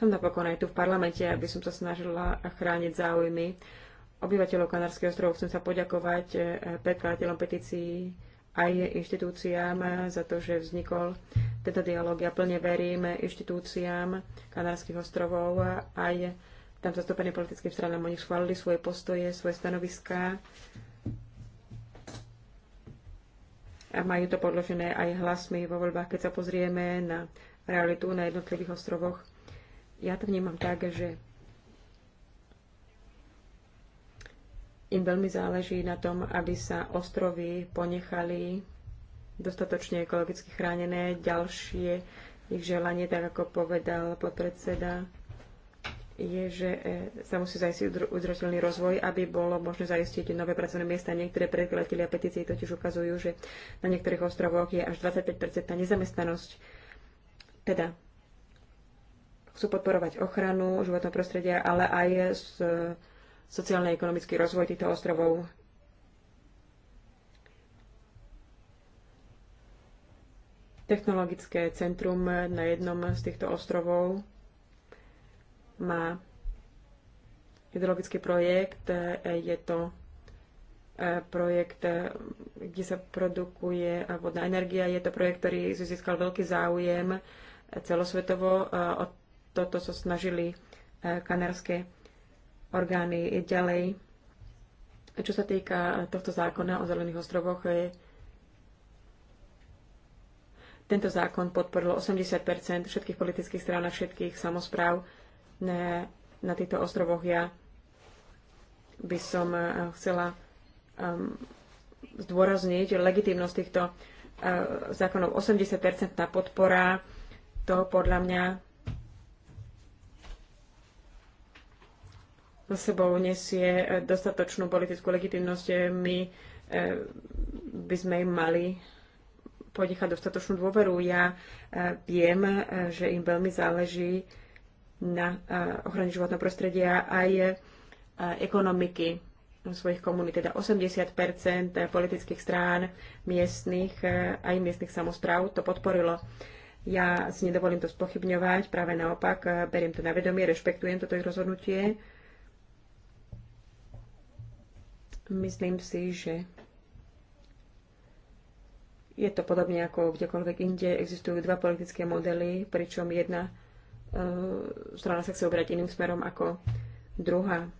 som napokon aj tu v parlamente, aby som sa snažila chrániť záujmy obyvateľov Kanárskych ostrovov. Chcem sa poďakovať eh, predkladateľom petícií aj inštitúciám eh, za to, že vznikol tento dialog. Ja plne verím inštitúciám Kanárskych ostrovov aj tam zastúpeným politickým stranám. Oni schválili svoje postoje, svoje stanoviská a majú to podložené aj hlasmi vo voľbách. Keď sa pozrieme na realitu na jednotlivých ostrovoch, ja to vnímam tak, že im veľmi záleží na tom, aby sa ostrovy ponechali dostatočne ekologicky chránené. Ďalšie ich želanie, tak ako povedal podpredseda, je, že e, sa musí zajistiť udržateľný rozvoj, aby bolo možné zajistiť nové pracovné miesta. Niektoré predkladatelia petície totiž ukazujú, že na niektorých ostrovoch je až 25% nezamestnanosť. Teda Chcú podporovať ochranu životného prostredia, ale aj sociálny a ekonomický rozvoj týchto ostrovov. Technologické centrum na jednom z týchto ostrovov má ideologický projekt. Je to e, projekt, e, kde sa produkuje vodná energia. Je to projekt, ktorý získal veľký záujem e, celosvetovo. Od toto sa snažili e, kanárske orgány ďalej. Čo sa týka e, tohto zákona o zelených ostrovoch, je, tento zákon podporilo 80 všetkých politických strán a všetkých samozpráv na, e, na týchto ostrovoch. Ja by som chcela um, zdôrazniť legitimnosť týchto uh, zákonov. 80 podpora, to podľa mňa so sebou nesie eh, dostatočnú politickú legitimnosť. Eh, my eh, by sme im mali podnechať dostatočnú dôveru. Ja viem, že im veľmi záleží na ochrane životného prostredia aj ekonomiky svojich komunít, teda 80 politických strán miestnych, aj miestnych samozpráv to podporilo. Ja si nedovolím to spochybňovať, práve naopak, beriem to na vedomie, rešpektujem toto ich rozhodnutie Myslím si, že je to podobne ako kdekoľvek inde. Existujú dva politické modely, pričom jedna uh, strana sa chce obrať iným smerom ako druhá.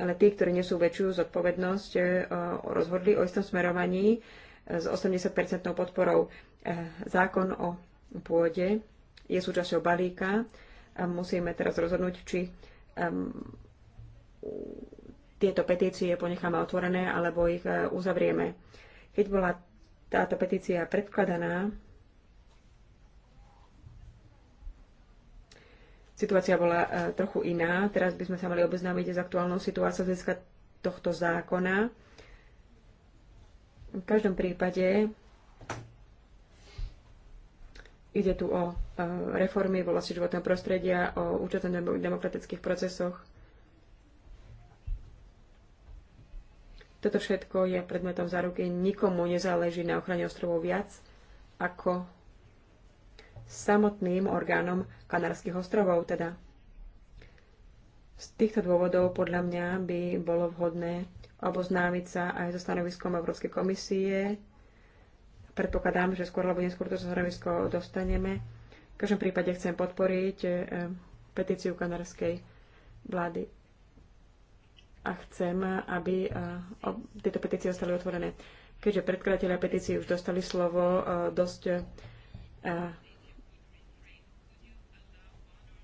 Ale tí, ktorí nesú väčšiu zodpovednosť, uh, rozhodli o istom smerovaní e, s 80-percentnou podporou. zákon o pôde je súčasťou balíka. A musíme teraz rozhodnúť, či um, tieto petície ponecháme otvorené alebo ich e, uzavrieme. Keď bola táto petícia predkladaná, situácia bola e, trochu iná. Teraz by sme sa mali oboznámiť s aktuálnou situáciou z hľadiska tohto zákona. V každom prípade ide tu o e, reformy v oblasti životného prostredia, o účastnom demokratických procesoch Toto všetko je predmetom záruky. Nikomu nezáleží na ochrane ostrovov viac ako samotným orgánom Kanárskych ostrovov. Teda z týchto dôvodov podľa mňa by bolo vhodné oboznámiť sa aj so stanoviskom Európskej komisie. Predpokladám, že skôr alebo neskôr to stanovisko dostaneme. V každom prípade chcem podporiť eh, petíciu kanárskej vlády a chcem, aby e, tieto petície ostali otvorené. Keďže predkladateľia petície už dostali slovo e, dosť e,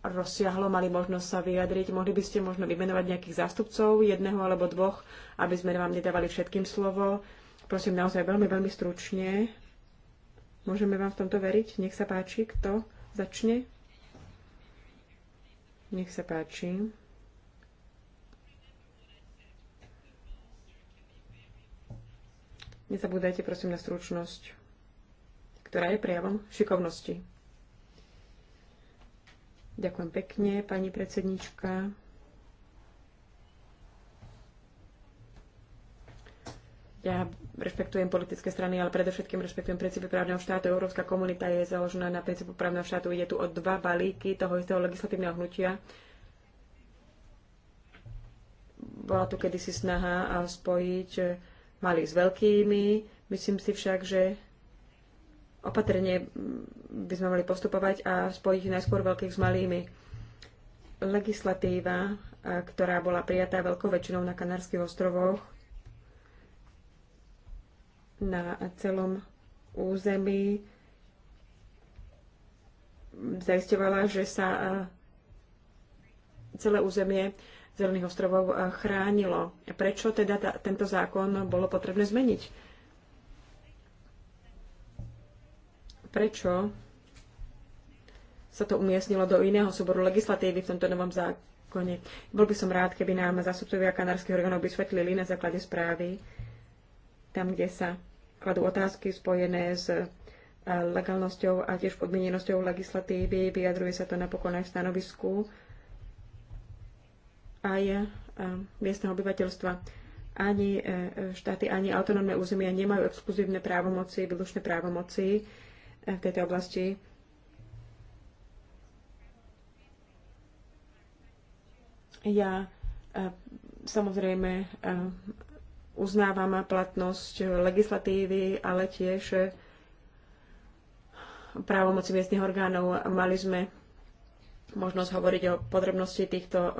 rozsiahlo, mali možnosť sa vyjadriť. Mohli by ste možno vymenovať nejakých zástupcov, jedného alebo dvoch, aby sme vám nedávali všetkým slovo. Prosím, naozaj veľmi, veľmi stručne. Môžeme vám v tomto veriť? Nech sa páči, kto začne? Nech sa páči. Nezabúdajte prosím na stručnosť, ktorá je prejavom šikovnosti. Ďakujem pekne, pani predsednička. ja rešpektujem politické strany, ale predovšetkým rešpektujem princípy právneho štátu. Európska komunita je založená na princípu právneho štátu. Ide tu o dva balíky toho istého legislatívneho hnutia. Bola tu kedysi snaha spojiť mali s veľkými. Myslím si však, že opatrne by sme mali postupovať a spojiť najskôr veľkých s malými. Legislatíva, ktorá bola prijatá veľkou väčšinou na Kanárskych ostrovoch, na celom území, zaistovala, že sa celé územie Zelených ostrovov eh, chránilo. Prečo teda ta, tento zákon bolo potrebné zmeniť? Prečo sa to umiestnilo do iného súboru legislatívy v tomto novom zákone? Bol by som rád, keby nám zástupcovia kanárskych orgánov vysvetlili na základe správy, tam, kde sa kladú otázky spojené s eh, legálnosťou a tiež podmienenosťou legislatívy. Vyjadruje sa to napokon aj v stanovisku aj e, miestneho obyvateľstva. Ani e, štáty, ani autonómne územia nemajú exkluzívne právomoci, výlučné právomoci e, v tejto oblasti. Ja samozrejme uznávam platnosť legislatívy, ale tiež právomoci miestnych orgánov. Mali sme možnosť hovoriť o podrobnosti týchto e,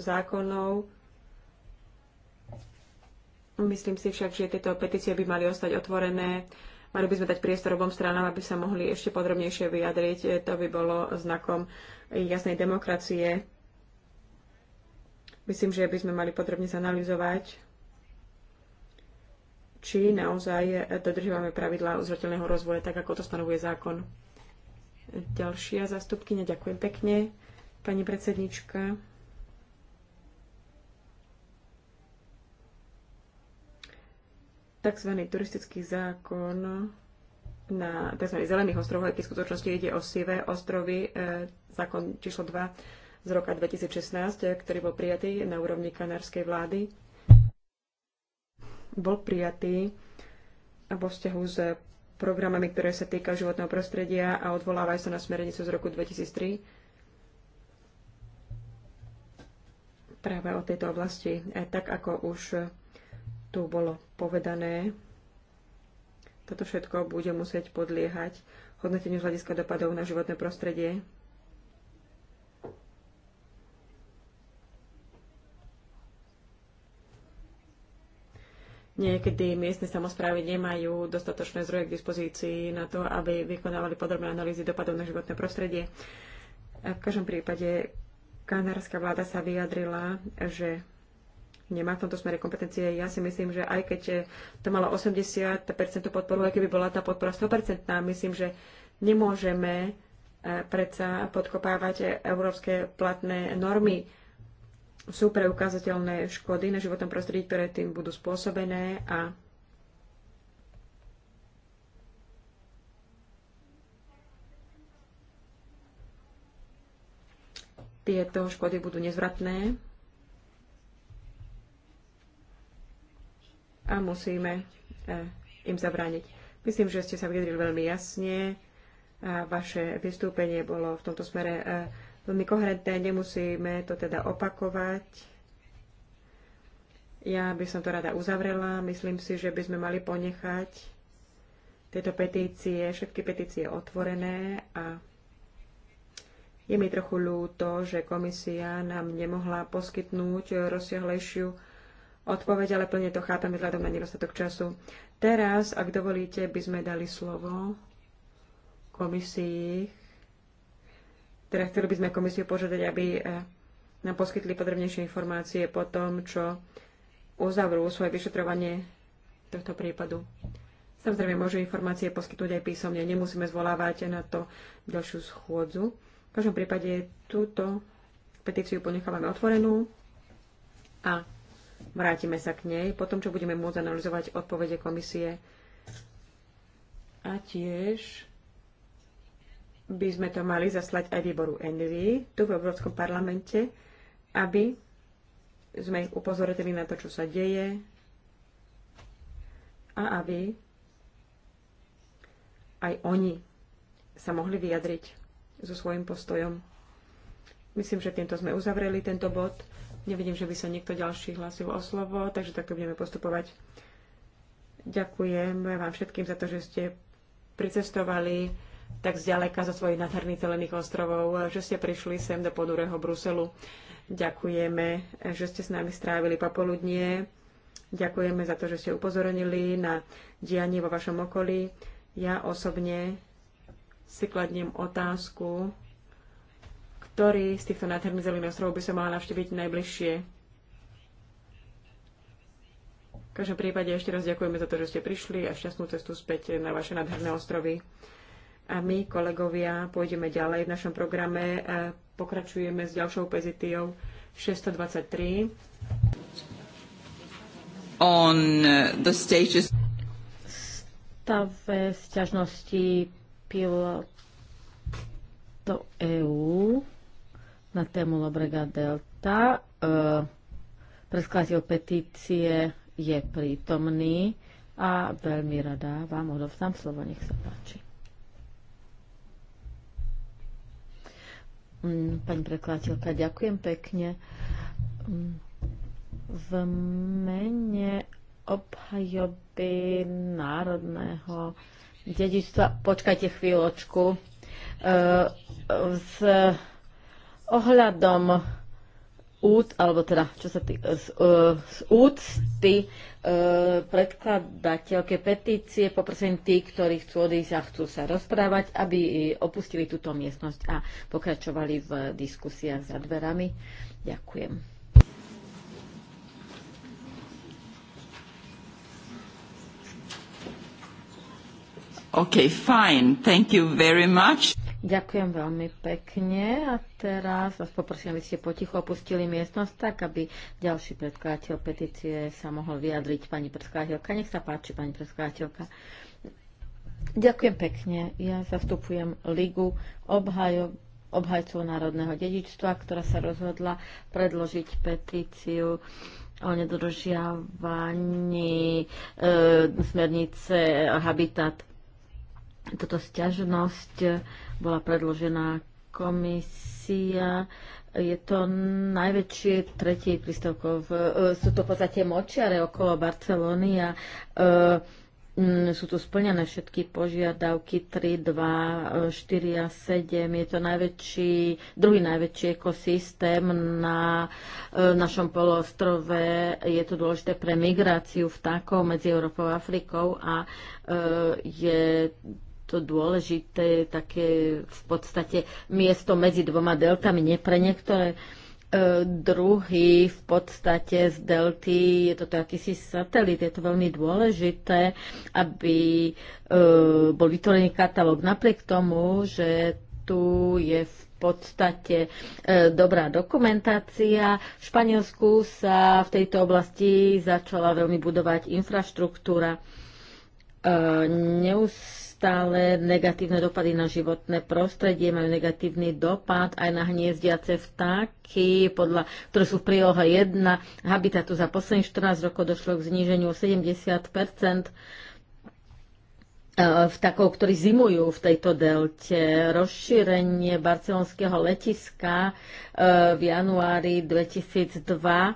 zákonov. Myslím si však, že tieto petície by mali ostať otvorené. Mali by sme dať priestor obom stranám, aby sa mohli ešte podrobnejšie vyjadriť. E, to by bolo znakom jasnej demokracie. Myslím, že by sme mali podrobne zanalizovať, či naozaj dodržiavame pravidlá uzrateľného rozvoja, tak ako to stanovuje zákon. Ďalšia zastupkyňa, ďakujem pekne, pani predsednička. Takzvaný turistický zákon na tzv. zelených ostrovoch, keď v skutočnosti ide o sivé ostrovy, e, zákon číslo 2 z roka 2016, e, ktorý bol prijatý na úrovni kanárskej vlády, bol prijatý vo vzťahu s programami, ktoré sa týkajú životného prostredia a odvolávajú sa na smernicu z roku 2003 práve o tejto oblasti. E, tak ako už tu bolo povedané, toto všetko bude musieť podliehať hodnoteniu z hľadiska dopadov na životné prostredie Niekedy miestne samozprávy nemajú dostatočné zdroje k dispozícii na to, aby vykonávali podrobné analýzy dopadov na životné prostredie. V každom prípade kanárska vláda sa vyjadrila, že nemá v tomto smere kompetencie. Ja si myslím, že aj keď to malo 80% podporu, aj keby bola tá podpora 100%, myslím, že nemôžeme eh, predsa podkopávať európske platné normy sú preukázateľné škody na životnom prostredí, ktoré tým budú spôsobené a tieto škody budú nezvratné a musíme eh, im zabrániť. Myslím, že ste sa vyjadrili veľmi jasne. A vaše vystúpenie bolo v tomto smere eh, veľmi koherentné, nemusíme to teda opakovať. Ja by som to rada uzavrela. Myslím si, že by sme mali ponechať tieto petície, všetky petície otvorené a je mi trochu ľúto, že komisia nám nemohla poskytnúť rozsiahlejšiu odpoveď, ale plne to chápem vzhľadom na nedostatok času. Teraz, ak dovolíte, by sme dali slovo komisii. Teda chceli by sme komisiu požiadať, aby e, nám poskytli podrobnejšie informácie po tom, čo uzavrú svoje vyšetrovanie tohto prípadu. Samozrejme, môžu informácie poskytnúť aj písomne. Nemusíme zvolávať na to ďalšiu schôdzu. V každom prípade túto petíciu ponechávame otvorenú a vrátime sa k nej, potom čo budeme môcť analyzovať odpovede komisie a tiež by sme to mali zaslať aj výboru ENVY tu v Európskom parlamente, aby sme ich upozornili na to, čo sa deje a aby aj oni sa mohli vyjadriť so svojím postojom. Myslím, že týmto sme uzavreli tento bod. Nevidím, že by sa niekto ďalší hlásil o slovo, takže takto budeme postupovať. Ďakujem vám všetkým za to, že ste pricestovali tak zďaleka zo svojich nadherných zelených ostrovov, eh, že ste prišli sem do ponurého Bruselu. Ďakujeme, eh, že ste s nami strávili popoludnie. Ďakujeme za to, že ste upozornili na dianie vo vašom okolí. Ja osobne si kladnem otázku, ktorý z týchto nádherných zelených ostrovov by som mala navštíviť najbližšie. V každom prípade ešte raz ďakujeme za to, že ste prišli a šťastnú cestu späť na vaše nádherné ostrovy. A my, kolegovia, pôjdeme ďalej v našom programe. E, pokračujeme s ďalšou pozitívou 623. On e, the stave sťažnosti pilot do EU na tému Lobrega Delta. E, petície je prítomný a veľmi rada vám odovzdám slovo. Nech sa páči. Mm, pani prekladateľka, ďakujem pekne. Mm, v mene obhajoby národného dedičstva. Počkajte chvíľočku. E, s ohľadom út, alebo teda, čo sa tý, z, z úcty predkladateľke petície poprosím tí, ktorí chcú odísť a chcú sa rozprávať, aby opustili túto miestnosť a pokračovali v diskusiách za dverami. Ďakujem. OK, fine. Thank you very much. Ďakujem veľmi pekne a teraz vás poprosím, aby ste potichu opustili miestnosť tak, aby ďalší predkladateľ petície sa mohol vyjadriť pani predkladateľka. Nech sa páči, pani predkladateľka. Ďakujem pekne. Ja zastupujem Ligu obhajov obhajcov národného dedičstva, ktorá sa rozhodla predložiť petíciu o nedodržiavaní e, smernice Habitat toto sťažnosť eh, bola predložená komisia. Je to najväčšie tretie prístavkov, eh, sú to v podstate močiare okolo Barcelóny a eh, mm, sú tu splnené všetky požiadavky 3, 2, 4 a 7. Je to najväčší, druhý najväčší ekosystém na našom poloostrove. Je to dôležité pre migráciu vtákov medzi Európou a Afrikou a je to dôležité, také v podstate miesto medzi dvoma deltami, nie pre niektoré e, druhý v podstate z delty, je to akýsi satelit, je to veľmi dôležité, aby e, bol vytvorený katalóg. Napriek tomu, že tu je v podstate e, dobrá dokumentácia. V Španielsku sa v tejto oblasti začala veľmi budovať infraštruktúra. E, neus- stále negatívne dopady na životné prostredie, majú negatívny dopad aj na hniezdiace vtáky, podľa, ktoré sú v prílohe 1 habitatu. Za posledných 14 rokov došlo k zníženiu 70 eh, vtákov, ktorí zimujú v tejto delte. Rozšírenie barcelonského letiska eh, v januári 2002 eh,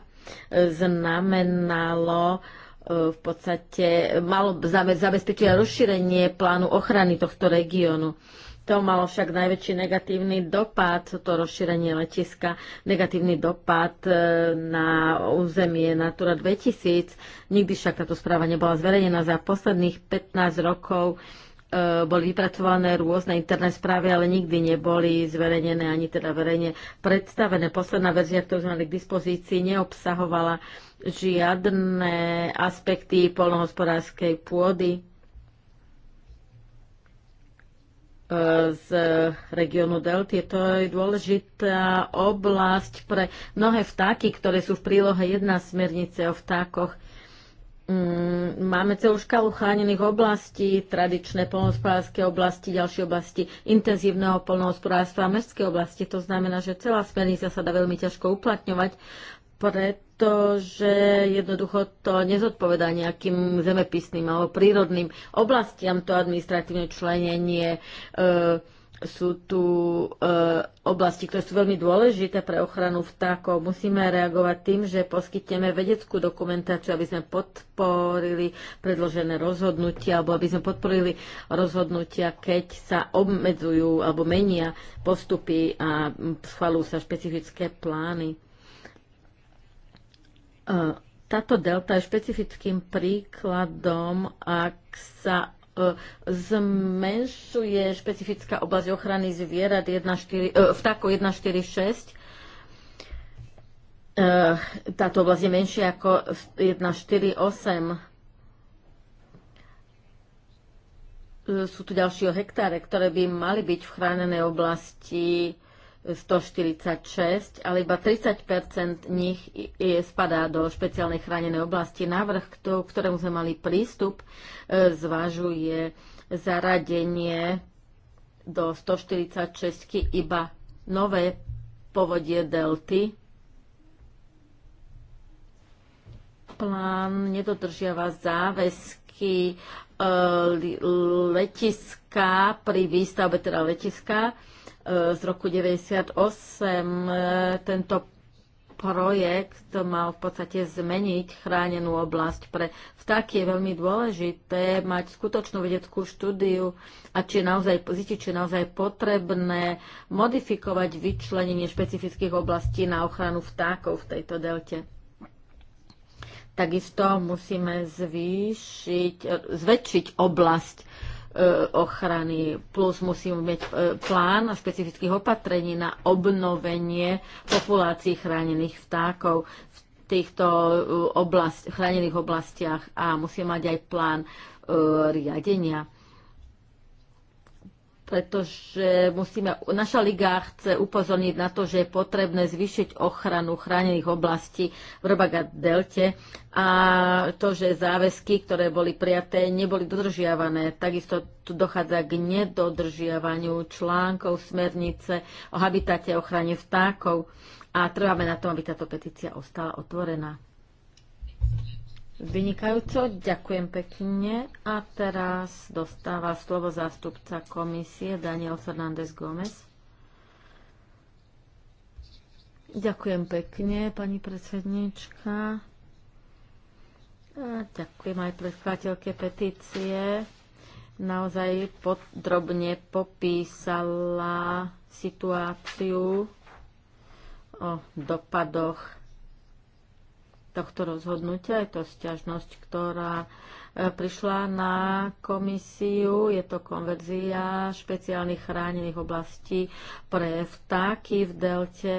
znamenalo E, v podstate malo zabezpečiť rozšírenie plánu ochrany tohto regiónu. To malo však najväčší negatívny dopad, to rozšírenie letiska, negatívny dopad e, na územie Natura 2000. Nikdy však táto správa nebola zverejnená. Za posledných 15 rokov e, boli vypracované rôzne interné správy, ale nikdy neboli zverejnené ani teda verejne predstavené. Posledná verzia, ktorú sme mali k dispozícii, neobsahovala uh, žiadne aspekty polnohospodárskej pôdy e, z regiónu Delty. To je dôležitá oblasť pre mnohé vtáky, ktoré sú v prílohe 1 smernice o vtákoch. Mm, máme celú škálu chránených oblastí, tradičné polnohospodárske oblasti, ďalšie oblasti intenzívneho polnohospodárstva a mestské oblasti. To znamená, že celá smernica sa dá veľmi ťažko uplatňovať, preto pretože jednoducho to nezodpovedá nejakým zemepisným alebo prírodným oblastiam to administratívne členenie. E, sú tu e, oblasti, ktoré sú veľmi dôležité pre ochranu vtákov. Musíme reagovať tým, že poskytneme vedeckú dokumentáciu, aby sme podporili predložené rozhodnutia, alebo aby sme podporili rozhodnutia, keď sa obmedzujú alebo menia postupy a schvalujú sa špecifické plány E, táto delta je špecifickým príkladom, ak sa e, zmenšuje špecifická oblasť ochrany zvierat 1.4, e, vtákov 1.4.6 táto oblasť je menšia ako 1,4,8. Sú tu ďalšie hektáre, ktoré by mali byť v chránenej oblasti 146, ale iba 30 nich je, spadá do špeciálnej chránenej oblasti. Návrh, k ktorému sme mali prístup, e, zvažuje zaradenie do 146 iba nové povodie delty. Plán nedodržiava záväzky e, letiska pri výstavbe teda letiska z roku 98. Eh, tento projekt mal v podstate zmeniť chránenú oblasť pre vtáky. Je veľmi dôležité mať skutočnú vedeckú štúdiu a či je naozaj, zistiť, či je naozaj potrebné modifikovať vyčlenenie špecifických oblastí na ochranu vtákov v tejto delte. Takisto musíme zvýšiť, eh, zväčšiť oblasť E, ochrany, plus musíme mať e, plán a špecifických opatrení na obnovenie populácií chránených vtákov v týchto e, oblast, chránených oblastiach a musíme mať aj plán riadenia pretože musíme, naša liga chce upozorniť na to, že je potrebné zvýšiť ochranu chránených oblastí v Robaga Delte a to, že záväzky, ktoré boli prijaté, neboli dodržiavané. Takisto tu dochádza k nedodržiavaniu článkov smernice o habitate ochrane vtákov a trváme na tom, aby táto petícia ostala otvorená. Vynikajúco, ďakujem pekne. A teraz dostáva slovo zástupca komisie Daniel Fernández Gómez. Ďakujem pekne, pani predsednička. A ďakujem aj predkladateľke petície. Naozaj podrobne popísala situáciu o dopadoch tohto rozhodnutia. Je to sťažnosť, ktorá e, prišla na komisiu. Je to konverzia špeciálnych chránených oblastí pre vtáky v delte.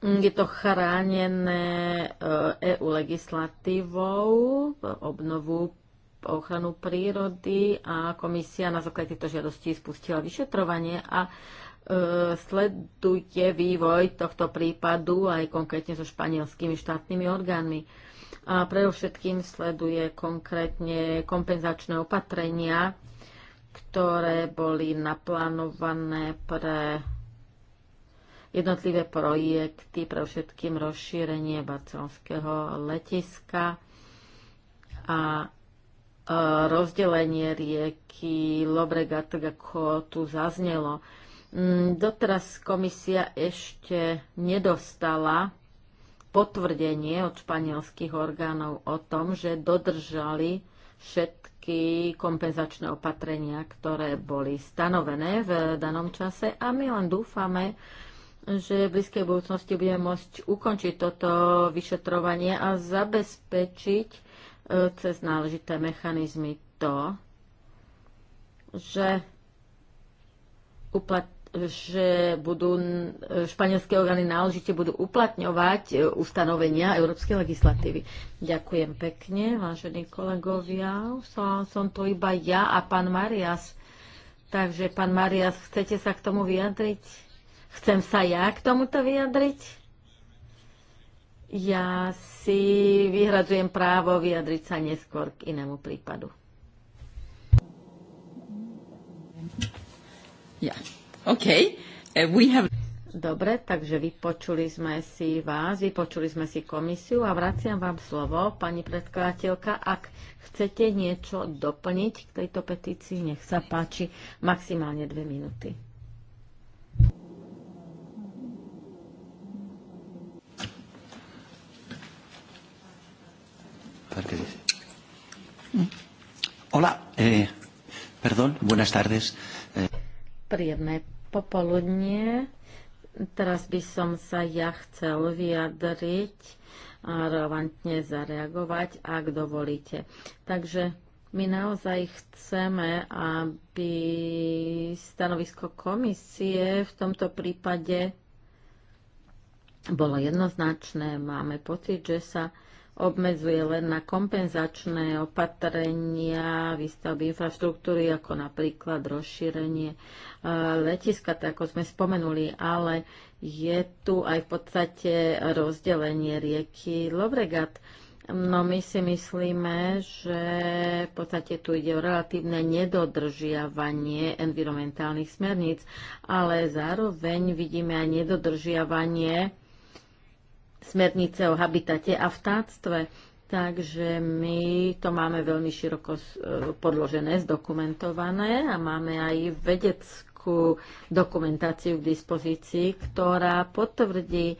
Je to chránené EU e legislatívou, obnovu ochranu prírody a komisia na základe tejto žiadosti spustila vyšetrovanie a E, sledujte vývoj tohto prípadu aj konkrétne so španielskými štátnymi orgánmi. A predovšetkým sleduje konkrétne kompenzačné opatrenia, ktoré boli naplánované pre jednotlivé projekty, pre všetkým rozšírenie barcelonského letiska a e, rozdelenie rieky Lobregat, tak ako tu zaznelo. Mm, doteraz komisia ešte nedostala potvrdenie od španielských orgánov o tom, že dodržali všetky kompenzačné opatrenia, ktoré boli stanovené v danom čase a my len dúfame, že v blízkej budúcnosti budeme môcť ukončiť toto vyšetrovanie a zabezpečiť e, cez náležité mechanizmy to, že uplatňujeme že budú španielské orgány náležite budú uplatňovať e, ustanovenia európskej legislatívy. Ďakujem pekne, vážení kolegovia. Som, som to iba ja a pán Marias. Takže, pán Marias, chcete sa k tomu vyjadriť? Chcem sa ja k tomuto vyjadriť? Ja si vyhradzujem právo vyjadriť sa neskôr k inému prípadu. Ja. Yeah. Okay. Uh, we have... Dobre, takže vypočuli sme si vás, vypočuli sme si komisiu a vraciam vám slovo, pani predkladateľka, ak chcete niečo doplniť k tejto petícii, nech sa páči, maximálne dve minúty. Hola, eh, perdón, buenas tardes. Eh. Príjemné popoludnie. Teraz by som sa ja chcel vyjadriť a relevantne zareagovať, ak dovolíte. Takže my naozaj chceme, aby stanovisko komisie v tomto prípade bolo jednoznačné. Máme pocit, že sa obmedzuje len na kompenzačné opatrenia výstavby infraštruktúry, ako napríklad rozšírenie e, letiska, tak ako sme spomenuli, ale je tu aj v podstate rozdelenie rieky Lovregat. No my si myslíme, že v podstate tu ide o relatívne nedodržiavanie environmentálnych smerníc, ale zároveň vidíme aj nedodržiavanie smernice o habitate a vtáctve. Takže my to máme veľmi široko e, podložené, zdokumentované a máme aj vedeckú dokumentáciu k dispozícii, ktorá potvrdí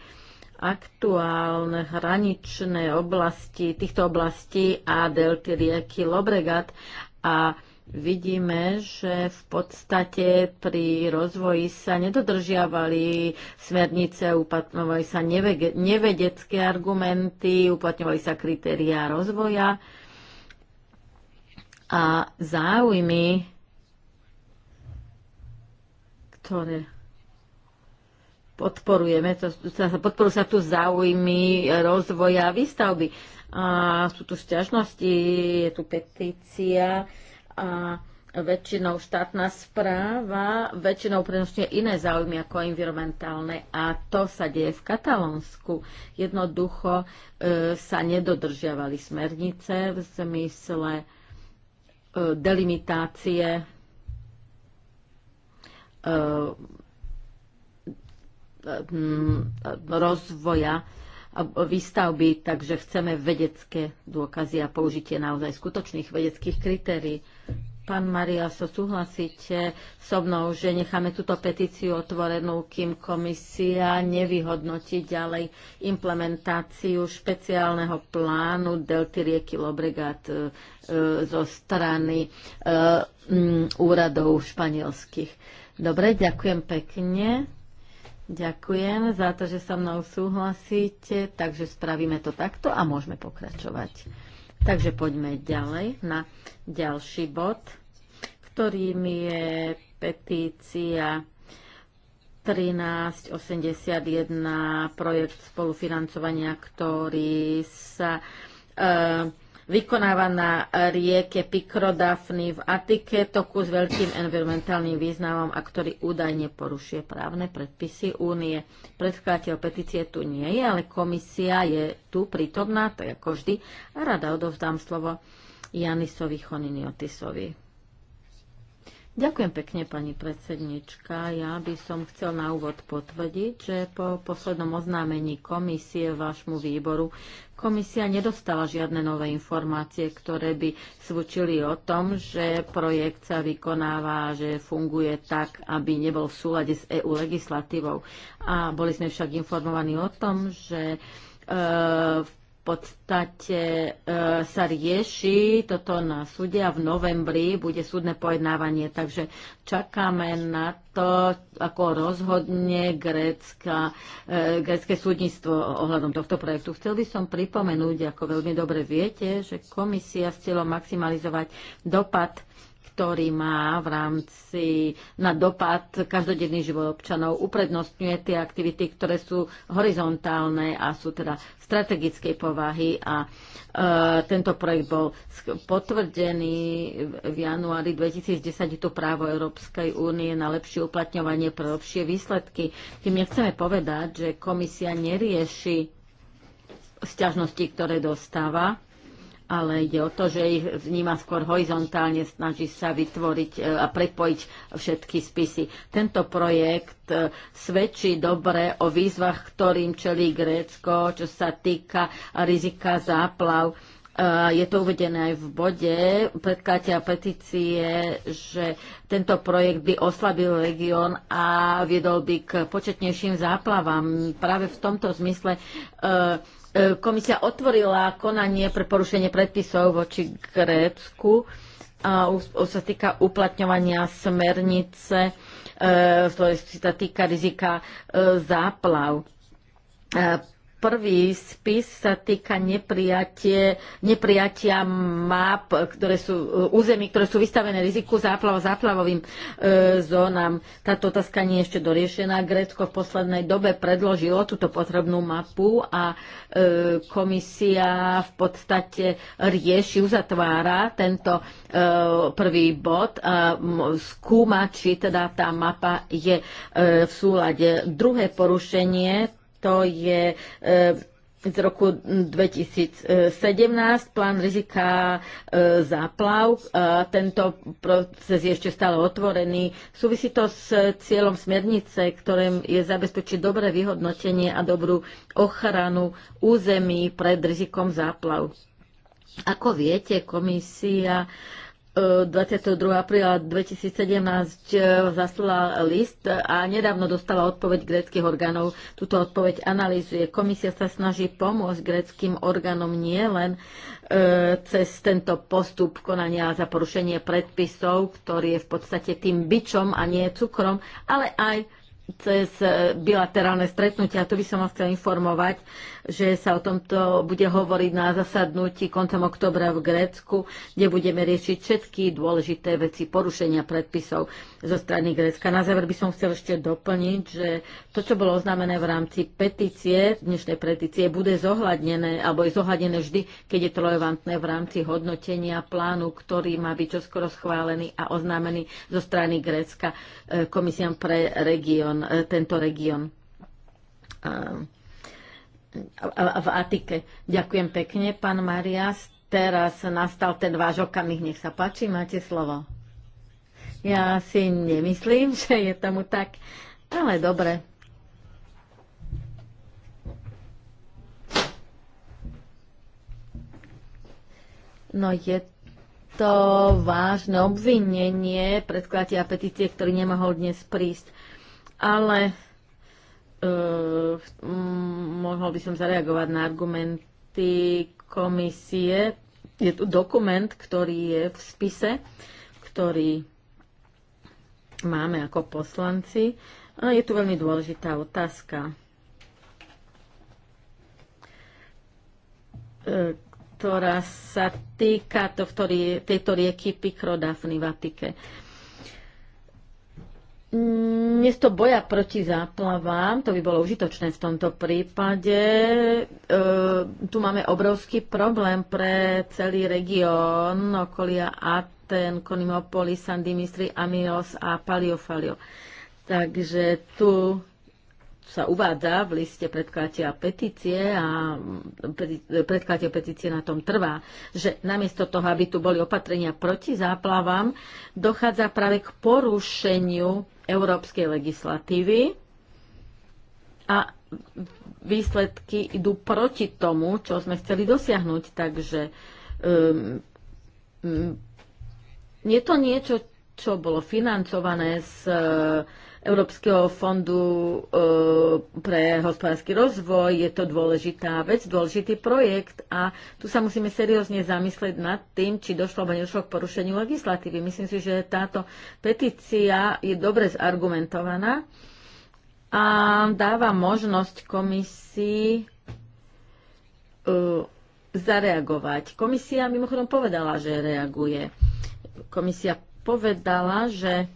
aktuálne hraničné oblasti, týchto oblastí a delty rieky Lobregat a vidíme, že v podstate pri rozvoji sa nedodržiavali smernice, uplatňovali sa nevedecké argumenty, uplatňovali sa kritériá rozvoja a záujmy, ktoré podporujeme, podporujú sa tu záujmy rozvoja výstavby. A sú tu sťažnosti, je tu petícia, a väčšinou štátna správa, väčšinou prenosňuje iné záujmy ako environmentálne a to sa deje v Katalónsku. Jednoducho e, sa nedodržiavali smernice v zmysle e, delimitácie e, rozvoja výstavby, takže chceme vedecké dôkazy a použitie naozaj skutočných vedeckých kritérií. Pán Maria, so súhlasíte so mnou, že necháme túto petíciu otvorenú, kým komisia nevyhodnotí ďalej implementáciu špeciálneho plánu delty rieky Lobregat e, e zo strany e, m, úradov španielských. Dobre, ďakujem pekne. Ďakujem za to, že so mnou súhlasíte, takže spravíme to takto a môžeme pokračovať. Takže poďme ďalej na ďalší bod, ktorým je petícia 1381, projekt spolufinancovania, ktorý sa Uh, vykonáva na rieke Pikrodafny v Atike toku s veľkým environmentálnym významom a ktorý údajne porušuje právne predpisy únie. Predkladateľ petície tu nie je, ale komisia je tu prítomná, tak ako vždy, a rada odovzdám slovo Janisovi Choniniotisovi. Ďakujem pekne, pani predsednička. Ja by som chcel na úvod potvrdiť, že po poslednom oznámení komisie vášmu výboru Komisia nedostala žiadne nové informácie, ktoré by svučili o tom, že projekt sa vykonáva, že funguje tak, aby nebol v súlade s EU legislatívou. A boli sme však informovaní o tom, že e, v podstate e, sa rieši toto na súde a v novembri bude súdne pojednávanie. Takže čakáme na to, ako rozhodne grécka, e, grécké súdnictvo ohľadom tohto projektu. Chcel by som pripomenúť, ako veľmi dobre viete, že komisia s cieľom maximalizovať dopad ktorý má v rámci na dopad každodenný život občanov, uprednostňuje tie aktivity, ktoré sú horizontálne a sú teda strategickej povahy a e, tento projekt bol potvrdený v januári 2010 to právo Európskej únie na lepšie uplatňovanie pre lepšie výsledky. Tým nechceme povedať, že komisia nerieši sťažnosti, ktoré dostáva, ale ide o to, že ich vníma skôr horizontálne, snaží sa vytvoriť e, a prepojiť všetky spisy. Tento projekt e, svedčí dobre o výzvach, ktorým čelí Grécko, čo sa týka rizika záplav. E, je to uvedené aj v bode predkátia petície, že tento projekt by oslabil región a viedol by k početnejším záplavám. Práve v tomto zmysle E, komisia otvorila konanie pre porušenie predpisov voči Grécku a sa týka uplatňovania smernice, e, to sa týka rizika e, záplav Prvý spis sa týka nepriatia map, ktoré sú e, území, ktoré sú vystavené riziku záplav záplavovým e, zónam. Táto otázka nie je ešte doriešená. Grécko v poslednej dobe predložilo túto potrebnú mapu a e, komisia v podstate rieši, uzatvára tento e, prvý bod a skúma, či teda tá mapa je e, v súlade. Druhé porušenie to je e, z roku 2017 plán rizika e, záplav. Tento proces je ešte stále otvorený. Súvisí to s cieľom smernice, ktorým je zabezpečiť dobré vyhodnotenie a dobrú ochranu území pred rizikom záplav. Ako viete, komisia 22. apríla 2017 e, zaslala list a nedávno dostala odpoveď greckých orgánov. Tuto odpoveď analýzuje. Komisia sa snaží pomôcť gréckým orgánom nielen e, cez tento postup konania za porušenie predpisov, ktorý je v podstate tým bičom a nie cukrom, ale aj cez e, bilaterálne stretnutia. Tu by som vás chcel informovať, že sa o tomto bude hovoriť na zasadnutí koncom oktobra v Grécku, kde budeme riešiť všetky dôležité veci porušenia predpisov zo strany Grécka. Na záver by som chcel ešte doplniť, že to, čo bolo oznámené v rámci petície, dnešnej petície, bude zohľadnené, alebo je zohľadnené vždy, keď je to relevantné v rámci hodnotenia plánu, ktorý má byť čoskoro schválený a oznámený zo strany Grécka e, komisiám pre región región, tento región v Atike. Ďakujem pekne, pán Marias. Teraz nastal ten váš okamih. Nech sa páči, máte slovo. Ja si nemyslím, že je tomu tak, ale dobre. No je to vážne obvinenie predkladia petície, ktorý nemohol dnes prísť ale uh, mohol by som zareagovať na argumenty komisie. Je tu dokument, ktorý je v spise, ktorý máme ako poslanci. A je tu veľmi dôležitá otázka, e, ktorá sa týka tohto, tejto rieky Pikrodafny v Atike miesto boja proti záplavám, to by bolo užitočné v tomto prípade, e, tu máme obrovský problém pre celý región okolia Aten, Konimopolis, San Amios a Paliofalio. Takže tu sa uvádza v liste predkladateľa petície a predkladateľ petície na tom trvá, že namiesto toho, aby tu boli opatrenia proti záplavám, dochádza práve k porušeniu európskej legislatívy a výsledky idú proti tomu, čo sme chceli dosiahnuť. Takže um, um, je to niečo, čo bolo financované z uh, Európskeho fondu eh, pre hospodársky rozvoj. Je to dôležitá vec, dôležitý projekt a tu sa musíme seriózne zamyslieť nad tým, či došlo alebo nedošlo k porušeniu legislatívy. Myslím si, že táto petícia je dobre zargumentovaná a dáva možnosť komisii eh, zareagovať. Komisia mimochodom povedala, že reaguje. Komisia povedala, že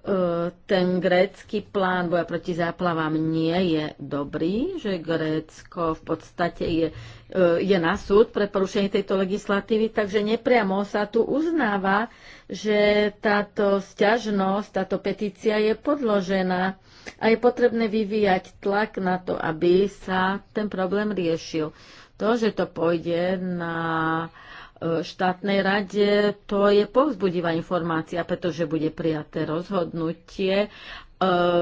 E, ten grécky plán boja proti záplavám nie je dobrý, že Grécko v podstate je, e, je na súd pre porušenie tejto legislatívy, takže nepriamo sa tu uznáva, že táto sťažnosť, táto petícia je podložená a je potrebné vyvíjať tlak na to, aby sa ten problém riešil. To, že to pôjde na štátnej rade, to je povzbudivá informácia, pretože bude prijaté rozhodnutie e,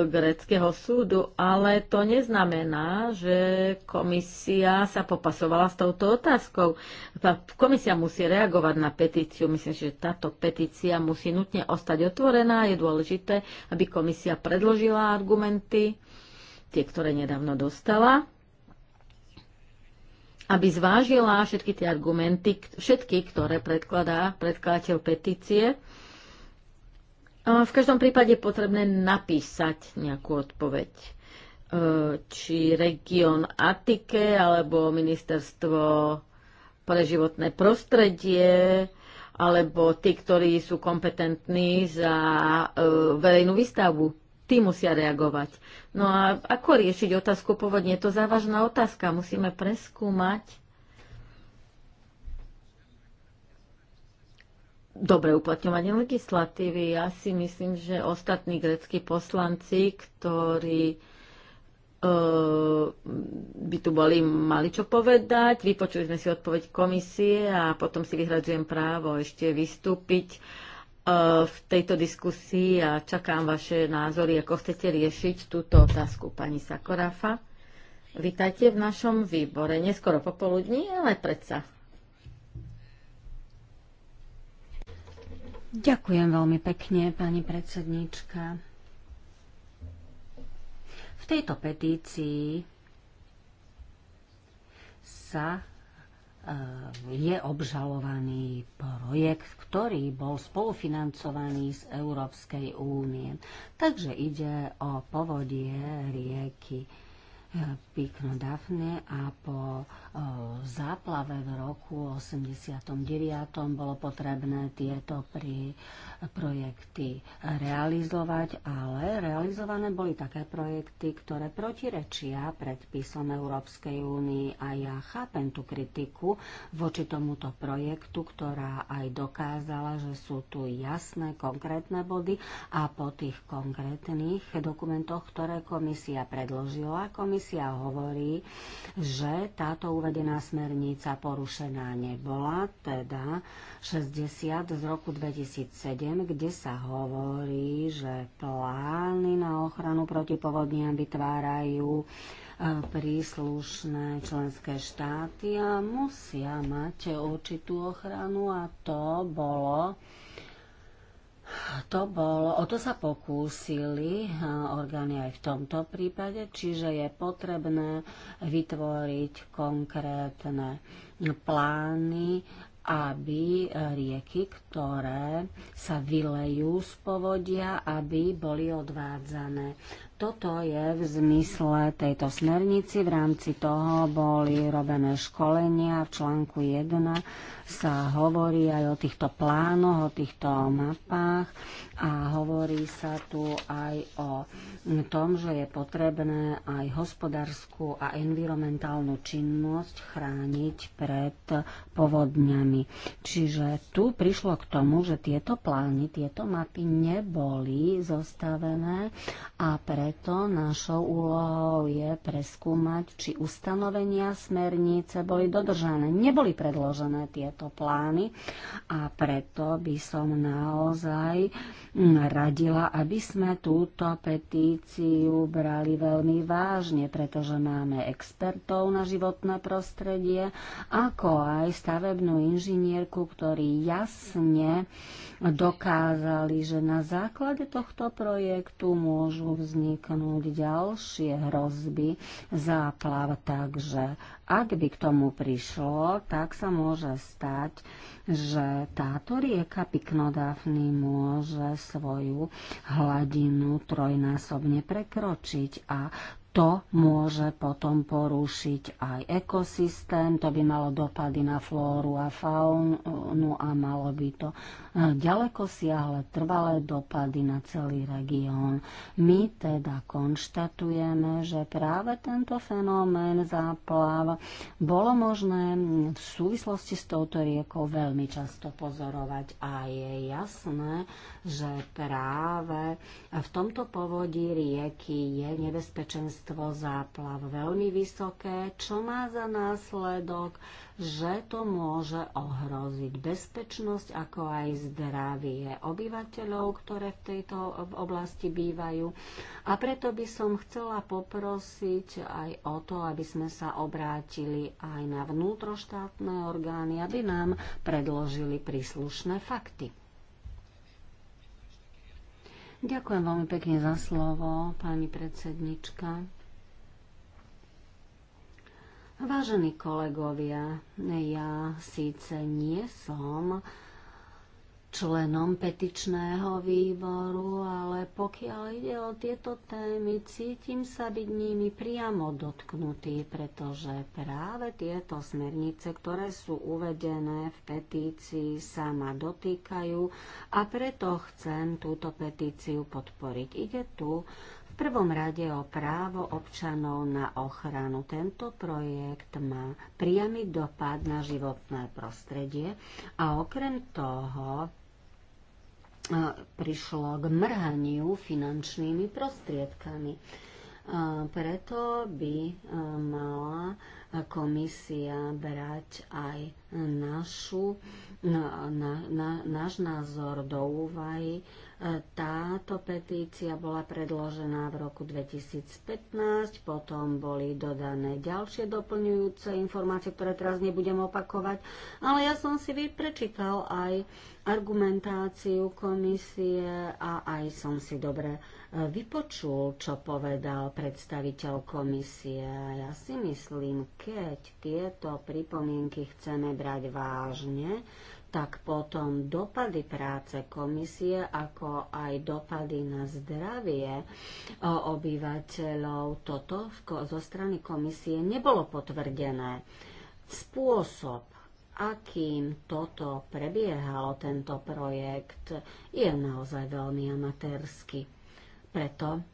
greckého súdu, ale to neznamená, že komisia sa popasovala s touto otázkou. Tá komisia musí reagovať na petíciu. Myslím, že táto petícia musí nutne ostať otvorená. Je dôležité, aby komisia predložila argumenty, tie, ktoré nedávno dostala aby zvážila všetky tie argumenty, všetky, ktoré predkladá predkladateľ petície. V každom prípade je potrebné napísať nejakú odpoveď e, či región Atike alebo ministerstvo pre životné prostredie alebo tí, ktorí sú kompetentní za e, verejnú výstavu tí musia reagovať. No a ako riešiť otázku povodne? Je to závažná otázka. Musíme preskúmať dobre uplatňovanie legislatívy. Ja si myslím, že ostatní greckí poslanci, ktorí e, by tu boli, mali čo povedať. Vypočuli sme si odpoveď komisie a potom si vyhradzujem právo ešte vystúpiť E, v tejto diskusii a čakám vaše názory, ako chcete riešiť túto otázku pani Sakorafa. Vítajte v našom výbore. Neskoro popoludní, ale predsa. Ďakujem veľmi pekne, pani predsednička. V tejto petícii sa Ehm, je obžalovaný projekt, ktorý bol spolufinancovaný z Európskej únie. Takže ide o povodie rieky ehm, Pikno Dafne a po v záplave v roku 89. bolo potrebné tieto pri projekty realizovať, ale realizované boli také projekty, ktoré protirečia predpisom Európskej únii a ja chápem tú kritiku voči tomuto projektu, ktorá aj dokázala, že sú tu jasné konkrétne body a po tých konkrétnych dokumentoch, ktoré komisia predložila, komisia hovorí, že táto uvedenie uvedená smernica porušená nebola, teda 60 z roku 2007, kde sa hovorí, že plány na ochranu proti povodniam vytvárajú e, príslušné členské štáty a musia mať určitú ochranu a to bolo to bolo, o to sa pokúsili eh, orgány aj v tomto prípade, čiže je potrebné vytvoriť konkrétne plány, aby rieky, ktoré sa vylejú z povodia, aby boli odvádzané. Toto je v zmysle tejto smernici. V rámci toho boli robené školenia v článku 1 sa hovorí aj o týchto plánoch, o týchto mapách a hovorí sa tu aj o tom, že je potrebné aj hospodárskú a environmentálnu činnosť chrániť pred povodňami. Čiže tu prišlo k tomu, že tieto plány, tieto mapy neboli zostavené a preto našou úlohou je preskúmať, či ustanovenia smernice boli dodržané. Neboli predložené tieto tieto plány a preto by som naozaj mm, radila, aby sme túto petíciu brali veľmi vážne, pretože máme expertov na životné prostredie, ako aj stavebnú inžinierku, ktorí jasne dokázali, že na základe tohto projektu môžu vzniknúť ďalšie hrozby záplav. Takže ak by k tomu prišlo, tak sa môže stať, že táto rieka Piknodafny môže svoju hladinu trojnásobne prekročiť a to môže potom porušiť aj ekosystém, to by malo dopady na flóru a faunu a malo by to eh, ďaleko siahle trvalé dopady na celý región. My teda konštatujeme, že práve tento fenomén záplav bolo možné v súvislosti s touto riekou veľmi často pozorovať a je jasné, že práve v tomto povodí rieky je nebezpečenstvo množstvo záplav veľmi vysoké, čo má za následok, že to môže ohroziť bezpečnosť ako aj zdravie obyvateľov, ktoré v tejto oblasti bývajú. A preto by som chcela poprosiť aj o to, aby sme sa obrátili aj na vnútroštátne orgány, aby nám predložili príslušné fakty. Ďakujem veľmi pekne za slovo, pani predsednička. Vážení kolegovia, ja síce nie som členom petičného výboru, ale pokiaľ ide o tieto témy, cítim sa byť nimi priamo dotknutý, pretože práve tieto smernice, ktoré sú uvedené v petícii, sa ma dotýkajú a preto chcem túto petíciu podporiť. Ide tu prvom rade o právo občanov na ochranu. Tento projekt má priamy dopad na životné prostredie a okrem toho e, prišlo k mrhaniu finančnými prostriedkami. E, preto by e, mala komisia brať aj našu, na, na, náš názor do úvahy táto petícia bola predložená v roku 2015, potom boli dodané ďalšie doplňujúce informácie, ktoré teraz nebudem opakovať, ale ja som si vyprečítal aj argumentáciu komisie a aj som si dobre e, vypočul, čo povedal predstaviteľ komisie. ja si myslím, keď tieto pripomienky chceme brať vážne, tak potom dopady práce komisie, ako aj dopady na zdravie eh, obyvateľov, toto zo strany komisie nebolo potvrdené. Spôsob, akým toto prebiehalo, tento projekt, je naozaj veľmi amatérsky. Preto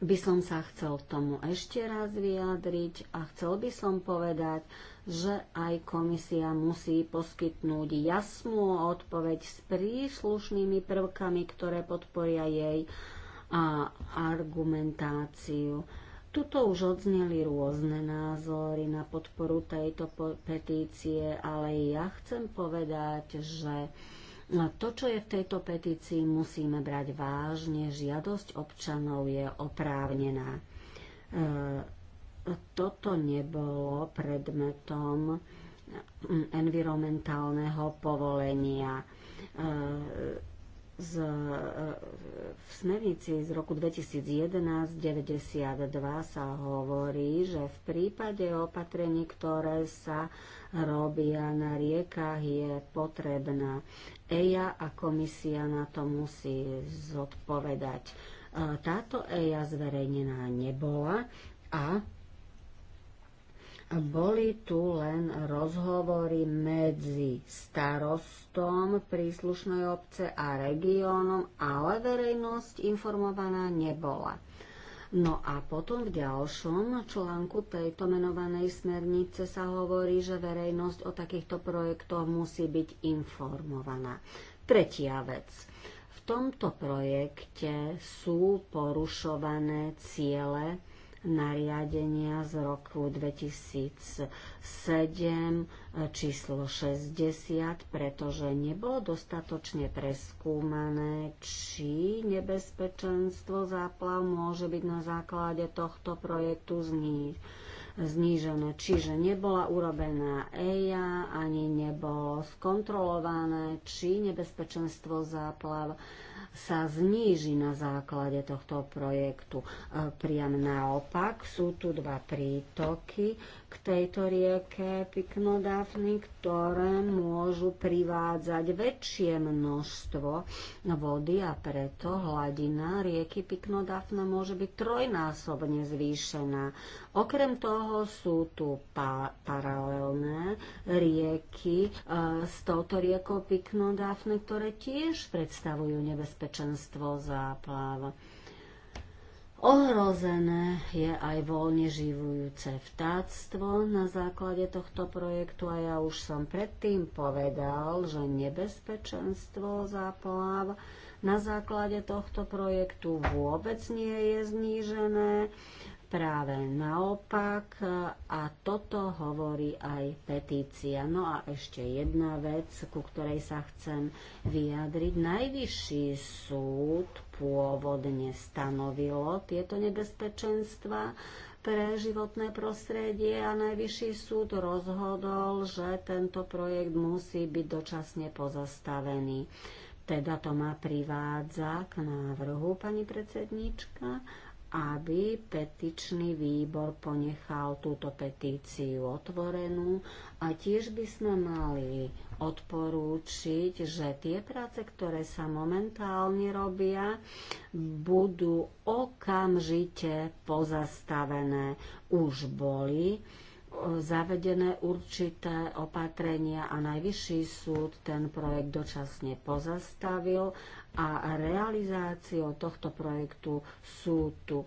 by som sa chcel k tomu ešte raz vyjadriť a chcel by som povedať, že aj komisia musí poskytnúť jasnú odpoveď s príslušnými prvkami, ktoré podporia jej a argumentáciu. Tuto už odzneli rôzne názory na podporu tejto petície, ale ja chcem povedať, že to, čo je v tejto petícii, musíme brať vážne. Žiadosť občanov je oprávnená e, toto nebolo predmetom mm, environmentálneho povolenia. E, z, e, v smernici z roku 2011-92 sa hovorí, že v prípade opatrení, ktoré sa robia na riekach, je potrebná EIA a komisia na to musí zodpovedať. E, táto EIA zverejnená nebola a boli tu len rozhovory medzi starostom príslušnej obce a regiónom, ale verejnosť informovaná nebola. No a potom v ďalšom článku tejto menovanej smernice sa hovorí, že verejnosť o takýchto projektoch musí byť informovaná. Tretia vec. V tomto projekte sú porušované ciele nariadenia z roku 2007 e, číslo 60, pretože nebolo dostatočne preskúmané, či nebezpečenstvo záplav môže byť na základe tohto projektu zníž, znížené. Čiže nebola urobená EIA, ani nebolo skontrolované, či nebezpečenstvo záplav sa zníži na základe tohto projektu. E, priam naopak sú tu dva prítoky, k tejto rieke Piknodafny, ktoré môžu privádzať väčšie množstvo vody a preto hladina rieky Piknodafna môže byť trojnásobne zvýšená. Okrem toho sú tu pa- paralelné rieky e, s touto riekou Piknodafne, ktoré tiež predstavujú nebezpečenstvo záplav. Ohrozené je aj voľne živujúce vtáctvo na základe tohto projektu a ja už som predtým povedal, že nebezpečenstvo záplav na základe tohto projektu vôbec nie je znížené práve naopak a toto hovorí aj petícia. No a ešte jedna vec, ku ktorej sa chcem vyjadriť. Najvyšší súd pôvodne stanovilo tieto nebezpečenstva pre životné prostredie a Najvyšší súd rozhodol, že tento projekt musí byť dočasne pozastavený. Teda to ma privádza k návrhu, pani predsedníčka, aby petičný výbor ponechal túto petíciu otvorenú a tiež by sme mali odporúčiť, že tie práce, ktoré sa momentálne robia, budú okamžite pozastavené. Už boli e, zavedené určité opatrenia a najvyšší súd ten projekt dočasne pozastavil a realizáciou tohto projektu sú tu e,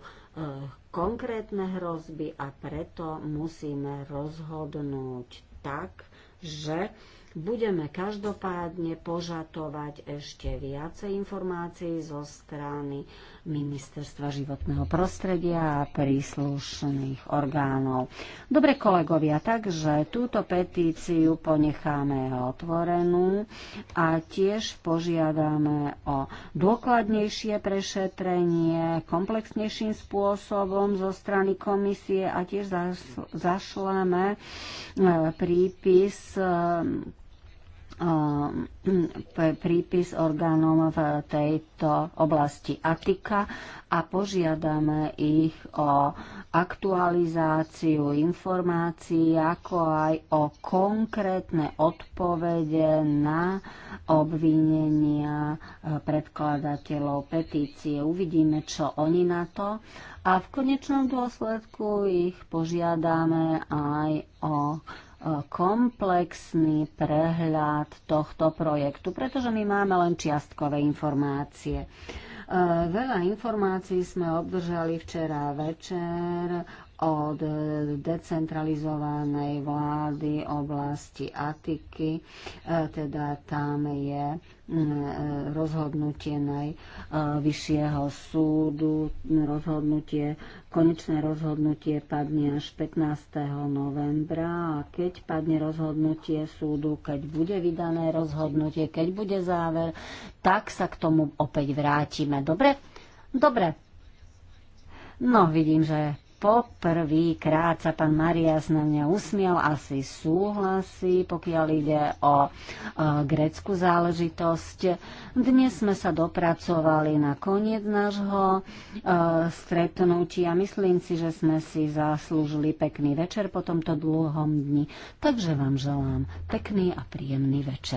konkrétne hrozby a preto musíme rozhodnúť tak, že budeme každopádne požadovať ešte viacej informácií zo strany ministerstva životného prostredia a príslušných orgánov. Dobre kolegovia, takže túto petíciu ponecháme otvorenú a tiež požiadame o dôkladnejšie prešetrenie komplexnejším spôsobom zo strany komisie a tiež zašleme e, prípis e, Ehm, prípis orgánom v tejto oblasti Atika a požiadame ich o aktualizáciu informácií, ako aj o konkrétne odpovede na obvinenia e, predkladateľov petície. Uvidíme, čo oni na to. A v konečnom dôsledku ich požiadame aj o komplexný prehľad tohto projektu, pretože my máme len čiastkové informácie. E, veľa informácií sme obdržali včera večer od decentralizovanej vlády oblasti Atiky, e, teda tam je e, rozhodnutie najvyššieho e, súdu, rozhodnutie, konečné rozhodnutie padne až 15. novembra a keď padne rozhodnutie súdu, keď bude vydané rozhodnutie, keď bude záver, tak sa k tomu opäť vrátime. Dobre? Dobre. No, vidím, že krát sa pán Marias na mňa usmiel asi súhlasí, pokiaľ ide o e, grécku záležitosť. Dnes sme sa dopracovali na koniec nášho e, stretnutia. Myslím si, že sme si zaslúžili pekný večer po tomto dlhom dni. Takže vám želám pekný a príjemný večer.